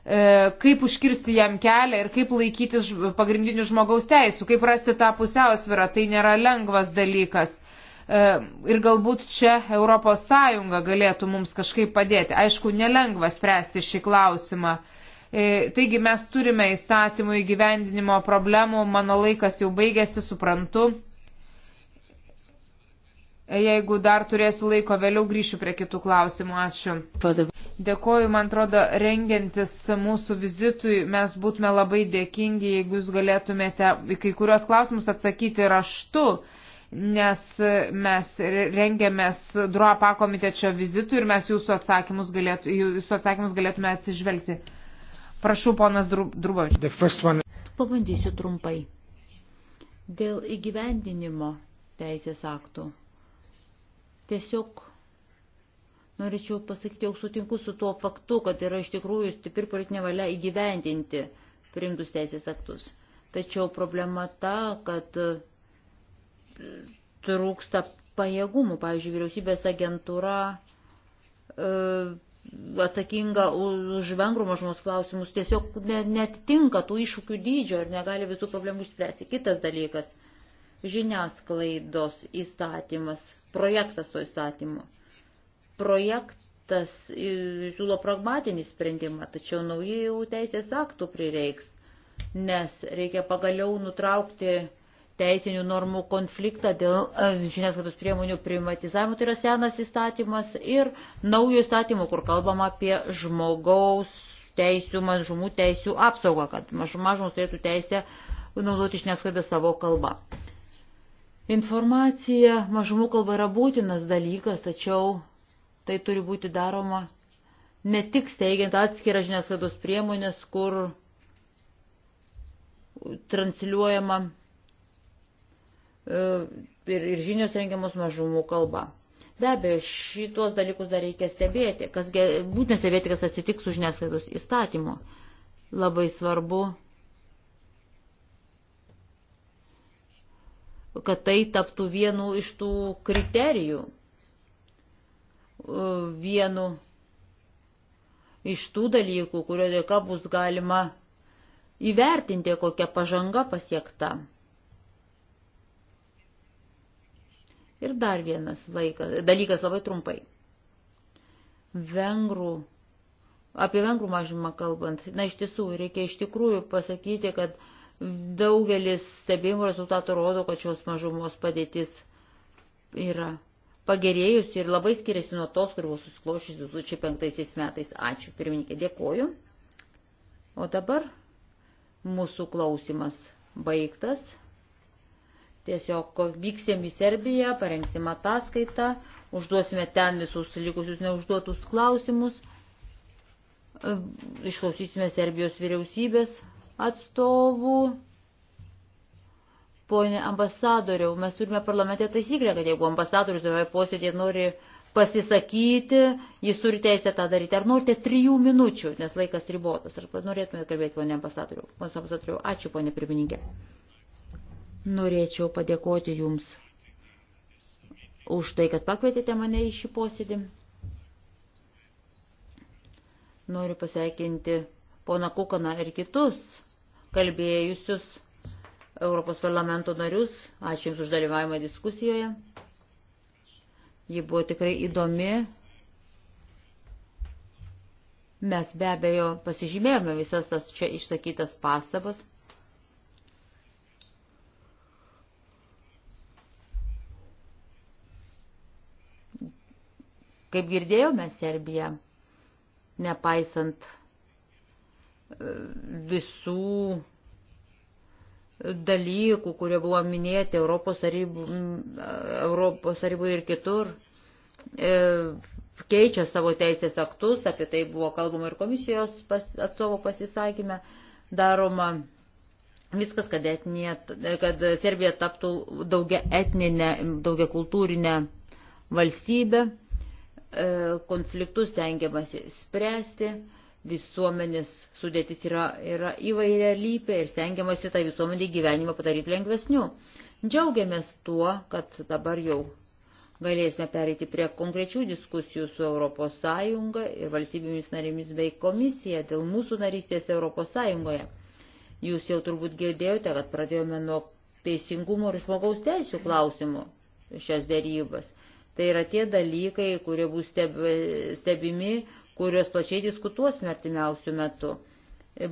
E, kaip užkirsti jam kelią ir kaip laikytis pagrindinių žmogaus teisų, kaip rasti tą pusiausvyrą, tai nėra lengvas dalykas. E, ir galbūt čia ES galėtų mums kažkaip padėti. Aišku, nelengva spręsti šį klausimą. E, taigi mes turime įstatymų įgyvendinimo problemų, mano laikas jau baigėsi, suprantu. Jeigu dar turėsiu laiko, vėliau grįšiu prie kitų klausimų. Ačiū. Dėkoju, man atrodo, rengiantis mūsų vizitui, mes būtume labai dėkingi, jeigu jūs galėtumėte kai kurios klausimus atsakyti raštu, nes mes rengiamės Druapa komitečio vizitui ir mes jūsų atsakymus, galėtų, jūsų atsakymus galėtume atsižvelgti. Prašau, ponas Drubovičius. One... Pabandysiu trumpai. Dėl įgyvendinimo teisės aktų Tiesiog norėčiau pasakyti, jog sutinku su tuo faktu, kad yra iš tikrųjų stipri politinė valia įgyvendinti priimtus teisės aktus. Tačiau problema ta, kad e, trūksta pajėgumų. Pavyzdžiui, vyriausybės agentūra e, atsakinga už vengrų mažumos klausimus tiesiog netitinka tų iššūkių dydžio ir negali visų problemų išspręsti. Kitas dalykas - žiniasklaidos įstatymas projektas to įstatymo. Projektas siūlo pragmatinį sprendimą, tačiau naujų teisės aktų prireiks, nes reikia pagaliau nutraukti teisinių normų konfliktą dėl e, žiniasklaidos priemonių privatizavimo, tai yra senas įstatymas ir naujo įstatymo, kur kalbama apie žmogaus teisų, mažumų teisų apsaugą, kad mažumas turėtų teisę naudoti žiniasklaidą savo kalbą. Informacija mažumų kalba yra būtinas dalykas, tačiau tai turi būti daroma ne tik steigiant atskirą žiniasklaidos priemonės, kur transliuojama e, ir, ir žinios rengiamos mažumų kalba. Be abejo, šitos dalykus dar reikia stebėti, kas būtina stebėti, kas atsitiks su žiniasklaidos įstatymu. Labai svarbu kad tai taptų vienu iš tų kriterijų, e, vienu iš tų dalykų, kurio dėka bus galima įvertinti, kokia pažanga pasiekta. Ir dar vienas laikas, dalykas labai trumpai. Vengrų, apie vengrų mažymą kalbant, na iš tiesų, reikia iš tikrųjų pasakyti, kad uh, Daugelis stebėjimo rezultatų rodo, kad šios mažumos padėtis yra pagerėjusi ir labai skiriasi nuo tos, kur buvo susiklošęs 2005 metais. Ačiū, pirmininkė, dėkoju. O dabar mūsų klausimas baigtas. Tiesiog vyksim į Serbiją, parengsim ataskaitą, užduosime ten visus likusius neužduotus klausimus, išklausysime Serbijos vyriausybės atstovų. Pone ambasadoriau, mes turime parlamente taisyklę, kad jeigu ambasadorius toje posėdėje nori pasisakyti, jis turi teisę tą daryti. Ar norite trijų minučių, nes laikas ribotas? Ar norėtumėte kalbėti, pone ambasadoriu? Pone ambasadoriu, ačiū, pone pirmininkė. Norėčiau padėkoti Jums už tai, kad pakvietėte mane į šį posėdį. Noriu pasveikinti poną Kukaną ir kitus kalbėjusius Europos parlamento narius. Ačiū Jums už dalyvavimą diskusijoje. Ji buvo tikrai įdomi. Mes be abejo pasižymėjome visas tas čia išsakytas pastabas. Kaip girdėjome, Serbija, nepaisant visų dalykų, kurie buvo minėti Europos tarybų, Europos tarybų ir kitur, e, keičia savo teisės aktus, apie tai buvo kalbama ir komisijos pas, atstovo pasisakyme, daroma viskas, kad, etnė, kad Serbija taptų daugia etninę, daugia kultūrinę valstybę, e, konfliktus tengiamasi spręsti visuomenės sudėtis yra, yra įvairia lypė ir stengiamasi tą tai visuomenį gyvenimą padaryti lengvesniu. Džiaugiamės tuo, kad dabar jau galėsime pereiti prie konkrečių diskusijų su ES ir valstybėmis narėmis bei komisija dėl mūsų narystės ES. Jūs jau turbūt girdėjote, kad pradėjome nuo teisingumo ir žmogaus teisų klausimų šias dėrybas. Tai yra tie dalykai, kurie bus stebimi kurios plačiai diskutuosime artimiausių metų.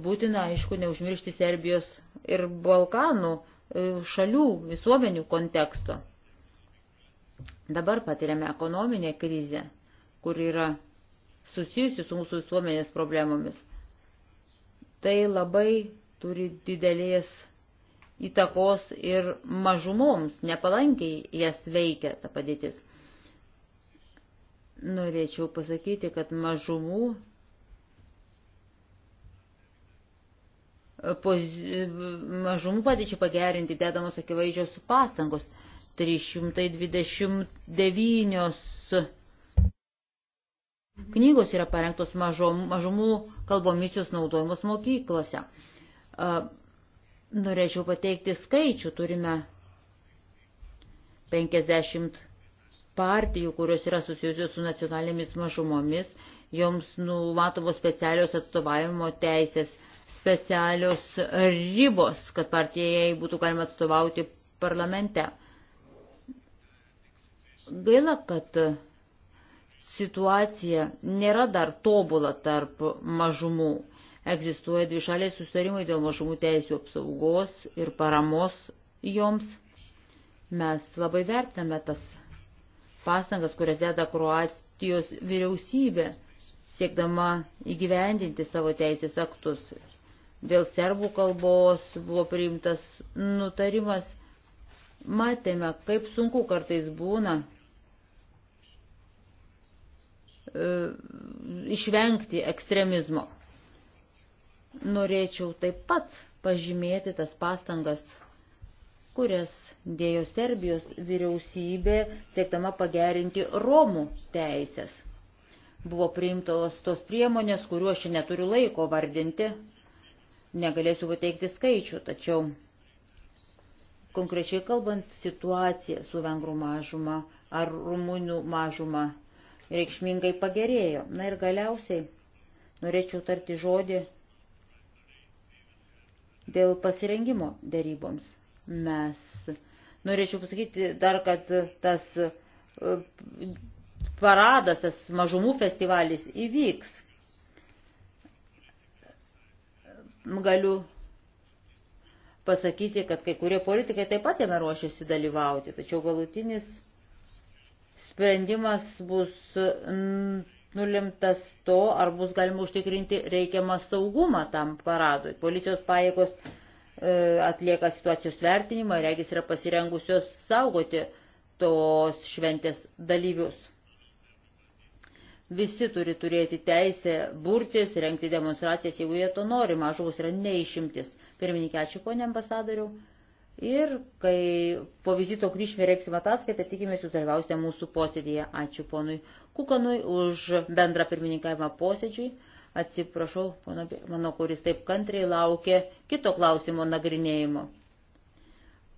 Būtina, aišku, neužmiršti Serbijos ir Balkanų e, šalių visuomenių konteksto. Dabar patiriame ekonominę krizę, kur yra susijusi su mūsų visuomenės problemomis. Tai labai turi didelės įtakos ir mažumoms nepalankiai jas veikia ta padėtis. Norėčiau pasakyti, kad mažumų poz, mažumų padėčių pagerinti dedamos akivaizdžios pastangos. 329 knygos yra parengtos mažom, mažumų kalbomis jos naudojamos mokyklose. Norėčiau pateikti skaičių, turime 50 partijų, kurios yra susijusios su nacionalinėmis mažumomis, joms numatomos specialios atstovavimo teisės, specialios ribos, kad partijai būtų galima atstovauti parlamente. Gaila, kad situacija nėra dar tobula tarp mažumų. Egzistuoja dvišaliai sustarimai dėl mažumų teisų apsaugos ir paramos joms. Mes labai vertiname tas pastangas, kurias deda Kroatijos vyriausybė, siekdama įgyvendinti savo teisės aktus. Dėl serbų kalbos buvo priimtas nutarimas. Matėme, kaip sunku kartais būna e, išvengti ekstremizmo. Norėčiau taip pat pažymėti tas pastangas kurias dėjo Serbijos vyriausybė, siektama pagerinti Romų teisės. Buvo priimtos tos priemonės, kuriuo aš neturiu laiko vardinti, negalėsiu pateikti skaičių, tačiau konkrečiai kalbant situacija su vengrų mažuma ar rumunių mažuma reikšmingai pagerėjo. Na ir galiausiai norėčiau tarti žodį dėl pasirengimo daryboms mes. Norėčiau pasakyti dar, kad tas e, paradas, tas mažumų festivalis įvyks. Galiu pasakyti, kad kai kurie politikai taip pat jame ruošiasi dalyvauti, tačiau galutinis sprendimas bus nulimtas to, ar bus galima užtikrinti reikiamą saugumą tam paradui. Policijos pajėgos E, atlieka situacijos vertinimą ir regis yra pasirengusios saugoti tos šventės dalyvius. Visi turi turėti teisę burtis, rengti demonstracijas, jeigu jie to nori, mažos yra neišimtis. Pirmininkė, ačiū ponė ambasadoriu. Ir kai po vizito grįžime reiksime ataskaitą, tikimės jūs dalyvausite mūsų posėdėje. Ačiū ponui Kukanui už bendrą pirmininkavimą posėdžiui. Atsiprašau, mano, kuris taip kantriai laukia kito klausimo nagrinėjimo.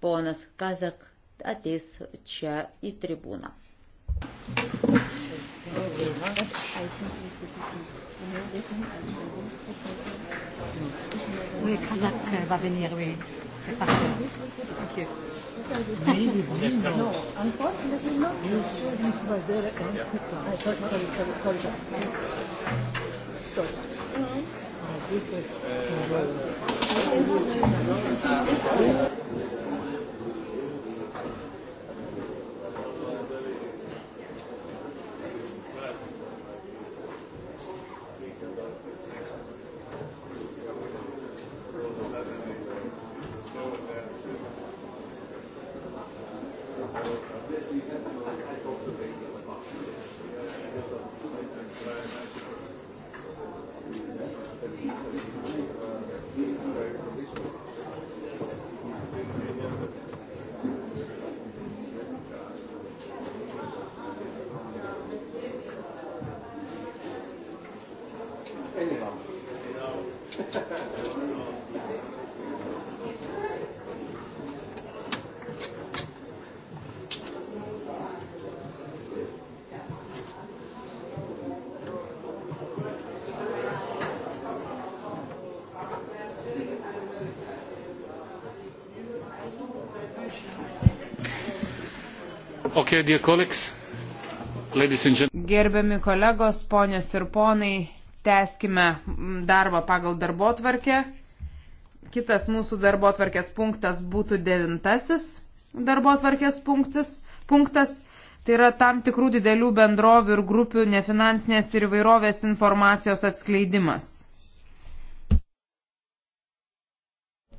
Ponas Kazak ateis čia į tribūną. Oui, Kazak euh, va venir, oui. C'est parfait. Ok. Maybe Bruno. No, unfortunately not. You said it was there. Yeah. I thought, sorry, sorry, sorry. Thank you. chair, dear colleagues, ladies and gentlemen. Gerbiami kolegos, ponios ir ponai, tęskime darbą pagal darbo tvarkę. Kitas mūsų darbo tvarkės punktas būtų devintasis darbo tvarkės punktis, punktas. Tai yra tam tikrų didelių bendrovių ir grupių nefinansinės ir įvairovės informacijos atskleidimas.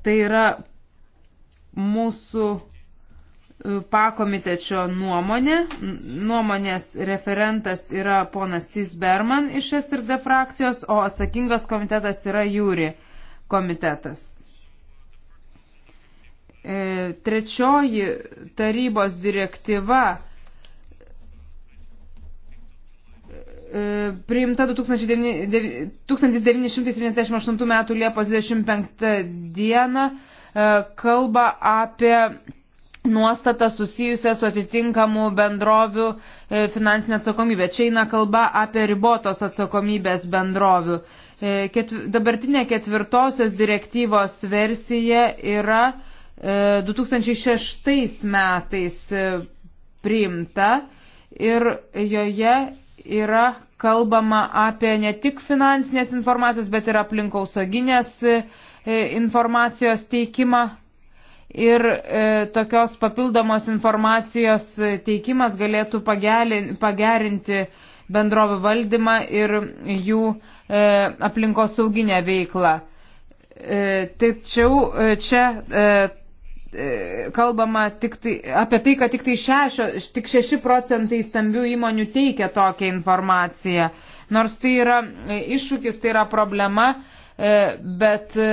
Tai yra mūsų pakomitečio nuomonė. Nuomonės referentas yra ponas Cisberman iš SRD frakcijos, o atsakingas komitetas yra Jūri komitetas. E, trečioji tarybos direktyva e, priimta 1978 m. Liepos 25 d. E, kalba apie nuostatą susijusią su atitinkamu bendrovių e, finansinė atsakomybė. Čia eina kalba apie ribotos atsakomybės bendrovių. E, ketv... Dabartinė ketvirtosios direktyvos versija yra 2006 e, metais priimta ir joje yra kalbama apie ne tik finansinės informacijos, bet ir aplinkausaginės informacijos teikimą ir e, tokios papildomos informacijos teikimas galėtų pagerinti, pagerinti bendrovių valdymą ir jų e, aplinkos sauginę veiklą. E, tačiau e, čia. E, e, kalbama tik tai, apie tai, kad tik, tai šešio, tik 6 procentai stambių įmonių teikia tokią informaciją. Nors tai yra e, iššūkis, tai yra problema, E, bet e,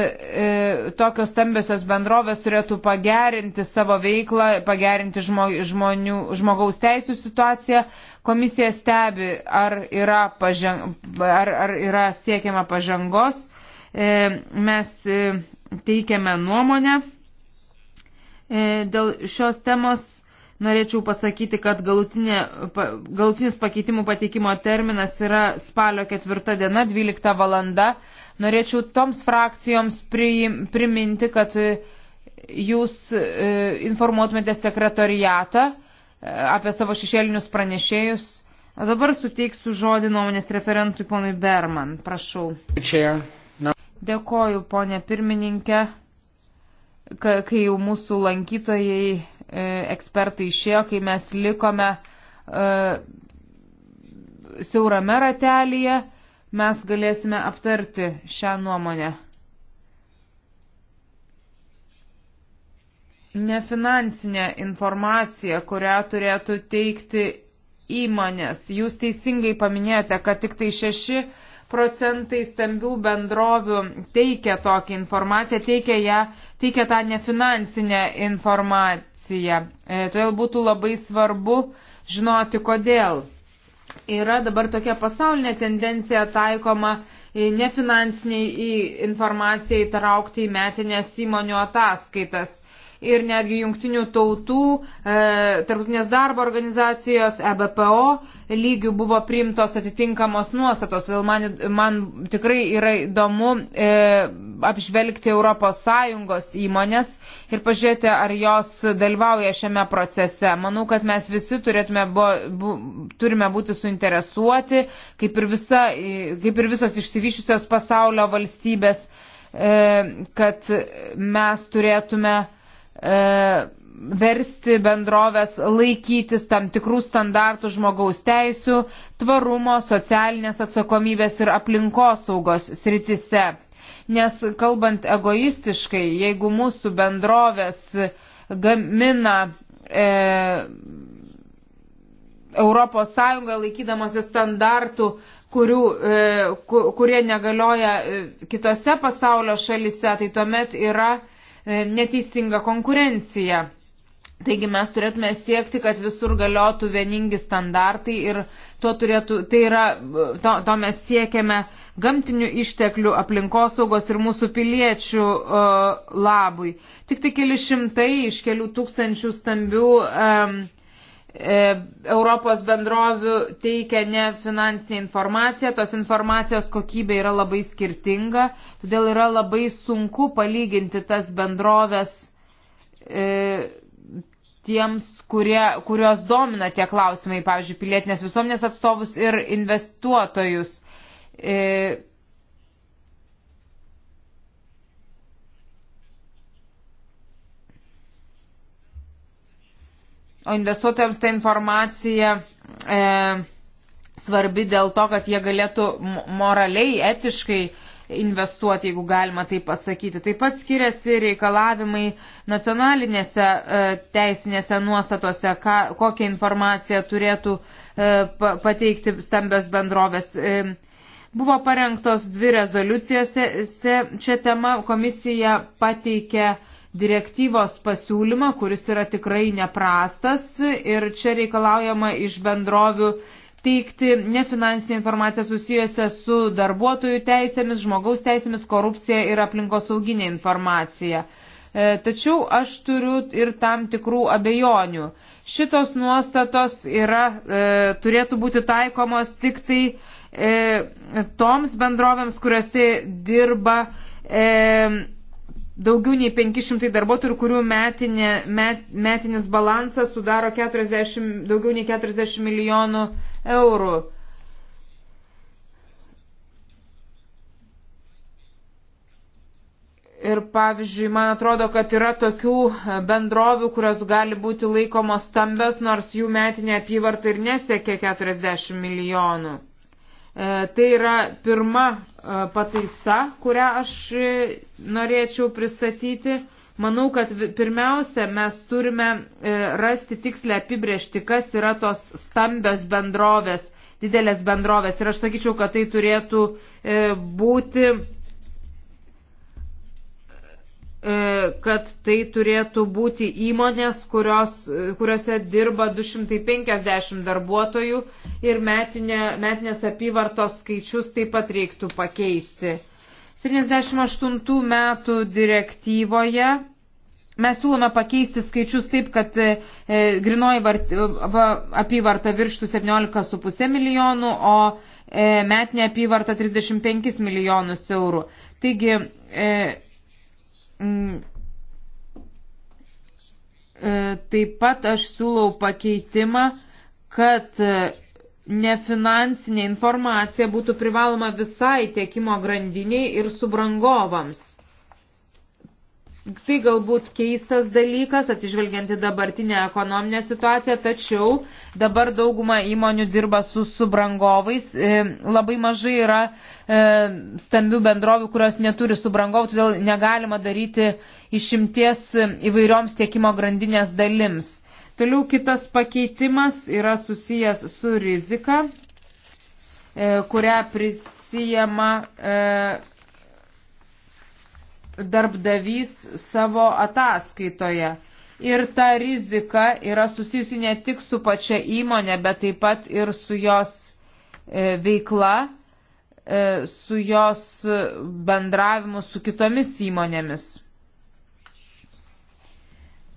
e, tokios stambiosios bendrovės turėtų pagerinti savo veiklą, pagerinti žmonių, žmogaus teisų situaciją. Komisija stebi, ar yra, paženg, ar, ar yra siekiama pažangos. Mes teikiame nuomonę dėl šios temos. Norėčiau pasakyti, kad galutinė, galutinis pakeitimų pateikimo terminas yra spalio ketvirta diena, 12 valanda. Norėčiau toms frakcijoms priminti, kad e, jūs e, informuotumėte sekretariatą e, apie savo šešėlinius pranešėjus. O dabar suteiksiu žodį nuomonės referentui ponui Berman. Prašau. Dėkoju, ponė pirmininkė, kai jau mūsų lankytojai, ekspertai išėjo, kai mes likome siaurame ratelėje mes galėsime aptarti šią nuomonę. Nefinansinė informacija, kurią turėtų teikti įmonės. Jūs teisingai paminėjote, kad tik tai 6 procentai stambių bendrovių teikia tokią informaciją, teikia, ją, teikia tą nefinansinę informaciją. E, todėl būtų labai svarbu žinoti, kodėl yra dabar tokia pasaulinė tendencija taikoma nefinansiniai informacijai traukti į metinės įmonių ataskaitas ir netgi jungtinių tautų, e, tarptautinės darbo organizacijos, EBPO lygių buvo priimtos atitinkamos nuostatos. Todėl man, man tikrai yra įdomu e, apžvelgti ES įmonės ir pažiūrėti, ar jos dalyvauja šiame procese. Manau, kad mes visi turėtume, bu, bu, turime būti suinteresuoti, kaip ir, visa, kaip ir visos išsivyšusios pasaulio valstybės, e, kad mes turėtume E, versti bendrovės laikytis tam tikrų standartų žmogaus teisų, tvarumo, socialinės atsakomybės ir aplinkosaugos sritise. Nes kalbant egoistiškai, jeigu mūsų bendrovės gamina e, Europos Sąjungoje laikydamosi standartų, kurių, e, kurie negalioja e, kitose pasaulio šalise, tai tuomet yra E, neteisinga konkurencija. Taigi mes turėtume siekti, kad visur galiotų vieningi standartai ir to turėtų, tai yra, to, to mes siekiame gamtinių išteklių, aplinkosaugos ir mūsų piliečių uh, labui. Tik tai keli šimtai iš kelių tūkstančių stambių um, E, Europos bendrovių teikia ne finansinę informaciją, tos informacijos kokybė yra labai skirtinga, todėl yra labai sunku palyginti tas bendrovės e, tiems, kurie, kurios domina tie klausimai, pavyzdžiui, pilietinės visuomenės atstovus ir investuotojus. E, o investuotojams ta informacija e, svarbi dėl to, kad jie galėtų moraliai, etiškai investuoti, jeigu galima tai pasakyti. Taip pat skiriasi reikalavimai nacionalinėse e, teisinėse nuostatose, ką, kokią informaciją turėtų e, pateikti stambios bendrovės. E, buvo parengtos dvi rezoliucijose, čia tema komisija pateikė e, direktyvos pasiūlymą, kuris yra tikrai neprastas ir čia reikalaujama iš bendrovių teikti nefinansinę informaciją susijusią su darbuotojų teisėmis, žmogaus teisėmis, korupcija ir aplinkosauginė informacija. E, tačiau aš turiu ir tam tikrų abejonių. Šitos nuostatos yra, e, turėtų būti taikomos tik tai e, toms bendrovėms, kuriuose dirba e, daugiau nei 500 darbuotojų, kurių metinė, met, metinis balansas sudaro 40, daugiau nei 40 milijonų eurų. Ir pavyzdžiui, man atrodo, kad yra tokių e, bendrovių, kurios gali būti laikomos stambios, nors jų metinė apyvarta ir nesiekia 40 milijonų. E, tai yra pirma e, pataisa, kurią aš e, norėčiau pristatyti. Manau, kad pirmiausia, mes turime rasti tikslę apibriežti, kas yra tos stambios bendrovės, didelės bendrovės. Ir aš sakyčiau, kad tai turėtų būti E, kad tai turėtų būti įmonės, kurios, e, kuriuose dirba 250 darbuotojų ir metinė, metinės apyvartos skaičius taip pat reiktų pakeisti. 78 metų direktyvoje mes siūlome pakeisti skaičius taip, kad e, e grinoji vart, va, apyvarta virštų 17,5 milijonų, o e, metinė apyvarta 35 milijonus eurų. Taigi, e, Mm. E, taip pat aš siūlau pakeitimą, kad nefinansinė informacija būtų privaloma visai tiekimo grandiniai ir subrangovams. Tai galbūt keistas dalykas, atsižvelgianti dabartinę ekonominę situaciją, tačiau dabar dauguma įmonių dirba su subrangovais. E, labai mažai yra e, stambių bendrovių, kurios neturi subrangovų, todėl negalima daryti išimties įvairioms tiekimo grandinės dalims. Toliau kitas pakeitimas yra susijęs su rizika, e, kurią prisijama darbdavys savo ataskaitoje. Ir ta rizika yra susijusi ne tik su pačia įmonė, bet taip pat ir su jos e, veikla, e, su jos bendravimu su kitomis įmonėmis.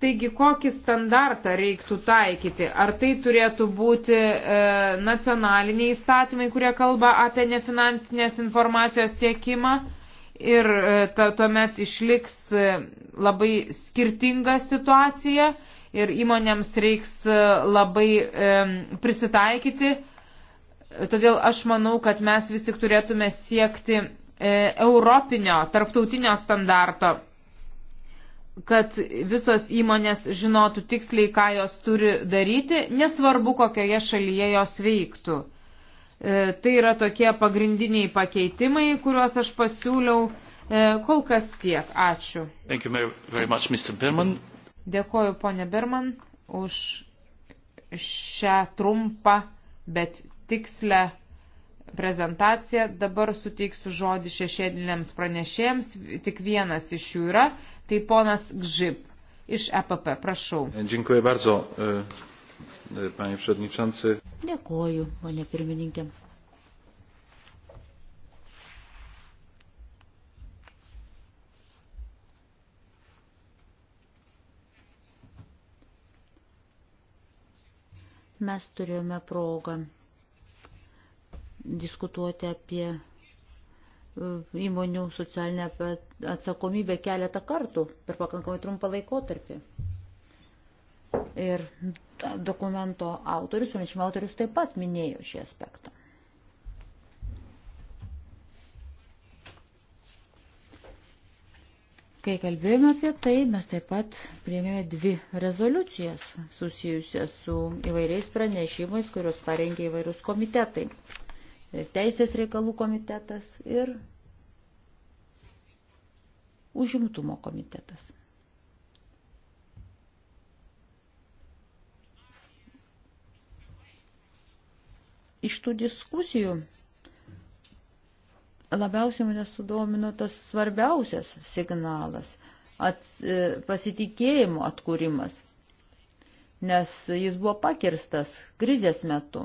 Taigi, kokį standartą reiktų taikyti? Ar tai turėtų būti e, nacionaliniai įstatymai, kurie kalba apie nefinansinės informacijos tiekimą? E, ir e, ta, tuomet išliks e, labai skirtinga situacija ir įmonėms reiks e, labai e, prisitaikyti. Todėl aš manau, kad mes vis tik turėtume siekti e, europinio, tarptautinio standarto kad visos įmonės žinotų tiksliai, ką jos turi daryti, nesvarbu, kokioje šalyje jos veiktų. E, tai yra tokie pagrindiniai pakeitimai, kuriuos aš pasiūliau. E, kol kas tiek. Ačiū. Much, Dėkoju, ponė Berman, už šią trumpą, bet tikslę prezentaciją. Dabar suteiksiu žodį šešėdiniams pranešėjams. Tik vienas iš jų yra. Tai ponas Gžib iš EPP. Prašau. Dziękuję bardzo. E, panie przewodniczący. Dėkuoju, ponė pirmininkė. Mes turėjome progą diskutuoti apie e, įmonių socialinę atsakomybę keletą kartų per pakankamai trumpą laikotarpį. Ir dokumento autorius, pranešimo autorius taip pat minėjo šį aspektą. Kai kalbėjome apie tai, mes taip pat priėmėme dvi rezoliucijas susijusias su įvairiais pranešimais, kuriuos parengė įvairius komitetai. Teisės reikalų komitetas ir užimtumo komitetas. Iš tų diskusijų labiausiai mane sudomino tas svarbiausias signalas ats, e, pasitikėjimo atkūrimas, nes jis buvo pakirstas krizės metu.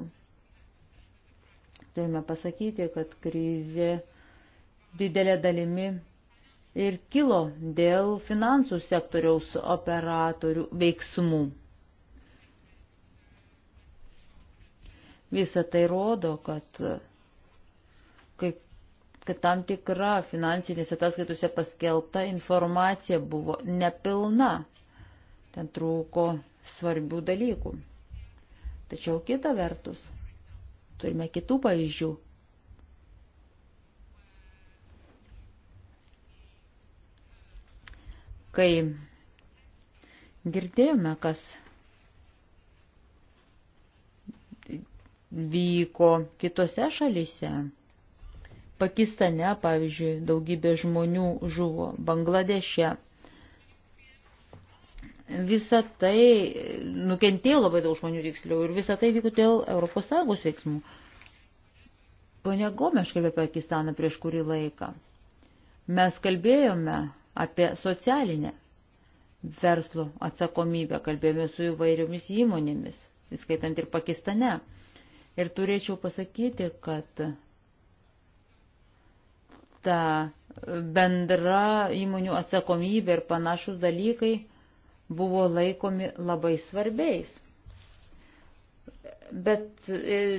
Turime pasakyti, kad krizė didelė dalimi ir kilo dėl finansų sektoriaus operatorių veiksmų. Visą tai rodo, kad, kai, kad tam tikra finansinėse ataskaitose paskelbta informacija buvo nepilna. Ten trūko svarbių dalykų. Tačiau kita vertus, turime kitų pavyzdžių. Kai girdėjome, kas vyko kitose šalise. Pakistane, pavyzdžiui, daugybė žmonių žuvo, Bangladeše. Visą tai nukentėjo labai daug žmonių tiksliau ir visą tai vyko dėl ES veiksmų. Pone Gomeš kalbėjo apie Pakistaną prieš kurį laiką. Mes kalbėjome apie socialinę verslo atsakomybę, kalbėjome su įvairiomis įmonėmis, įskaitant ir Pakistane. Ir turėčiau pasakyti, kad ta bendra įmonių atsakomybė ir panašus dalykai buvo laikomi labai svarbiais. Bet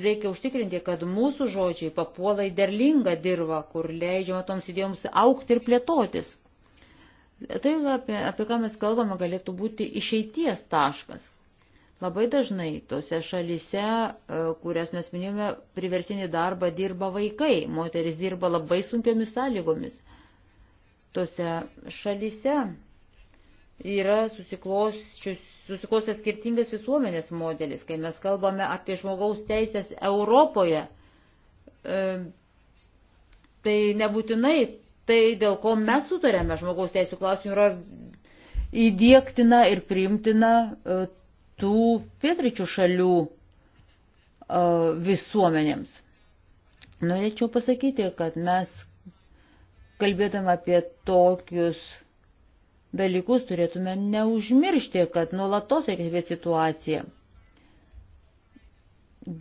reikia užtikrinti, kad mūsų žodžiai papuola į derlingą dirvą, kur leidžiama toms idėjoms aukti ir plėtotis. Tai, apie, apie ką mes kalbame, galėtų būti išeities taškas. Labai dažnai tose šalise, kurias mes minėjome, priversinį darbą dirba vaikai, moteris dirba labai sunkiomis sąlygomis. Tose šalise yra susiklostęs skirtingas visuomenės modelis, kai mes kalbame apie žmogaus teisės Europoje. E, tai nebūtinai tai, dėl ko mes sutarėme žmogaus teisų klausimų, yra įdėktina ir priimtina. E, skirtų pietričių šalių visuomenėms. Norėčiau pasakyti, kad mes kalbėdama apie tokius dalykus turėtume neužmiršti, kad nuolatos reikia stebėti situaciją.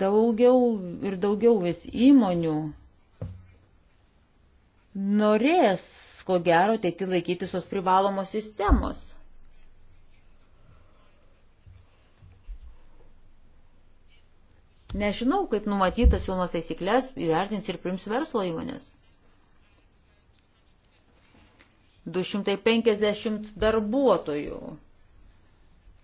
Daugiau ir daugiau vis įmonių norės, ko gero, ateiti laikytis tos privalomos sistemos. Nežinau, kaip numatytas siūlomas taisyklės įvertins ir prims verslo įmonės. 250 darbuotojų.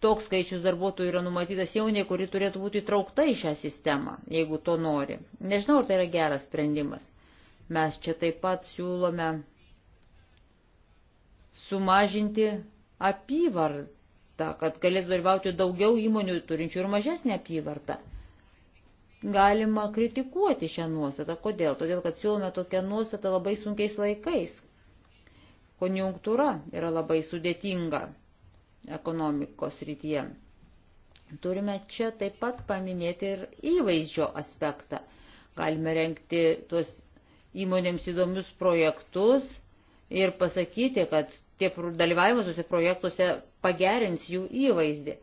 Toks skaičius darbuotojų yra numatytas jauniai, kuri turėtų būti įtraukta į šią sistemą, jeigu to nori. Nežinau, ar tai yra geras sprendimas. Mes čia taip pat siūlome sumažinti apyvartą, kad galėtų dalyvauti daugiau įmonių turinčių ir mažesnį apyvartą galima kritikuoti šią nuostatą. Kodėl? Todėl, kad siūlome tokią nuostatą labai sunkiais laikais. Konjunktūra yra labai sudėtinga ekonomikos rytyje. Turime čia taip pat paminėti ir įvaizdžio aspektą. Galime renkti tuos įmonėms įdomius projektus ir pasakyti, kad tie dalyvavimas tuose projektuose pagerins jų įvaizdį.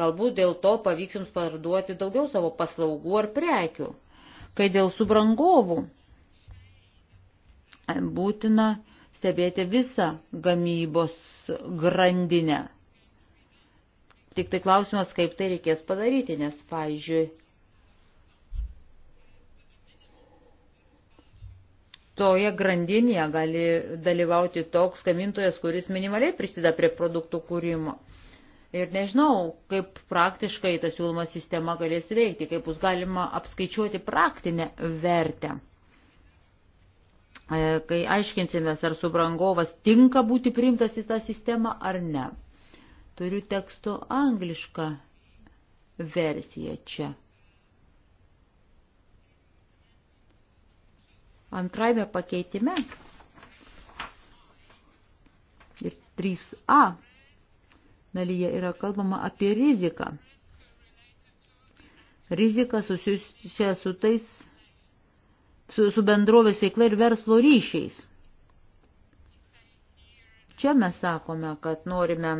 Galbūt dėl to pavyks jums parduoti daugiau savo paslaugų ar prekių. Kai dėl subrangovų būtina stebėti visą gamybos grandinę. Tik tai klausimas, kaip tai reikės padaryti, nes, pavyzdžiui, toje grandinėje gali dalyvauti toks gamintojas, kuris minimaliai prisideda prie produktų kūrimo. Ir nežinau, kaip praktiškai ta siūloma sistema galės veikti, kaip bus galima apskaičiuoti praktinę vertę. E, kai aiškinsimės, ar subrangovas tinka būti priimtas į tą sistemą ar ne. Turiu teksto anglišką versiją čia. Antraime pakeitime ir 3a dalyje yra kalbama apie riziką. Rizika susijusia su tais, su, su bendrovės veikla ir verslo ryšiais. Čia mes sakome, kad norime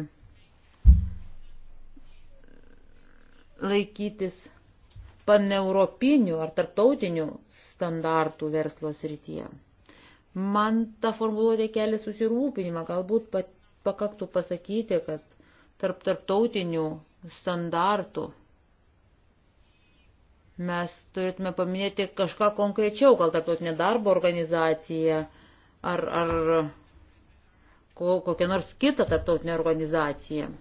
laikytis paneuropinių ar tarptautinių standartų verslo srityje. Man ta formuluotė kelia susirūpinimą, galbūt pakaktų pasakyti, kad tarp tarptautinių standartų. Mes turėtume paminėti kažką konkrečiau, gal tarptautinė darbo organizacija ar, ar kokią nors kitą tarptautinę organizaciją.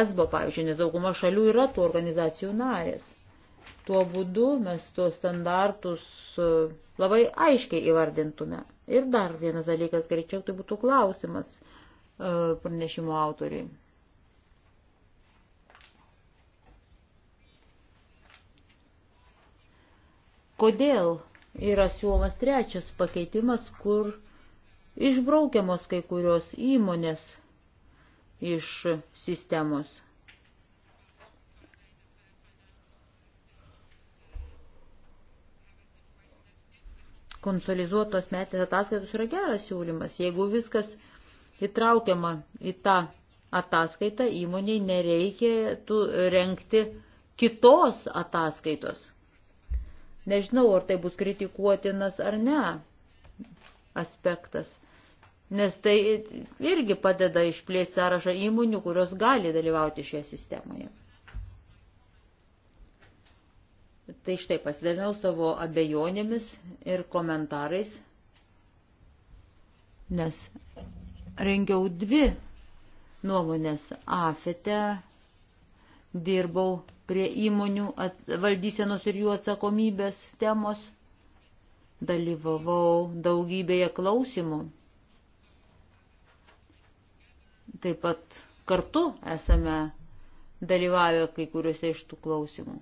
ESBO, pavyzdžiui, nes dauguma šalių yra tų organizacijų narės. Tuo būdu mes tuos standartus e, labai aiškiai įvardintume. Ir dar vienas dalykas, greičiau tai būtų klausimas e, pranešimo autoriui. kodėl yra siūlomas trečias pakeitimas, kur išbraukiamos kai kurios įmonės iš sistemos. Konsolizuotos metės ataskaitos yra geras siūlymas. Jeigu viskas įtraukiama į tą ataskaitą, įmoniai nereikia renkti kitos ataskaitos. Nežinau, ar tai bus kritikuotinas ar ne aspektas, nes tai irgi padeda išplėsti sąrašą įmonių, kurios gali dalyvauti šioje sistemoje. Tai štai pasidalinau savo abejonėmis ir komentarais, nes rengiau dvi nuomonės afete, dirbau prie įmonių valdysenos ir jų atsakomybės temos. Dalyvavau daugybėje klausimų. Taip pat kartu esame dalyvavę kai kuriuose iš tų klausimų.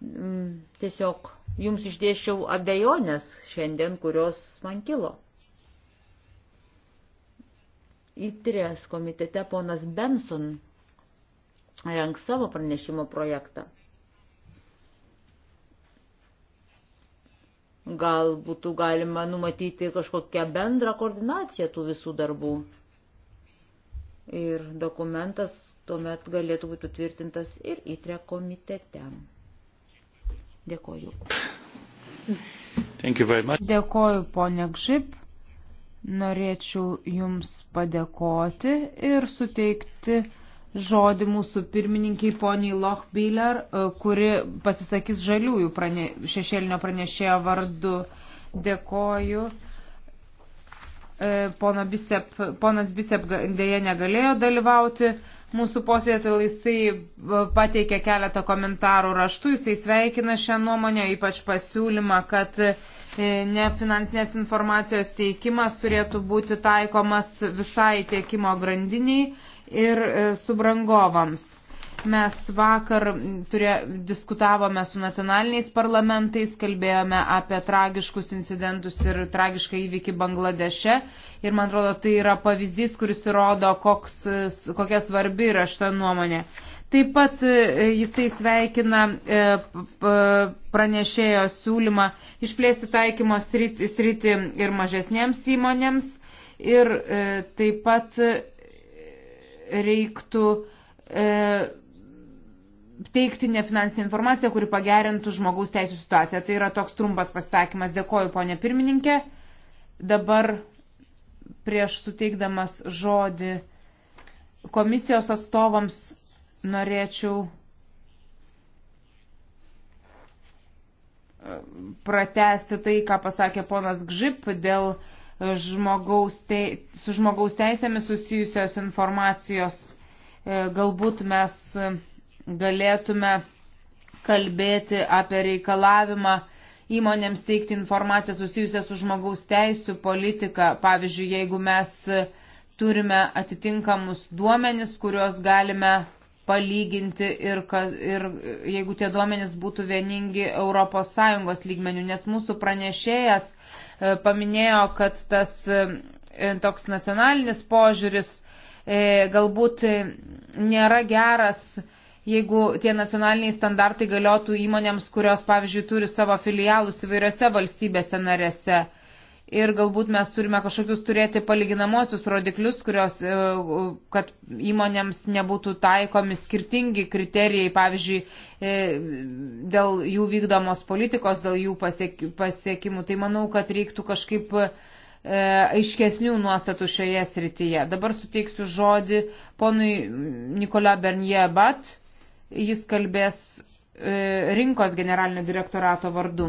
Mm, tiesiog jums išdėščiau abejonės šiandien, kurios man kilo įtrės komitete ponas Benson renk savo pranešimo projektą. Gal būtų galima numatyti kažkokią bendrą koordinaciją tų visų darbų. Ir dokumentas tuomet galėtų būti tvirtintas ir įtre komitete. Dėkoju. Dėkoju, ponė Gžip norėčiau Jums padėkoti ir suteikti žodį mūsų pirmininkiai poniai Lochbiller, e, kuri pasisakys žaliųjų prane, šešėlinio pranešėjo vardu. Dėkoju. E, Pona Bisep, ponas Bisep dėje negalėjo dalyvauti mūsų posėdėje, todėl jisai e, pateikė keletą komentarų raštų, jisai sveikina šią nuomonę, ypač pasiūlymą, kad uh, E, nefinansinės informacijos teikimas turėtų būti taikomas visai tiekimo grandiniai ir e, subrangovams. Mes vakar turė, diskutavome su nacionaliniais parlamentais, kalbėjome apie tragiškus incidentus ir tragišką įvykį Bangladeše. Ir man atrodo, tai yra pavyzdys, kuris įrodo, koks, kokia svarbi yra šita nuomonė. Taip pat e, jisai sveikina e, e, pranešėjo siūlymą išplėsti taikymo sritį ir mažesnėms įmonėms. Ir taip pat reiktų teikti nefinansinę informaciją, kuri pagerintų žmogaus teisų situaciją. Tai yra toks trumpas pasakymas. Dėkoju, ponė pirmininkė. Dabar prieš suteikdamas žodį komisijos atstovams norėčiau e, pratesti tai, ką pasakė ponas Gžip dėl žmogaus te, su žmogaus teisėmis susijusios informacijos. E, galbūt mes galėtume kalbėti apie reikalavimą įmonėms teikti informaciją susijusią su žmogaus teisų politika. Pavyzdžiui, jeigu mes turime atitinkamus duomenis, kuriuos galime palyginti ir, kad, ir jeigu tie duomenys būtų vieningi ES lygmenių, nes mūsų pranešėjas e, paminėjo, kad tas e, toks nacionalinis požiūris e, galbūt nėra geras, jeigu tie nacionaliniai standartai galiotų įmonėms, kurios, pavyzdžiui, turi savo filialus įvairiose valstybėse narėse ir galbūt mes turime kažkokius turėti palyginamosius rodiklius, kurios, e, kad įmonėms nebūtų taikomi skirtingi kriterijai, pavyzdžiui, e, dėl jų vykdomos politikos, dėl jų pasiekimų. Tai manau, kad reiktų kažkaip e, aiškesnių nuostatų šioje srityje. Dabar suteiksiu žodį ponui Nikola Bernie Bat. Jis kalbės rinkos generalinio direktorato vardu.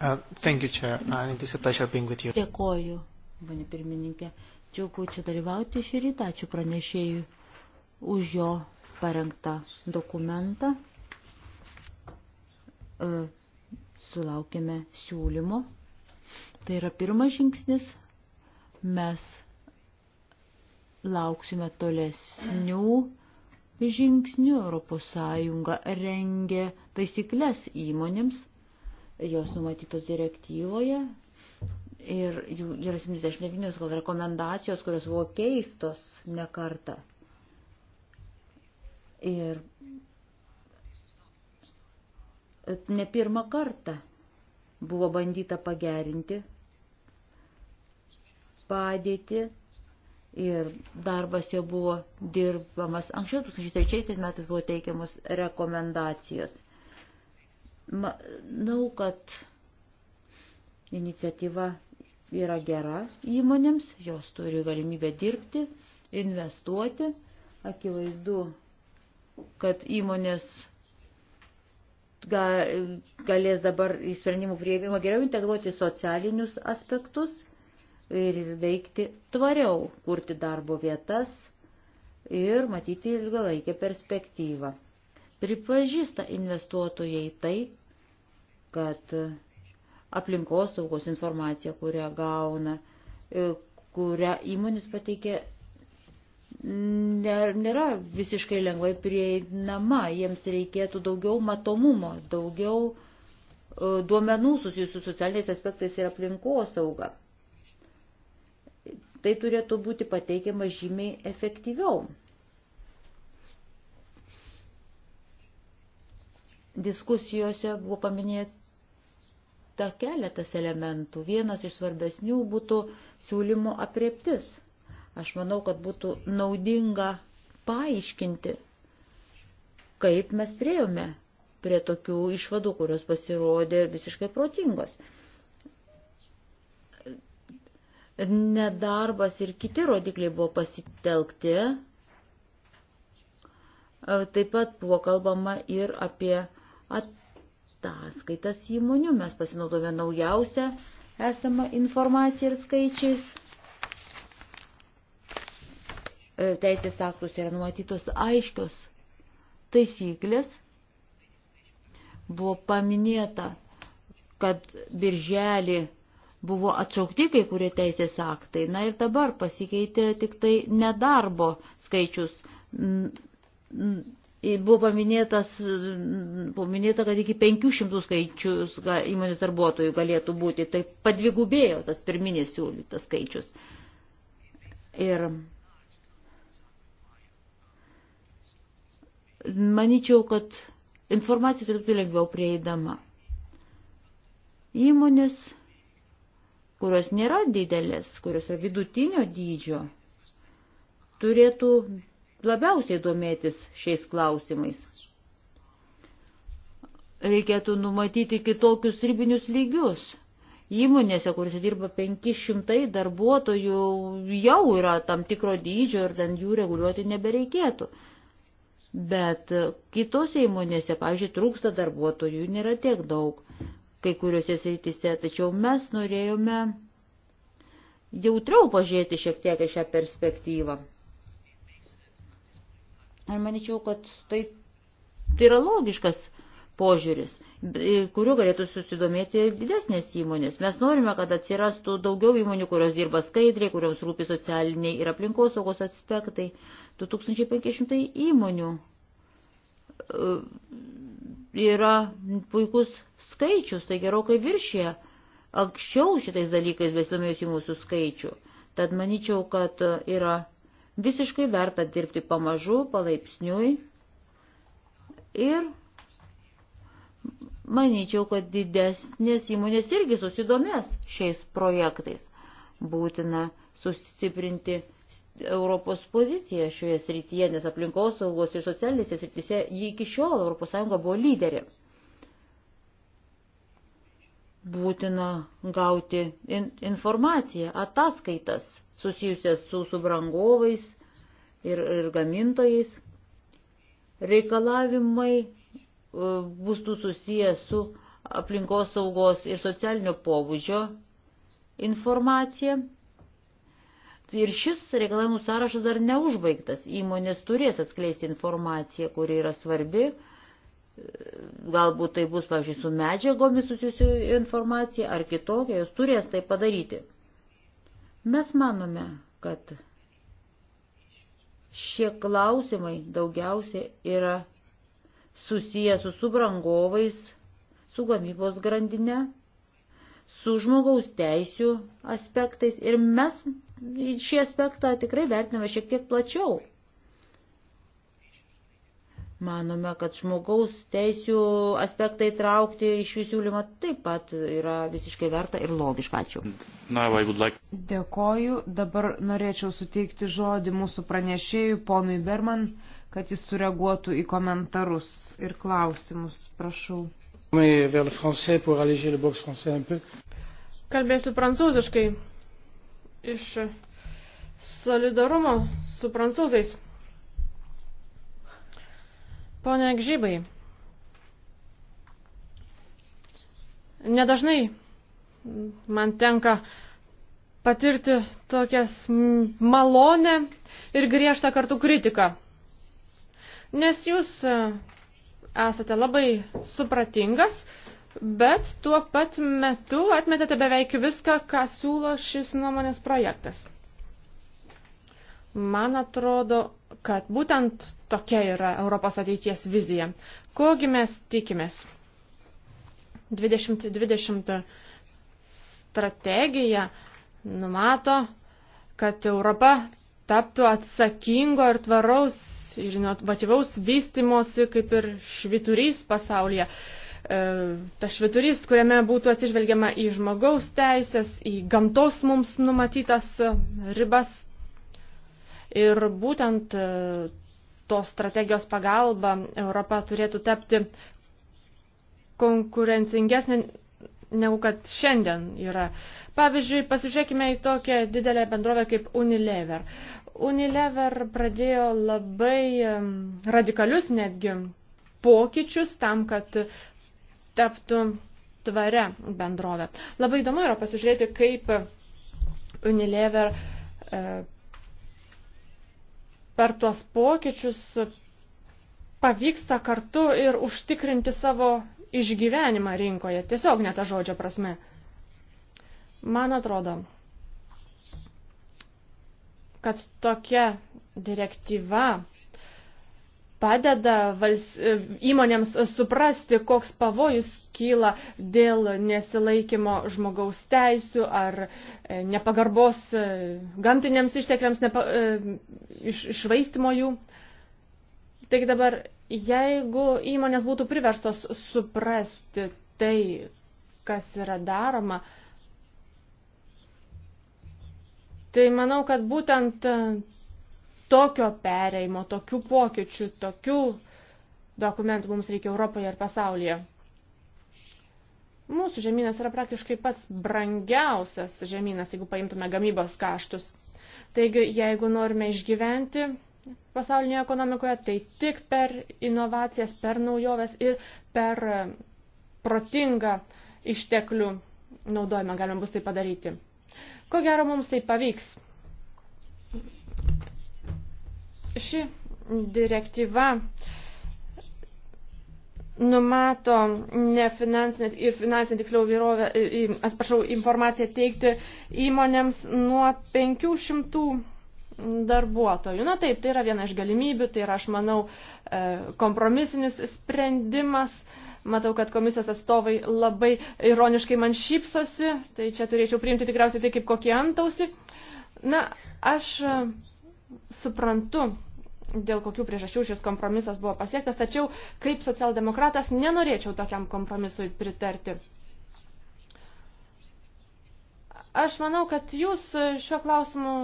Uh, thank you, Chair. Uh, it is a pleasure being with you. Dėkoju, mane pirmininkė. Džiugu čia dalyvauti šį rytą. Ačiū pranešėjui už jo parengtą dokumentą. Uh, sulaukėme siūlymo. Tai yra pirmas žingsnis. Mes lauksime tolesnių žingsnių. Europos Sąjunga rengia taisyklės įmonėms jos numatytos direktyvoje. Ir jų yra 79 gal rekomendacijos, kurios buvo keistos ne kartą. Ir ne pirmą kartą buvo bandyta pagerinti padėtį ir darbas jau buvo dirbamas. Anksčiau 2003 metais buvo teikiamos rekomendacijos. Manau, kad iniciatyva yra gera įmonėms, jos turi galimybę dirbti, investuoti. Akivaizdu, kad įmonės galės dabar į sprendimų prieimimą geriau integruoti socialinius aspektus ir veikti tvariau, kurti darbo vietas ir matyti ilgalaikę perspektyvą. Pripažįsta investuotojai tai, kad aplinkos saugos informacija, kurią gauna, e, kurią įmonės pateikia, nėra visiškai lengvai prieinama. Jiems reikėtų daugiau matomumo, daugiau e, duomenų susijusių su socialiniais aspektais ir aplinkos sauga. Tai turėtų būti pateikiama žymiai efektyviau. Diskusijose buvo paminėti pateikta keletas elementų. Vienas iš svarbesnių būtų siūlymo apreptis. Aš manau, kad būtų naudinga paaiškinti, kaip mes priejome prie tokių išvadų, kurios pasirodė visiškai protingos. Nedarbas ir kiti rodikliai buvo pasitelkti. Taip pat buvo kalbama ir apie ataskaitas įmonių. Mes pasinaudojame naujausią esamą informaciją ir skaičiais. E, teisės aktus yra numatytos aiškios taisyklės. Buvo paminėta, kad birželį buvo atšaukti kai kurie teisės aktai. Na ir dabar pasikeitė tik tai nedarbo skaičius Buvo paminėtas, paminėta, kad iki 500 skaičius įmonės darbuotojų galėtų būti, tai padvigubėjo tas pirminis siūlytas skaičius. Ir manyčiau, kad informacija turi būti lengviau prieidama. Įmonės, kurios nėra didelės, kurios yra vidutinio dydžio, turėtų labiausiai domėtis šiais klausimais. Reikėtų numatyti kitokius ribinius lygius. Įmonėse, kuriuose dirba 500 darbuotojų, jau yra tam tikro dydžio ir ten jų reguliuoti nebereikėtų. Bet kitose įmonėse, pavyzdžiui, trūksta darbuotojų, nėra tiek daug kai kuriuose srityse, tačiau mes norėjome jautriau pažiūrėti šiek tiek šią perspektyvą. Maničiau, kad tai, tai yra logiškas požiūris, kuriuo galėtų susidomėti didesnės įmonės. Mes norime, kad atsirastų daugiau įmonių, kurios dirba skaidriai, kurios rūpi socialiniai ir aplinkosaugos aspektai. 2500 įmonių e, yra puikus skaičius, tai gerokai viršė anksčiau šitais dalykais besidomėjusių mūsų skaičių. Tad manyčiau, kad e, yra Visiškai verta dirbti pamažu, palaipsniui ir manyčiau, kad didesnės įmonės irgi susidomės šiais projektais. Būtina sustiprinti Europos poziciją šioje srityje, nes aplinkos saugos ir socialinėse srityse jį iki šiol ES buvo lyderė. Būtina gauti in informaciją, ataskaitas susijusias su subrangovais ir, ir gamintojais. Reikalavimai e, bus tų susiję su aplinkos saugos ir socialinio pobūdžio informacija. Ir šis reikalavimų sąrašas dar neužbaigtas. Įmonės turės atskleisti informaciją, kuri yra svarbi. Galbūt tai bus, pavyzdžiui, su medžiagomis susijusi informacija ar kitokia, jos turės tai padaryti. Mes manome, kad šie klausimai daugiausia yra susiję su subrangovais, su gamybos grandinė, su žmogaus teisių aspektais ir mes šį aspektą tikrai vertiname šiek tiek plačiau. Manome, kad žmogaus teisų aspektai traukti iš jų siūlymą taip pat yra visiškai verta ir logiška. Ačiū. Na, like... Dėkoju. Dabar norėčiau suteikti žodį mūsų pranešėjui, ponui Berman, kad jis sureaguotų į komentarus ir klausimus. Prašau. Kalbėsiu prancūziškai. Iš solidarumo su prancūzais. Pone Gžybai, nedažnai man tenka patirti tokias malonę ir griežtą kartu kritiką. Nes jūs e, esate labai supratingas, bet tuo pat metu atmetate beveik viską, ką siūlo šis nuomonės projektas. Man atrodo, kad būtent tokia yra Europos ateities vizija. Kogi mes tikimės? 2020 strategija numato, kad Europa taptų atsakingo ir tvaraus ir inovatyvaus vystimosi kaip ir šviturys pasaulyje. E, ta šviturys, kuriame būtų atsižvelgiama į žmogaus teisės, į gamtos mums numatytas ribas Ir būtent e, tos strategijos pagalba Europa turėtų tapti konkurencingesnė negu kad šiandien yra. Pavyzdžiui, pasižiūrėkime į tokią didelę bendrovę kaip Unilever. Unilever pradėjo labai radikalius netgi pokyčius tam, kad taptų tvare bendrovė. Labai įdomu yra pasižiūrėti, kaip Unilever e, per tuos pokyčius pavyksta kartu ir užtikrinti savo išgyvenimą rinkoje, tiesiog ne ta žodžio prasme. Man atrodo, kad tokia direktyva padeda vals, e, įmonėms suprasti, koks pavojus kyla dėl nesilaikymo žmogaus teisų ar e, nepagarbos e, gamtiniams ištekliams, nepa, iš, išvaistimo jų. Taigi dabar, jeigu įmonės būtų priverstos suprasti tai, kas yra daroma, tai manau, kad būtent tokio pereimo, tokių pokyčių, tokių dokumentų mums reikia Europoje ir pasaulyje. Mūsų žemynas yra praktiškai pats brangiausias žemynas, jeigu paimtume gamybos kaštus. Taigi, jeigu norime išgyventi pasaulinėje ekonomikoje, tai tik per inovacijas, per naujoves ir per e, protingą išteklių naudojimą galima bus tai padaryti. Ko gero mums tai pavyks. Ši direktyva numato nefinansinę ir finansinę tiksliau vyrovę, atsiprašau, informaciją teikti įmonėms nuo 500 darbuotojų. Na taip, tai yra viena iš galimybių, tai yra, aš manau, e, kompromisinis sprendimas. Matau, kad komisijos atstovai labai ironiškai man šypsosi, tai čia turėčiau priimti tikriausiai tai kaip kokį antausi. Na, aš suprantu, dėl kokių priežasčių šis kompromisas buvo pasiektas, tačiau kaip socialdemokratas nenorėčiau tokiam kompromisui pritarti. Aš manau, kad jūs šiuo klausimu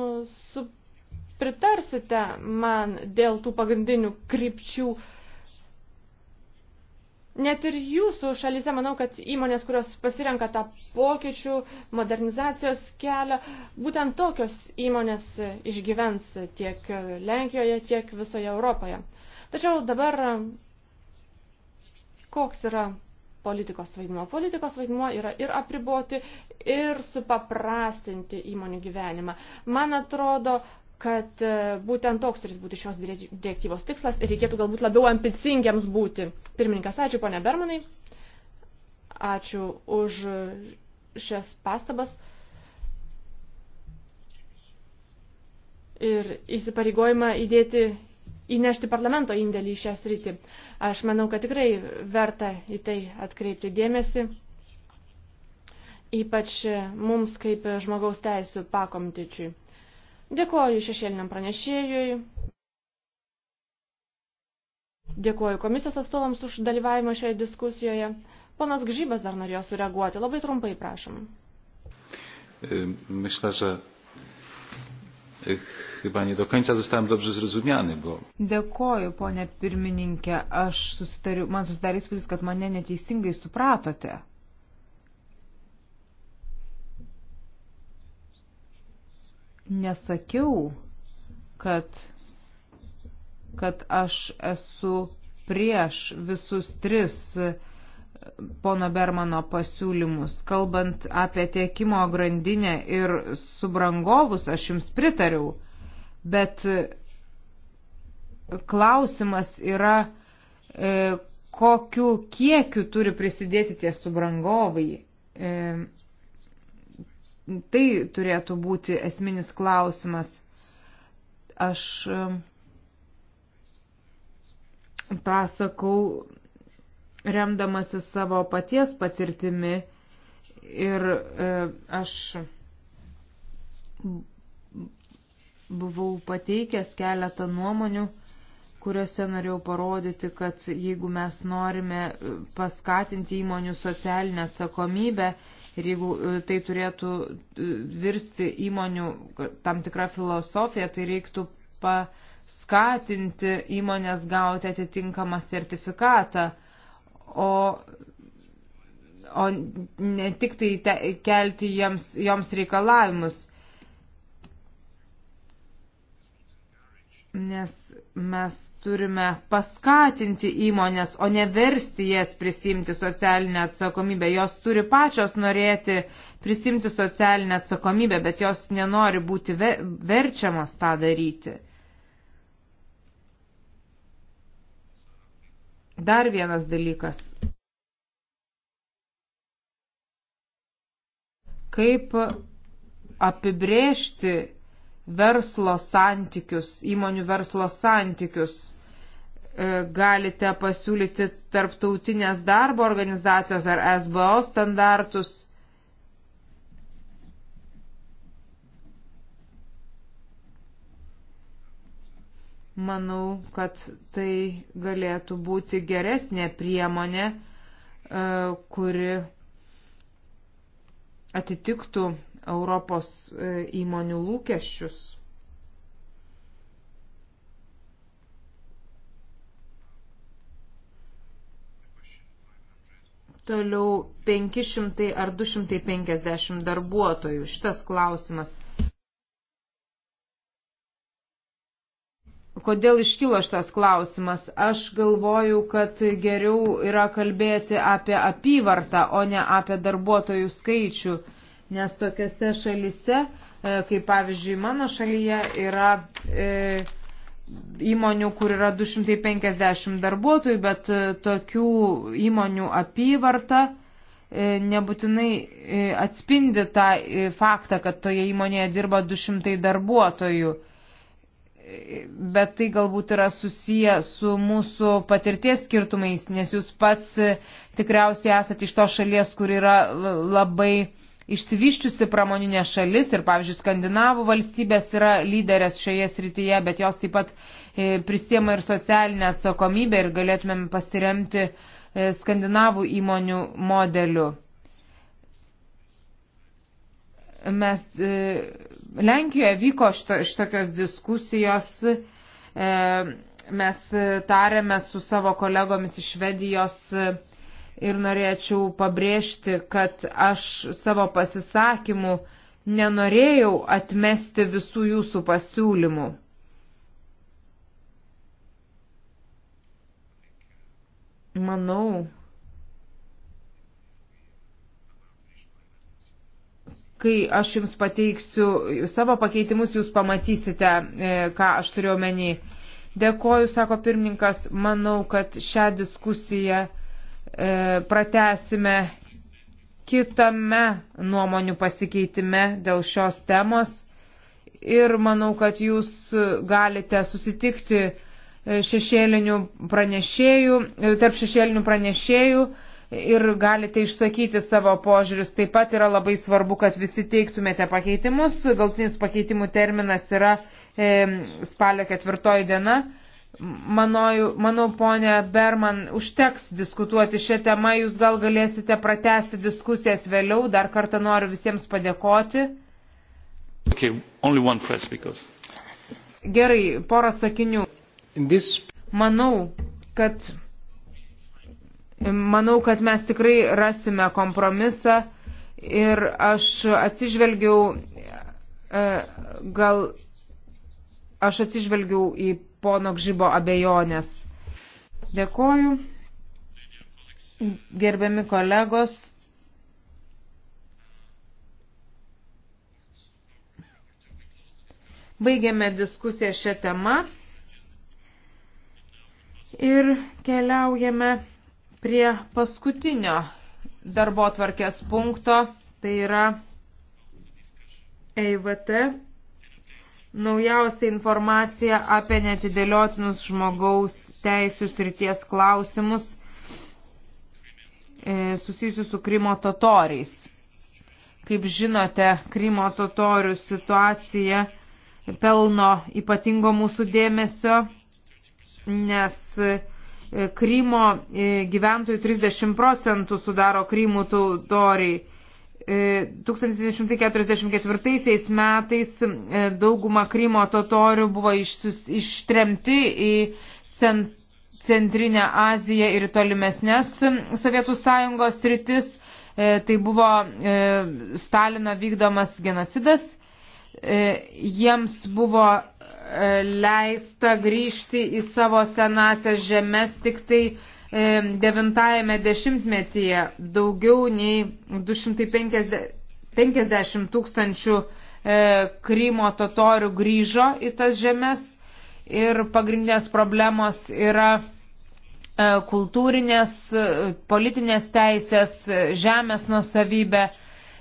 su pritarsite man dėl tų pagrindinių krypčių uh, Net ir jūsų šalyse manau, kad įmonės, kurios pasirenka tą pokyčių, modernizacijos kelią, būtent tokios įmonės išgyvens tiek Lenkijoje, tiek visoje Europoje. Tačiau dabar koks yra politikos vaidmuo? Politikos vaidmuo yra ir apriboti, ir supaprastinti įmonių gyvenimą. Man atrodo, kad e, būtent toks turės būti šios direktyvos tikslas ir reikėtų galbūt labiau ambicingiams būti. Pirmininkas, ačiū ponia Bermanai, ačiū už šias pastabas. Ir įsipareigojimą įdėti, įnešti parlamento indėlį į šią sritį. Aš manau, kad tikrai verta į tai atkreipti dėmesį ypač mums kaip žmogaus teisų pakomtičiui. Dėkoju šešėliniam pranešėjui. Dėkoju komisijos atstovams už dalyvavimą šioje diskusijoje. Ponas Gžybas dar norėjo sureaguoti. Labai trumpai, prašom. E, myślę, że e, chyba nie do końca zostałem dobrze zrozumiany, bo... Dėkoju, ponė pirmininkė. Aš susitariu, man susidarys pūsis, kad mane neteisingai supratote. nesakiau, kad, kad aš esu prieš visus tris e, pono Bermano pasiūlymus. Kalbant apie tiekimo grandinę ir subrangovus, aš jums pritariau, bet e, klausimas yra, e, kokiu kiekiu turi prisidėti tie subrangovai. E, tai turėtų būti esminis klausimas. Aš e, tą sakau remdamasi savo paties patirtimi ir e, aš buvau pateikęs keletą nuomonių kuriuose norėjau parodyti, kad jeigu mes norime paskatinti įmonių socialinę atsakomybę Ir jeigu e, tai turėtų e, virsti įmonių tam tikrą filosofiją, tai reiktų paskatinti įmonės gauti atitinkamą sertifikatą. O o ne tik tai te, kelti jiems, joms reikalavimus. nes mes turime paskatinti įmonės, o ne versti jas prisimti socialinę atsakomybę. Jos turi pačios norėti prisimti socialinę atsakomybę, bet jos nenori būti verčiamos tą daryti. Dar vienas dalykas. Kaip apibrėžti verslo santykius, įmonių verslo santykius. E, galite pasiūlyti tarptautinės darbo organizacijos ar SBO standartus. Manau, kad tai galėtų būti geresnė priemonė, e, kuri atitiktų Europos e, įmonių lūkesčius. Toliau 500 ar 250 darbuotojų. Šitas klausimas. Kodėl iškilo šitas klausimas? Aš galvoju, kad geriau yra kalbėti apie apyvartą, o ne apie darbuotojų skaičių nes tokiuose šalise, e, kaip pavyzdžiui mano šalyje, yra e, įmonių, kur yra 250 darbuotojų, bet e, tokių įmonių apyvarta nebūtinai atspindi tą faktą, kad toje įmonėje dirba 200 darbuotojų. Bet tai galbūt yra susiję su mūsų patirties skirtumais, nes jūs pats tikriausiai esate iš to šalies, kur yra labai išsivyščiusi pramoninė šalis ir, pavyzdžiui, Skandinavų valstybės yra lyderės šioje srityje, bet jos taip pat e, prisiema ir socialinę atsakomybę ir galėtumėm pasiremti e, Skandinavų įmonių modeliu. Mes e, Lenkijoje vyko šito, šitokios diskusijos, mes tarėme su savo kolegomis iš Švedijos ir norėčiau pabrėžti, kad aš savo pasisakymu nenorėjau atmesti visų jūsų pasiūlymų. Manau, kai aš jums pateiksiu savo pakeitimus, jūs pamatysite, e, ką aš turiu omeny. Dėkoju, sako pirmininkas, manau, kad šią diskusiją E, pratesime kitame nuomonių pasikeitime dėl šios temos ir manau, kad jūs galite susitikti e, šešėlinių pranešėjų, e, tarp šešėlinių pranešėjų ir galite išsakyti savo požiūrius. Taip pat yra labai svarbu, kad visi teiktumėte pakeitimus. Galtinis pakeitimų terminas yra e, spalio ketvirtoji diena. Manau, manau, ponė Berman, užteks diskutuoti šią temą, jūs gal galėsite pratesti diskusijas vėliau, dar kartą noriu visiems padėkoti. Okay, phrase, because... Gerai, porą sakinių. This... Manau, kad, manau, kad mes tikrai rasime kompromisą ir aš atsižvelgiau, e, gal aš atsižvelgiau į pono Gžybo abejonės. Dėkoju. Gerbiami kolegos, Baigėme diskusiją šią temą ir keliaujame prie paskutinio darbo tvarkės punkto, tai yra EIVT naujausią informaciją apie netidėliotinus žmogaus teisų srities klausimus e, susijusius su Krymo totoriais. Kaip žinote, Krymo totorių situacija pelno ypatingo mūsų dėmesio, nes e, Krymo e, gyventojų 30 procentų sudaro Krymų totoriai 1944 e, metais e, dauguma Krymo totorių buvo ištremti į Centrinę Aziją ir tolimesnės Sovietų sąjungos rytis. E, tai buvo Stalino vykdomas genocidas. Jiems buvo leista grįžti į savo senasias žemės tik tai E, devintajame dešimtmetyje daugiau nei 250 tūkstančių e, Krymo totorių grįžo į tas žemės ir pagrindinės problemos yra e, kultūrinės, politinės teisės, žemės nusavybė.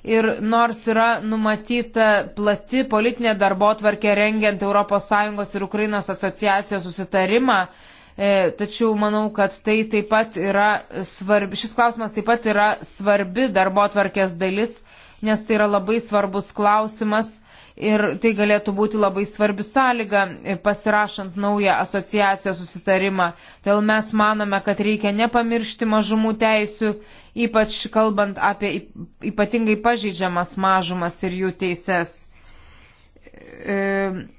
Ir nors yra numatyta plati politinė darbo tvarkė rengiant ES ir Ukrainos asociacijos susitarimą, E, tačiau manau, kad tai taip pat yra svarbi, šis klausimas taip pat yra svarbi darbo atvarkės dalis, nes tai yra labai svarbus klausimas ir tai galėtų būti labai svarbi sąlyga e, pasirašant naują asociacijos susitarimą. Todėl mes manome, kad reikia nepamiršti mažumų teisių, ypač kalbant apie ypatingai pažeidžiamas mažumas ir jų teises. E,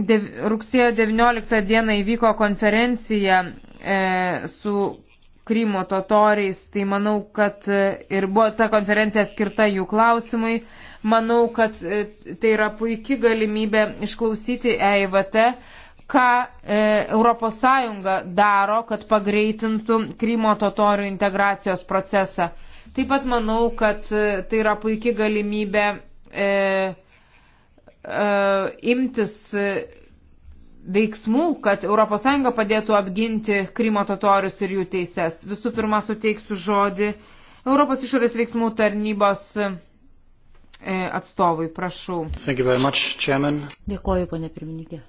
dev, rugsėjo 19 dieną įvyko konferencija e, su Krymo totoriais, tai manau, kad e, ir buvo ta konferencija skirta jų klausimui. Manau, kad e, tai yra puikia galimybė išklausyti EIVT, ką e, ES daro, kad pagreitintų Krymo totorių integracijos procesą. Taip pat manau, kad e, tai yra puikia galimybė e, E, imtis veiksmų, kad ES padėtų apginti Krymo totorius ir jų teises. Visų pirma, suteiksiu žodį Europos išorės veiksmų tarnybos e, atstovui. Prašau. Much, chairman. Dėkoju, ponė pirmininkė.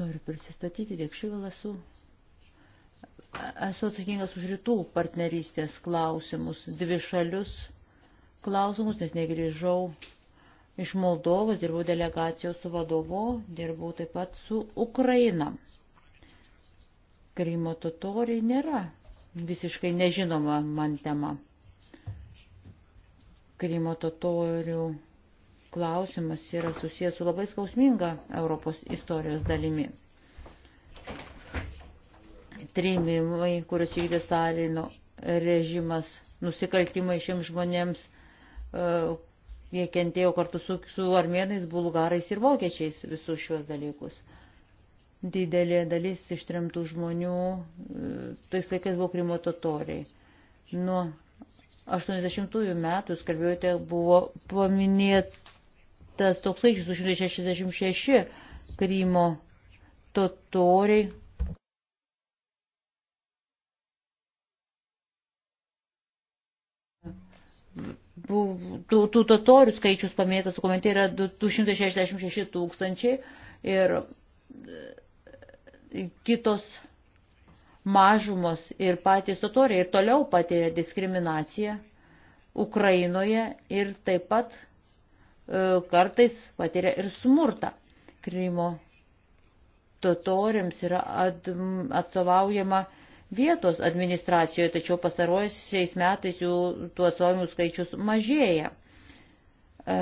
Noriu prisistatyti, dėkšyvėl esu. Esu atsakingas už rytų partnerystės klausimus, dvi šalius klausimus, nes negrįžau iš Moldovos, dirbau delegacijos su vadovu, dirbau taip pat su Ukraina. Krymo totoriai nėra visiškai nežinoma man tema. Krymo totorių klausimas yra susijęs su labai skausminga Europos istorijos dalimi. Trėmimai, kuriuos įvykdė Stalino režimas, nusikaltimai šiems žmonėms, e, Jie kentėjo kartu su, su armėnais, bulgarais ir vokiečiais visus šios dalykus. Didelė dalis ištrimtų žmonių e, tais laikais buvo Krymo totoriai. Nuo 80-ųjų metų, skalbėjote, buvo paminėtas toks skaičius 166 Krymo totoriai tų, tų totorių skaičius paminėtas dokumente yra 266 tūkstančiai ir e, kitos mažumos ir patys totoriai ir toliau patiria diskriminaciją Ukrainoje ir taip pat e, kartais patiria ir smurtą. Krymo totoriams yra atstovaujama vietos administracijoje, tačiau pasarosiais metais jų tuo atstovimų skaičius mažėja. E,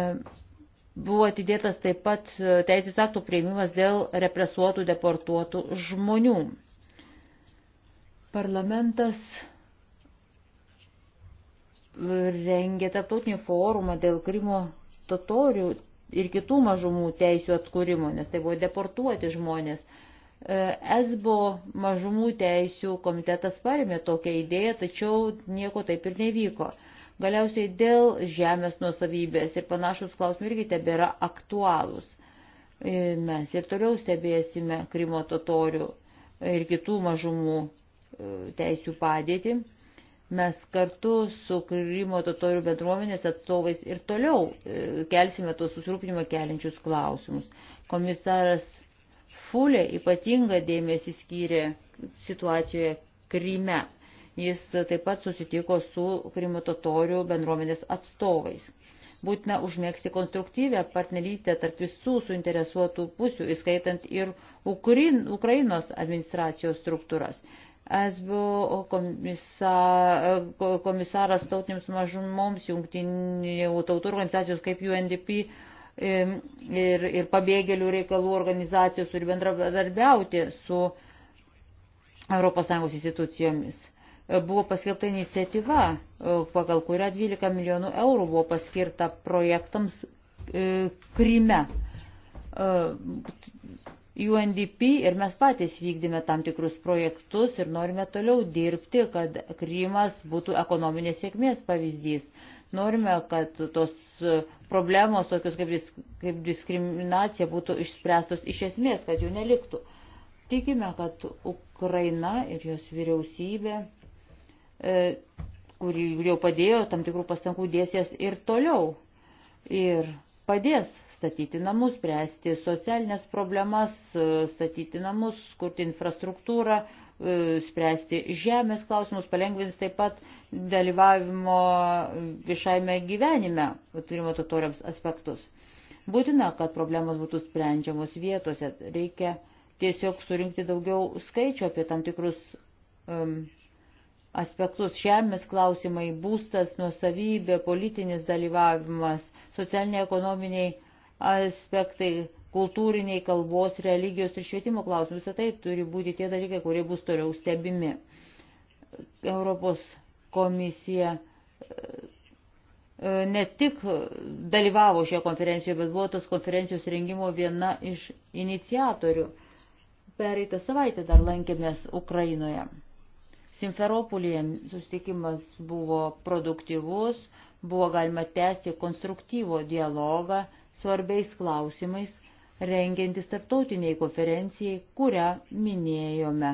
buvo atidėtas taip pat e, teisės aktų prieimimas dėl represuotų, deportuotų žmonių. Parlamentas rengė tarptautinį forumą dėl Krimo totorių ir kitų mažumų teisų atskūrimo, nes tai buvo deportuoti žmonės. Esbo mažumų teisių komitetas parėmė tokią idėją, tačiau nieko taip ir nevyko. Galiausiai dėl žemės nuosavybės ir panašus klausimai irgi tebėra aktualūs. E, mes ir toliau stebėsime Krymo totorių ir kitų mažumų e, teisių padėtį. Mes kartu su Krymo totorių bendruomenės atstovais ir toliau e, kelsime tuos susirūpinimą keliančius klausimus. Komisaras Fulė ypatingą dėmesį skyrė situacijoje Kryme. Jis taip pat susitiko su Krymo totorių bendruomenės atstovais. Būtina užmėgsti konstruktyvę partnerystę tarp visų suinteresuotų pusių, įskaitant ir Ukrin, Ukrainos administracijos struktūras. SBO komisar, komisaras tautiniams mažumoms, jungtinių tautų organizacijos kaip UNDP ir, ir pabėgėlių reikalų organizacijos turi bendradarbiauti su ES institucijomis. E, buvo paskirta iniciatyva, e, pagal kurią 12 milijonų eurų buvo paskirta projektams e, Kryme. UNDP ir mes patys vykdėme tam tikrus projektus ir norime toliau dirbti, kad Krymas būtų ekonominės sėkmės pavyzdys. Norime, kad tos problemos, tokios kaip, disk, kaip diskriminacija, būtų išspręstos iš esmės, kad jų neliktų. Tikime, kad Ukraina ir jos vyriausybė, e, kuri jau padėjo tam tikrų pastangų, dės jas ir toliau. Ir padės statyti namus, spręsti socialinės problemas, e, statyti namus, kurti infrastruktūrą, E, spręsti žemės klausimus, palengvins taip pat dalyvavimo viešajame gyvenime turimo totoriams aspektus. Būtina, kad problemos būtų sprendžiamos vietose. Reikia tiesiog surinkti daugiau skaičių apie tam tikrus um, aspektus - žemės klausimai, būstas, nuosavybė, politinis dalyvavimas, socialiniai ekonominiai aspektai kultūriniai, kalbos, religijos ir švietimo klausimai. Visą tai turi būti tie dalykai, kurie bus toliau stebimi. Europos komisija e, ne tik dalyvavo šioje konferencijoje, bet buvo tos konferencijos rengimo viena iš iniciatorių. Pereitą savaitę dar lankėmės Ukrainoje. Simferopolyje susitikimas buvo produktyvus, buvo galima tęsti konstruktyvo dialogą svarbiais klausimais rengiantis tarptautiniai konferencijai, kurią minėjome.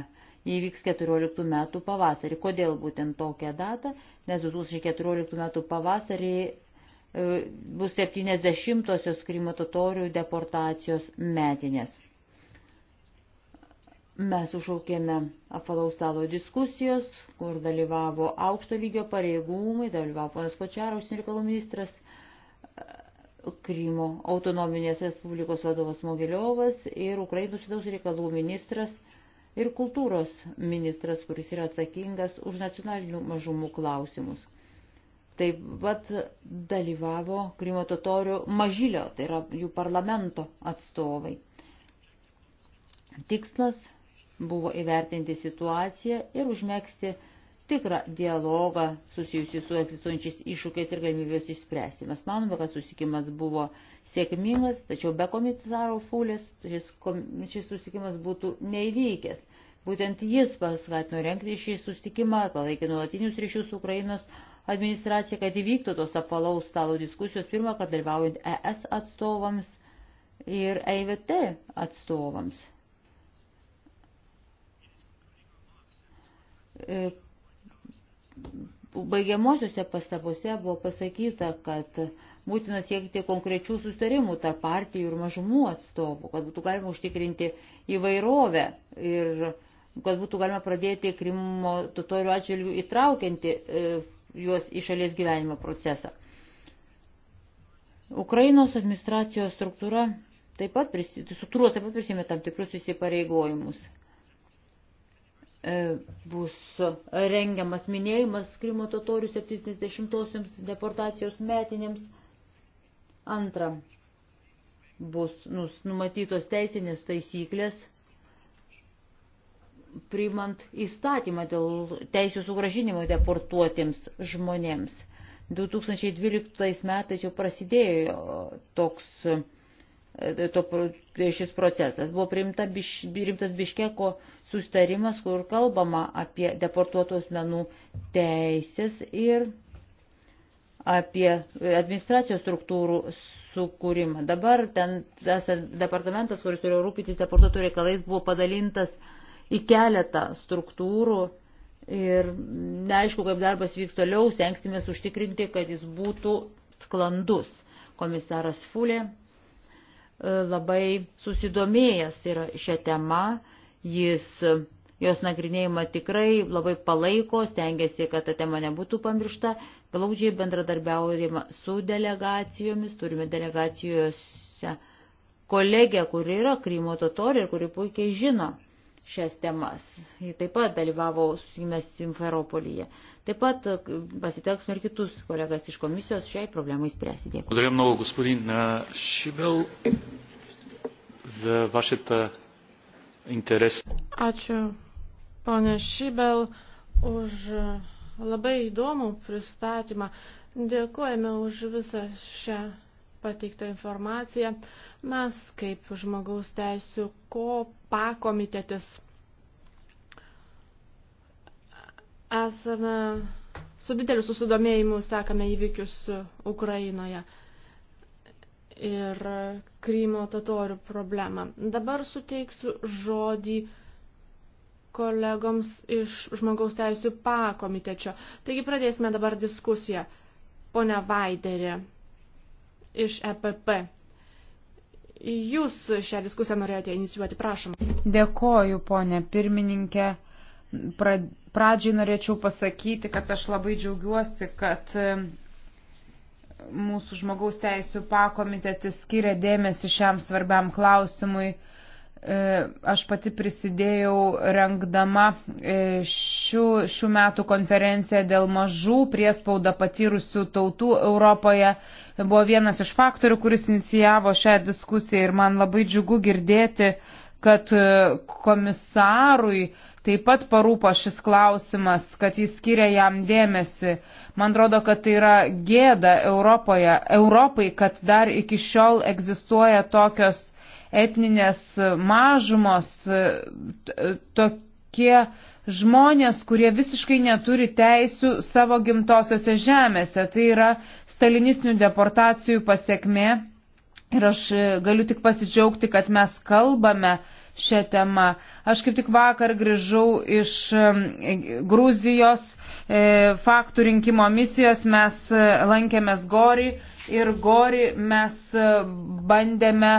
Įvyks 14 metų pavasarį. Kodėl būtent tokią datą? Nes 2014 metų pavasarį e, bus 70-osios Krymo totorių deportacijos metinės. Mes užšaukėme apvalaus stalo diskusijos, kur dalyvavo aukšto lygio pareigūnai, dalyvavo ponas Kočiaros reikalų ministras Krymo autonominės Respublikos vadovas Mogiliovas ir Ukrainos vidaus reikalų ministras ir kultūros ministras, kuris yra atsakingas už nacionalinių mažumų klausimus. Taip pat dalyvavo Krymo totorių mažylio, tai yra jų parlamento atstovai. Tikslas buvo įvertinti situaciją ir užmėgsti tikrą dialogą susijusi su egzistuojančiais iššūkiais ir galimybės išspręsti. Mes manome, kad susikimas buvo sėkmingas, tačiau be komisaro Fulės šis, šis susikimas būtų neįvykęs. Būtent jis paskatino renkti šį susitikimą, palaikė nuolatinius ryšius su Ukrainos administracija, kad įvyktų tos apvalaus stalo diskusijos pirmą, kad dalyvaujant ES atstovams ir EIVT atstovams. E, Baigiamosiuose pastabose buvo pasakyta, kad būtina siekti konkrečių sustarimų tarp partijų ir mažumų atstovų, kad būtų galima užtikrinti įvairovę ir kad būtų galima pradėti Krimo totorių atžvilgių įtraukianti e, juos į šalies gyvenimo procesą. Ukrainos administracijos struktūra taip pat, prisimė, struktūros taip pat prisimė tam tikrus įsipareigojimus. E, bus rengiamas minėjimas Krimo totorių 70-osioms deportacijos metinėms. Antra, bus numatytos teisinės taisyklės, priimant įstatymą dėl teisų sugražinimo deportuotiems žmonėms. 2012 metais jau prasidėjo toks E, to, tai šis procesas. Buvo priimta biš, rimtas Biškeko sustarimas, kur kalbama apie deportuotų asmenų teisės ir apie administracijos struktūrų sukūrimą. Dabar ten departamentas, kuris turėjo rūpytis deportuotų reikalais, buvo padalintas į keletą struktūrų ir neaišku, kaip darbas vyks toliau, sengsime užtikrinti, kad jis būtų sklandus. Komisaras Fulė E, labai susidomėjęs yra šią temą, jis e, jos nagrinėjimą tikrai labai palaiko, stengiasi, kad ta tema nebūtų pamiršta, glaudžiai bendradarbiaujama su delegacijomis, turime delegacijose kolegę, kuri yra Krymo totorė ir kuri puikiai žino šias temas. Ji taip pat dalyvavo susitikime Simferopolyje. Taip pat pasitelksime ir kitus kolegas iš komisijos šiai problemai spręsti. Dėkui. Благодаря много, господин Шибел, за вашата интерес. Ačiū, ponė Šibel, už labai įdomų pristatymą. Dėkojame už visą šią pateiktą informaciją. Mes kaip žmogaus teisų ko pakomitetis esame su dideliu susidomėjimu sekame įvykius Ukrainoje ir Krymo tatorių problemą. Dabar suteiksiu žodį kolegoms iš žmogaus teisų pakomitečio. Taigi pradėsime dabar diskusiją. Pone Vaiderė, iš EPP. Jūs šią diskusiją norėjote inicijuoti, prašom. Dėkoju, ponė pirmininkė. Pradžiai norėčiau pasakyti, kad aš labai džiaugiuosi, kad mūsų žmogaus teisų pakomitetis skiria dėmesį šiam svarbiam klausimui. E, aš pati prisidėjau rengdama e, šių, šių metų konferenciją dėl mažų priespaudą patyrusių tautų Europoje buvo vienas iš faktorių, kuris inicijavo šią diskusiją ir man labai džiugu girdėti, kad e, komisarui taip pat parūpo šis klausimas, kad jis skiria jam dėmesį. Man atrodo, kad tai yra gėda Europoje, Europai, kad dar iki šiol egzistuoja tokios etninės mažumos, e, e, tokie žmonės, kurie visiškai neturi teisių savo gimtosiose žemėse. Tai yra stalinistinių deportacijų pasiekmė. Ir aš e, galiu tik pasidžiaugti, kad mes kalbame šią temą. Aš kaip tik vakar grįžau iš e, Gruzijos e, faktų rinkimo misijos, mes lankėmės Gori ir Gori mes bandėme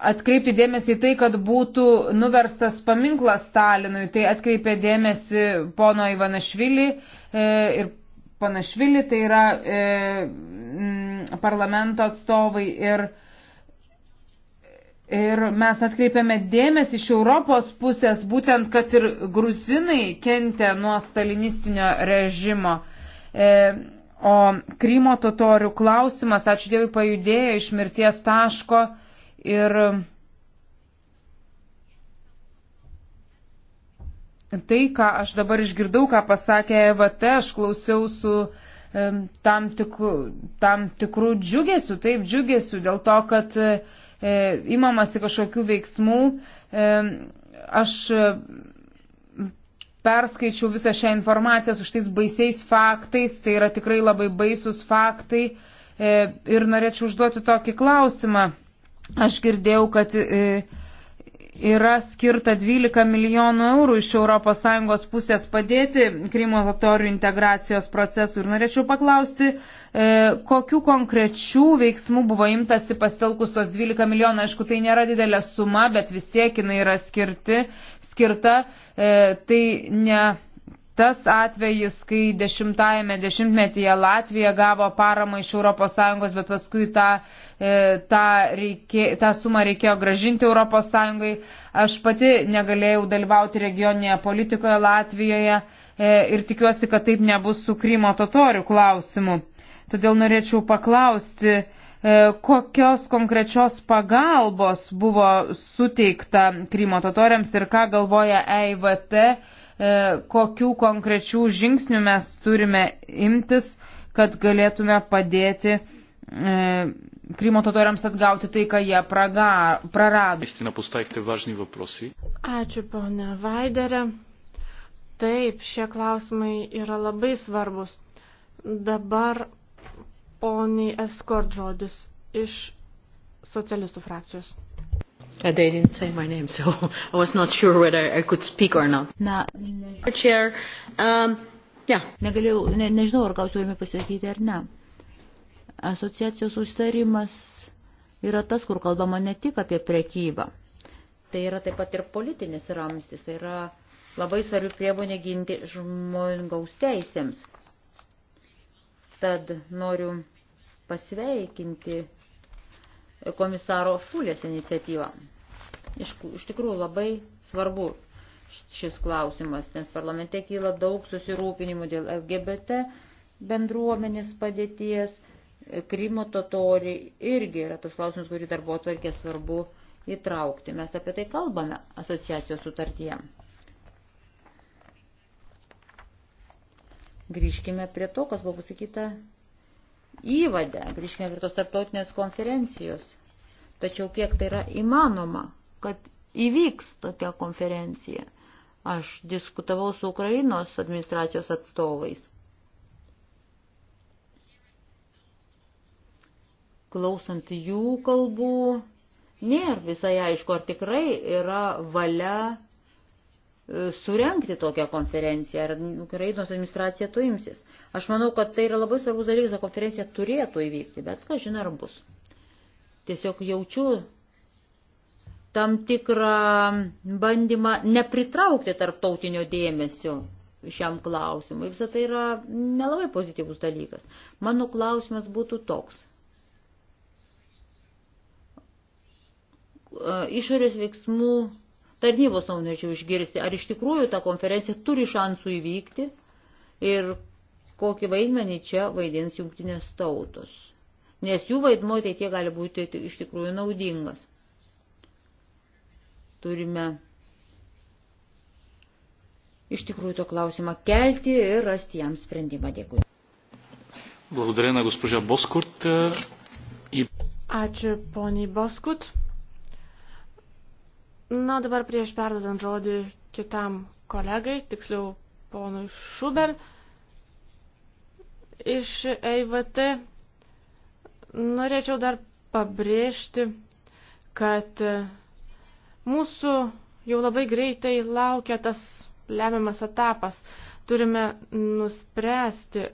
atkreipti dėmesį į tai, kad būtų nuverstas paminklas Stalinui. Tai atkreipė dėmesį pono Ivanašvili ir Panašvili, tai yra e, m, parlamento atstovai ir, ir mes atkreipiame dėmesį iš Europos pusės būtent, kad ir gruzinai kentė nuo stalinistinio režimo. E, o Krymo totorių klausimas, ačiū Dievui, pajudėjo iš mirties taško ir tai, ką aš dabar išgirdau, ką pasakė EVT, aš klausiau su um, tam, tikru, tam tikrų džiugesių, taip džiugesių, dėl to, kad e, imamasi kažkokių veiksmų. E, aš perskaičiau visą šią informaciją su šitais baisiais faktais, tai yra tikrai labai baisus faktai. E, ir norėčiau užduoti tokį klausimą. Aš girdėjau, kad. E, yra skirta 12 milijonų eurų iš ES pusės padėti Krymo totorių integracijos procesų. Ir norėčiau paklausti, e, kokiu konkrečių veiksmų buvo imtasi pastelkus tos 12 milijonų. Aišku, tai nėra didelė suma, bet vis tiek jinai yra skirti, skirta. E, tai ne tas atvejis, kai dešimtajame dešimtmetyje Latvija gavo paramą iš ES, bet paskui tą, e, tą, reikė, tą sumą reikėjo gražinti ES. Aš pati negalėjau dalyvauti regioninėje politikoje Latvijoje e, ir tikiuosi, kad taip nebus su Krymo totorių klausimu. Todėl norėčiau paklausti, e, kokios konkrečios pagalbos buvo suteikta Krymo totoriams ir ką galvoja EIVT E, kokių konkrečių žingsnių mes turime imtis, kad galėtume padėti e, Krymo totoriams atgauti tai, ką jie praga, prarado. Ačiū, ponia Vaiderė. Taip, šie klausimai yra labai svarbus. Dabar poniai Eskort žodis iš socialistų frakcijos. Uh, they didn't say my name, so I was not sure whether I could speak or not. Na, Chair, um, yeah. Negalėjau, ne, nežinau, ar gausiu turime pasakyti ar ne. Asociacijos užsarimas yra tas, kur kalbama ne tik apie prekybą. Tai yra taip pat ir politinis ramstis, tai yra labai svarbi priemonė ginti žmogaus teisėms. Tad noriu pasveikinti komisaro Fulės iniciatyvą. Iš, iš tikrųjų labai svarbu šis klausimas, nes parlamente kyla daug susirūpinimų dėl LGBT bendruomenės padėties, Krymo totori irgi yra tas klausimas, kurį darbo atvarkė svarbu įtraukti. Mes apie tai kalbame asociacijos sutartyje. Grįžkime prie to, kas buvo pasakyta įvadę, grįžkime prie tos tarptautinės konferencijos. Tačiau kiek tai yra įmanoma, kad įvyks tokia konferencija. Aš diskutavau su Ukrainos administracijos atstovais. Klausant jų kalbų, nėra visai aišku, ar tikrai yra valia surenkti tokią konferenciją, ar Ukrainos administracija to imsis. Aš manau, kad tai yra labai svarbus dalykas, ta konferencija turėtų įvykti, bet ką žinai, ar bus. Tiesiog jaučiu tam tikrą bandymą nepritraukti tarptautinio dėmesio šiam klausimui. Visą tai yra nelabai pozityvus dalykas. Mano klausimas būtų toks. E, išorės veiksmų tarnybos nuomonėčiau išgirsti, ar iš tikrųjų ta konferencija turi šansų įvykti ir kokį vaidmenį čia vaidins jungtinės tautos. Nes jų vaidmo ateitie gali būti iš tikrųjų naudingas. Turime iš tikrųjų to klausimą kelti ir rasti jam sprendimą. Dėkui. Благодаря на госпожа Боскурт. И... Ačiū poniai Boskut. Na, dabar prieš perdodant žodį kitam kolegai, tiksliau ponui Šubel iš EIVT, norėčiau dar pabrėžti, kad mūsų jau labai greitai laukia tas lemiamas etapas. Turime nuspręsti,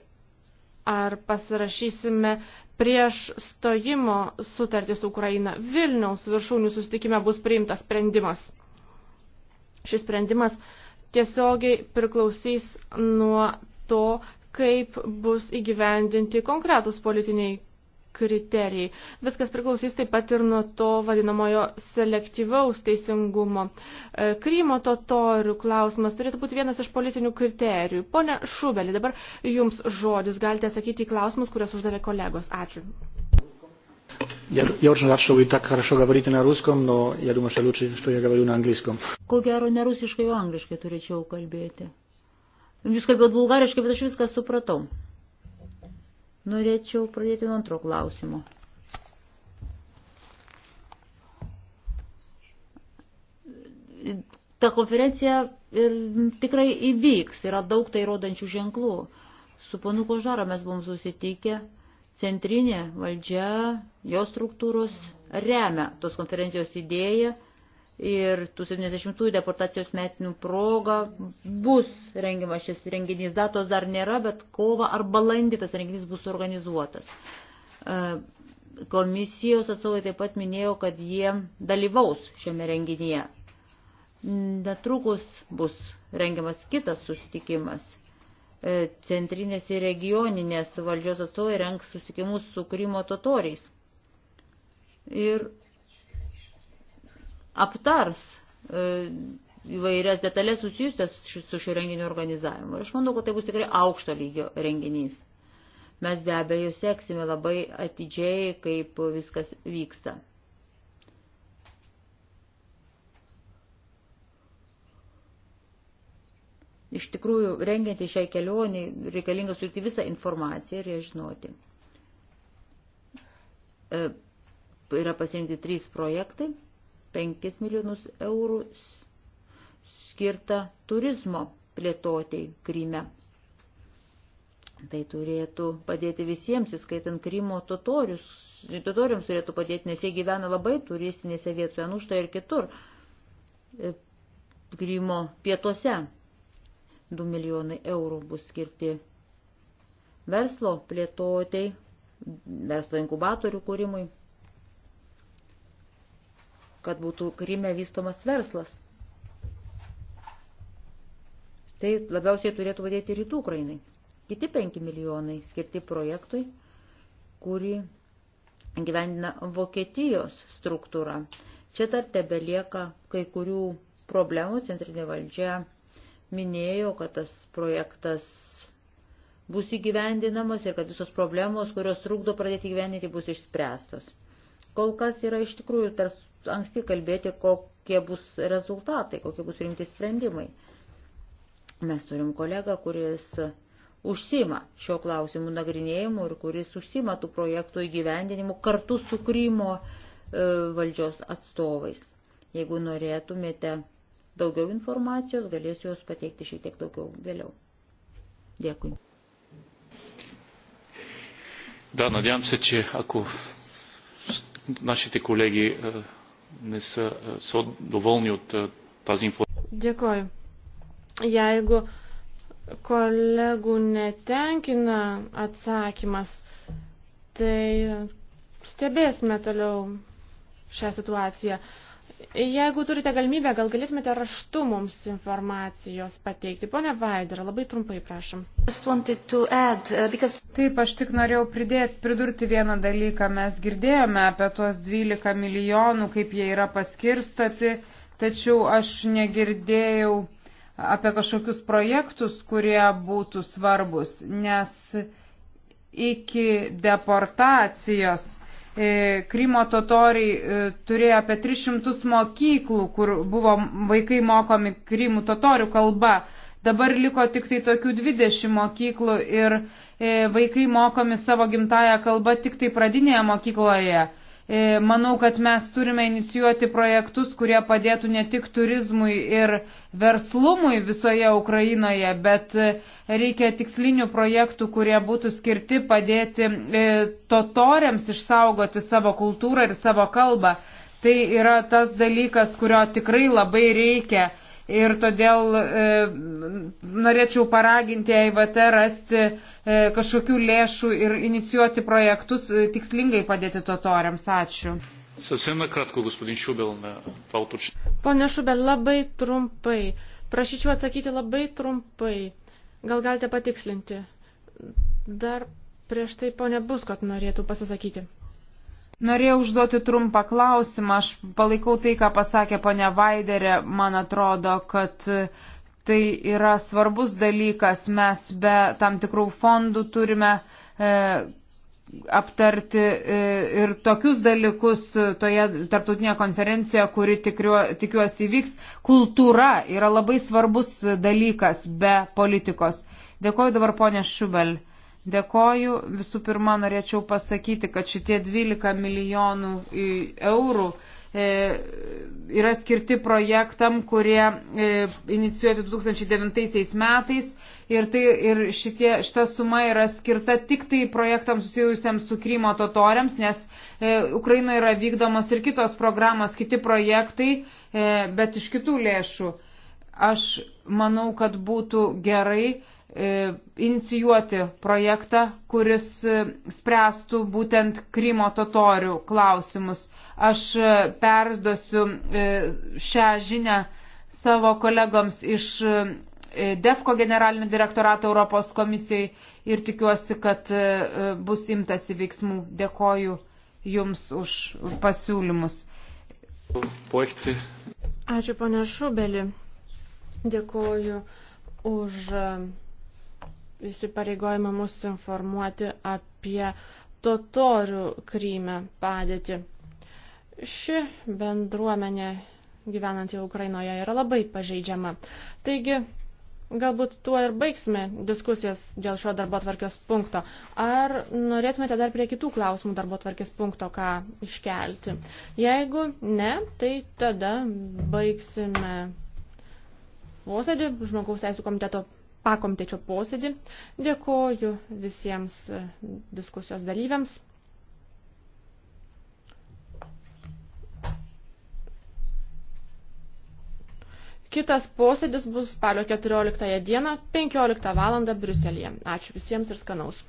ar pasirašysime prieš stojimo sutartį su Ukraina. Vilniaus viršūnių sustikime bus priimtas sprendimas. Šis sprendimas tiesiogiai priklausys nuo to, kaip bus įgyvendinti konkretus politiniai kriterijai. Viskas priklausys taip pat ir nuo to vadinamojo selektyvaus teisingumo. E, Krymo totorių klausimas turėtų būti vienas iš politinių kriterijų. Pone Šubelį, dabar jums žodis, galite atsakyti į klausimus, kuriuos uždavė kolegos. Ačiū. Я, я очень рад, что вы так хорошо говорите на русском, но я думаю, что лучше, что я говорю на английском. Ko gero, ne rusiškai, o angliškai turėčiau kalbėti. Jūs kalbėjot bulgariškai, bet aš viską supratau. Norėčiau pradėti nuo antro klausimo. Ta konferencija ir tikrai įvyks, yra daug tai rodančių ženklų. Su panu Kožaro mes buvom susitikę, centrinė valdžia, jos struktūros remia tos konferencijos idėją ir tų 70-ųjų deportacijos metinių proga bus rengiamas šis renginys. Datos dar nėra, bet kova ar balandį tas renginys bus organizuotas. E, komisijos atstovai taip pat minėjo, kad jie dalyvaus šiame renginyje. Netrukus bus rengiamas kitas susitikimas. E, centrinės ir regioninės valdžios atstovai rengs susitikimus su Krymo totoriais. Ir aptars e, įvairias detalės susijusias su šio renginio organizavimu. Ir aš manau, kad tai bus tikrai aukšto lygio renginys. Mes be abejo seksime labai atidžiai, kaip viskas vyksta. Iš tikrųjų, rengiant į šiai kelionį, reikalinga surinkti visą informaciją ir ją žinoti. E, yra pasirinkti trys projektai 5 milijonus eurų skirta turizmo plėtotei Kryme. Tai turėtų padėti visiems, įskaitant Krymo totorius. Totoriams turėtų padėti, nes jie gyvena labai turistinėse vietoje, nu štai ir kitur. E, Krymo pietuose 2 milijonai eurų bus skirti verslo plėtotei, verslo inkubatorių kūrimui kad būtų Kryme vystomas verslas. Tai labiausiai turėtų padėti rytų Ukrainai. Kiti 5 milijonai skirti projektui, kurį gyvendina Vokietijos struktūra. Čia dar tebelieka kai kurių problemų. Centrinė valdžia minėjo, kad tas projektas bus įgyvendinamas ir kad visos problemos, kurios trukdo pradėti gyveninti, bus išspręstos. Kol kas yra iš tikrųjų per anksti kalbėti, kokie bus rezultatai, kokie bus rimti sprendimai. Mes turim kolegą, kuris užsima šio klausimų nagrinėjimu ir kuris užsima tų projektų įgyvendinimu kartu su Krymo e, valdžios atstovais. Jeigu norėtumėte daugiau informacijos, galėsiu jos pateikti šiek tiek daugiau vėliau. Дякую. Да, надявам се, че ако Нашите колеги не са, са доволни от тази информация. Дякую. Jeigu kolegų netenkina atsakymas, tai stebėsime toliau šią situaciją. Jeigu turite galimybę, gal galėtumėte raštu mums informacijos pateikti. Pone Vaidera, labai trumpai prašom. Add, uh, because... Taip, aš tik norėjau pridėti, pridurti vieną dalyką. Mes girdėjome apie tuos 12 milijonų, kaip jie yra paskirstati, tačiau aš negirdėjau apie kažkokius projektus, kurie būtų svarbus, nes iki deportacijos E, Krymo totoriai e, turėjo apie 300 mokyklų, kur buvo vaikai mokomi Krymų totorių kalba. Dabar liko tik tai tokių 20 mokyklų ir e, vaikai mokomi savo gimtają kalbą tik tai pradinėje mokykloje. E, manau, kad mes turime inicijuoti projektus, kurie padėtų ne tik turizmui ir verslumui visoje Ukrainoje, bet e, reikia tikslinių projektų, kurie būtų skirti padėti e, totoriams išsaugoti savo kultūrą ir savo kalbą. Tai yra tas dalykas, kurio tikrai labai reikia Ir todėl e, norėčiau paraginti EIVT rasti e, kažkokių lėšų ir inicijuoti projektus e, tikslingai padėti totoriams. Ačiū. Pone Šubel, labai trumpai. Prašyčiau atsakyti labai trumpai. Gal galite patikslinti? Dar prieš tai ponė Buskot norėtų pasisakyti. Norėjau užduoti trumpą klausimą. Aš palaikau tai, ką pasakė ponia Vaiderė. Man atrodo, kad tai yra svarbus dalykas. Mes be tam tikrų fondų turime e, aptarti e, ir tokius dalykus toje tarptautinėje konferencijoje, kuri tikriu, tikiuosi vyks. Kultūra yra labai svarbus dalykas be politikos. Dėkuoju dabar ponė Šubel. Dėkoju. Visų pirma, norėčiau pasakyti, kad šitie 12 milijonų eurų e, yra skirti projektam, kurie e, inicijuoti 2009 metais ir, tai, ir šitie, šita suma yra skirta tik tai projektams susijusiams su Krymo totoriams, nes e, Ukrainoje yra vykdomos ir kitos programos, kiti projektai, bet iš kitų lėšų. Aš manau, kad būtų gerai E, inicijuoti projektą, kuris e, spręstų būtent Krymo totorių klausimus. Aš e, perduosiu šią žinę savo kolegoms iš DEFCO generalinio direktorato Europos komisijai ir tikiuosi, kad bus imtasi veiksmų. Dėkoju Jums už pasiūlymus. Poikti. Ačiū, ponia Šubeli. Dėkoju už įsipareigojimą mus informuoti apie totorių kryme padėtį. Ši bendruomenė gyvenanti Ukrainoje yra labai pažeidžiama. Taigi, galbūt tuo ir baigsime diskusijas dėl šio darbo tvarkės punkto. Ar norėtumėte dar prie kitų klausimų darbo tvarkės punkto ką iškelti? Jeigu ne, tai tada baigsime posėdį žmogaus teisų komiteto pakomtečio posėdį. Dėkoju visiems diskusijos dalyviams. Kitas posėdis bus spalio 14 dieną 15 val. Briuselėje. Ačiū visiems ir skanaus.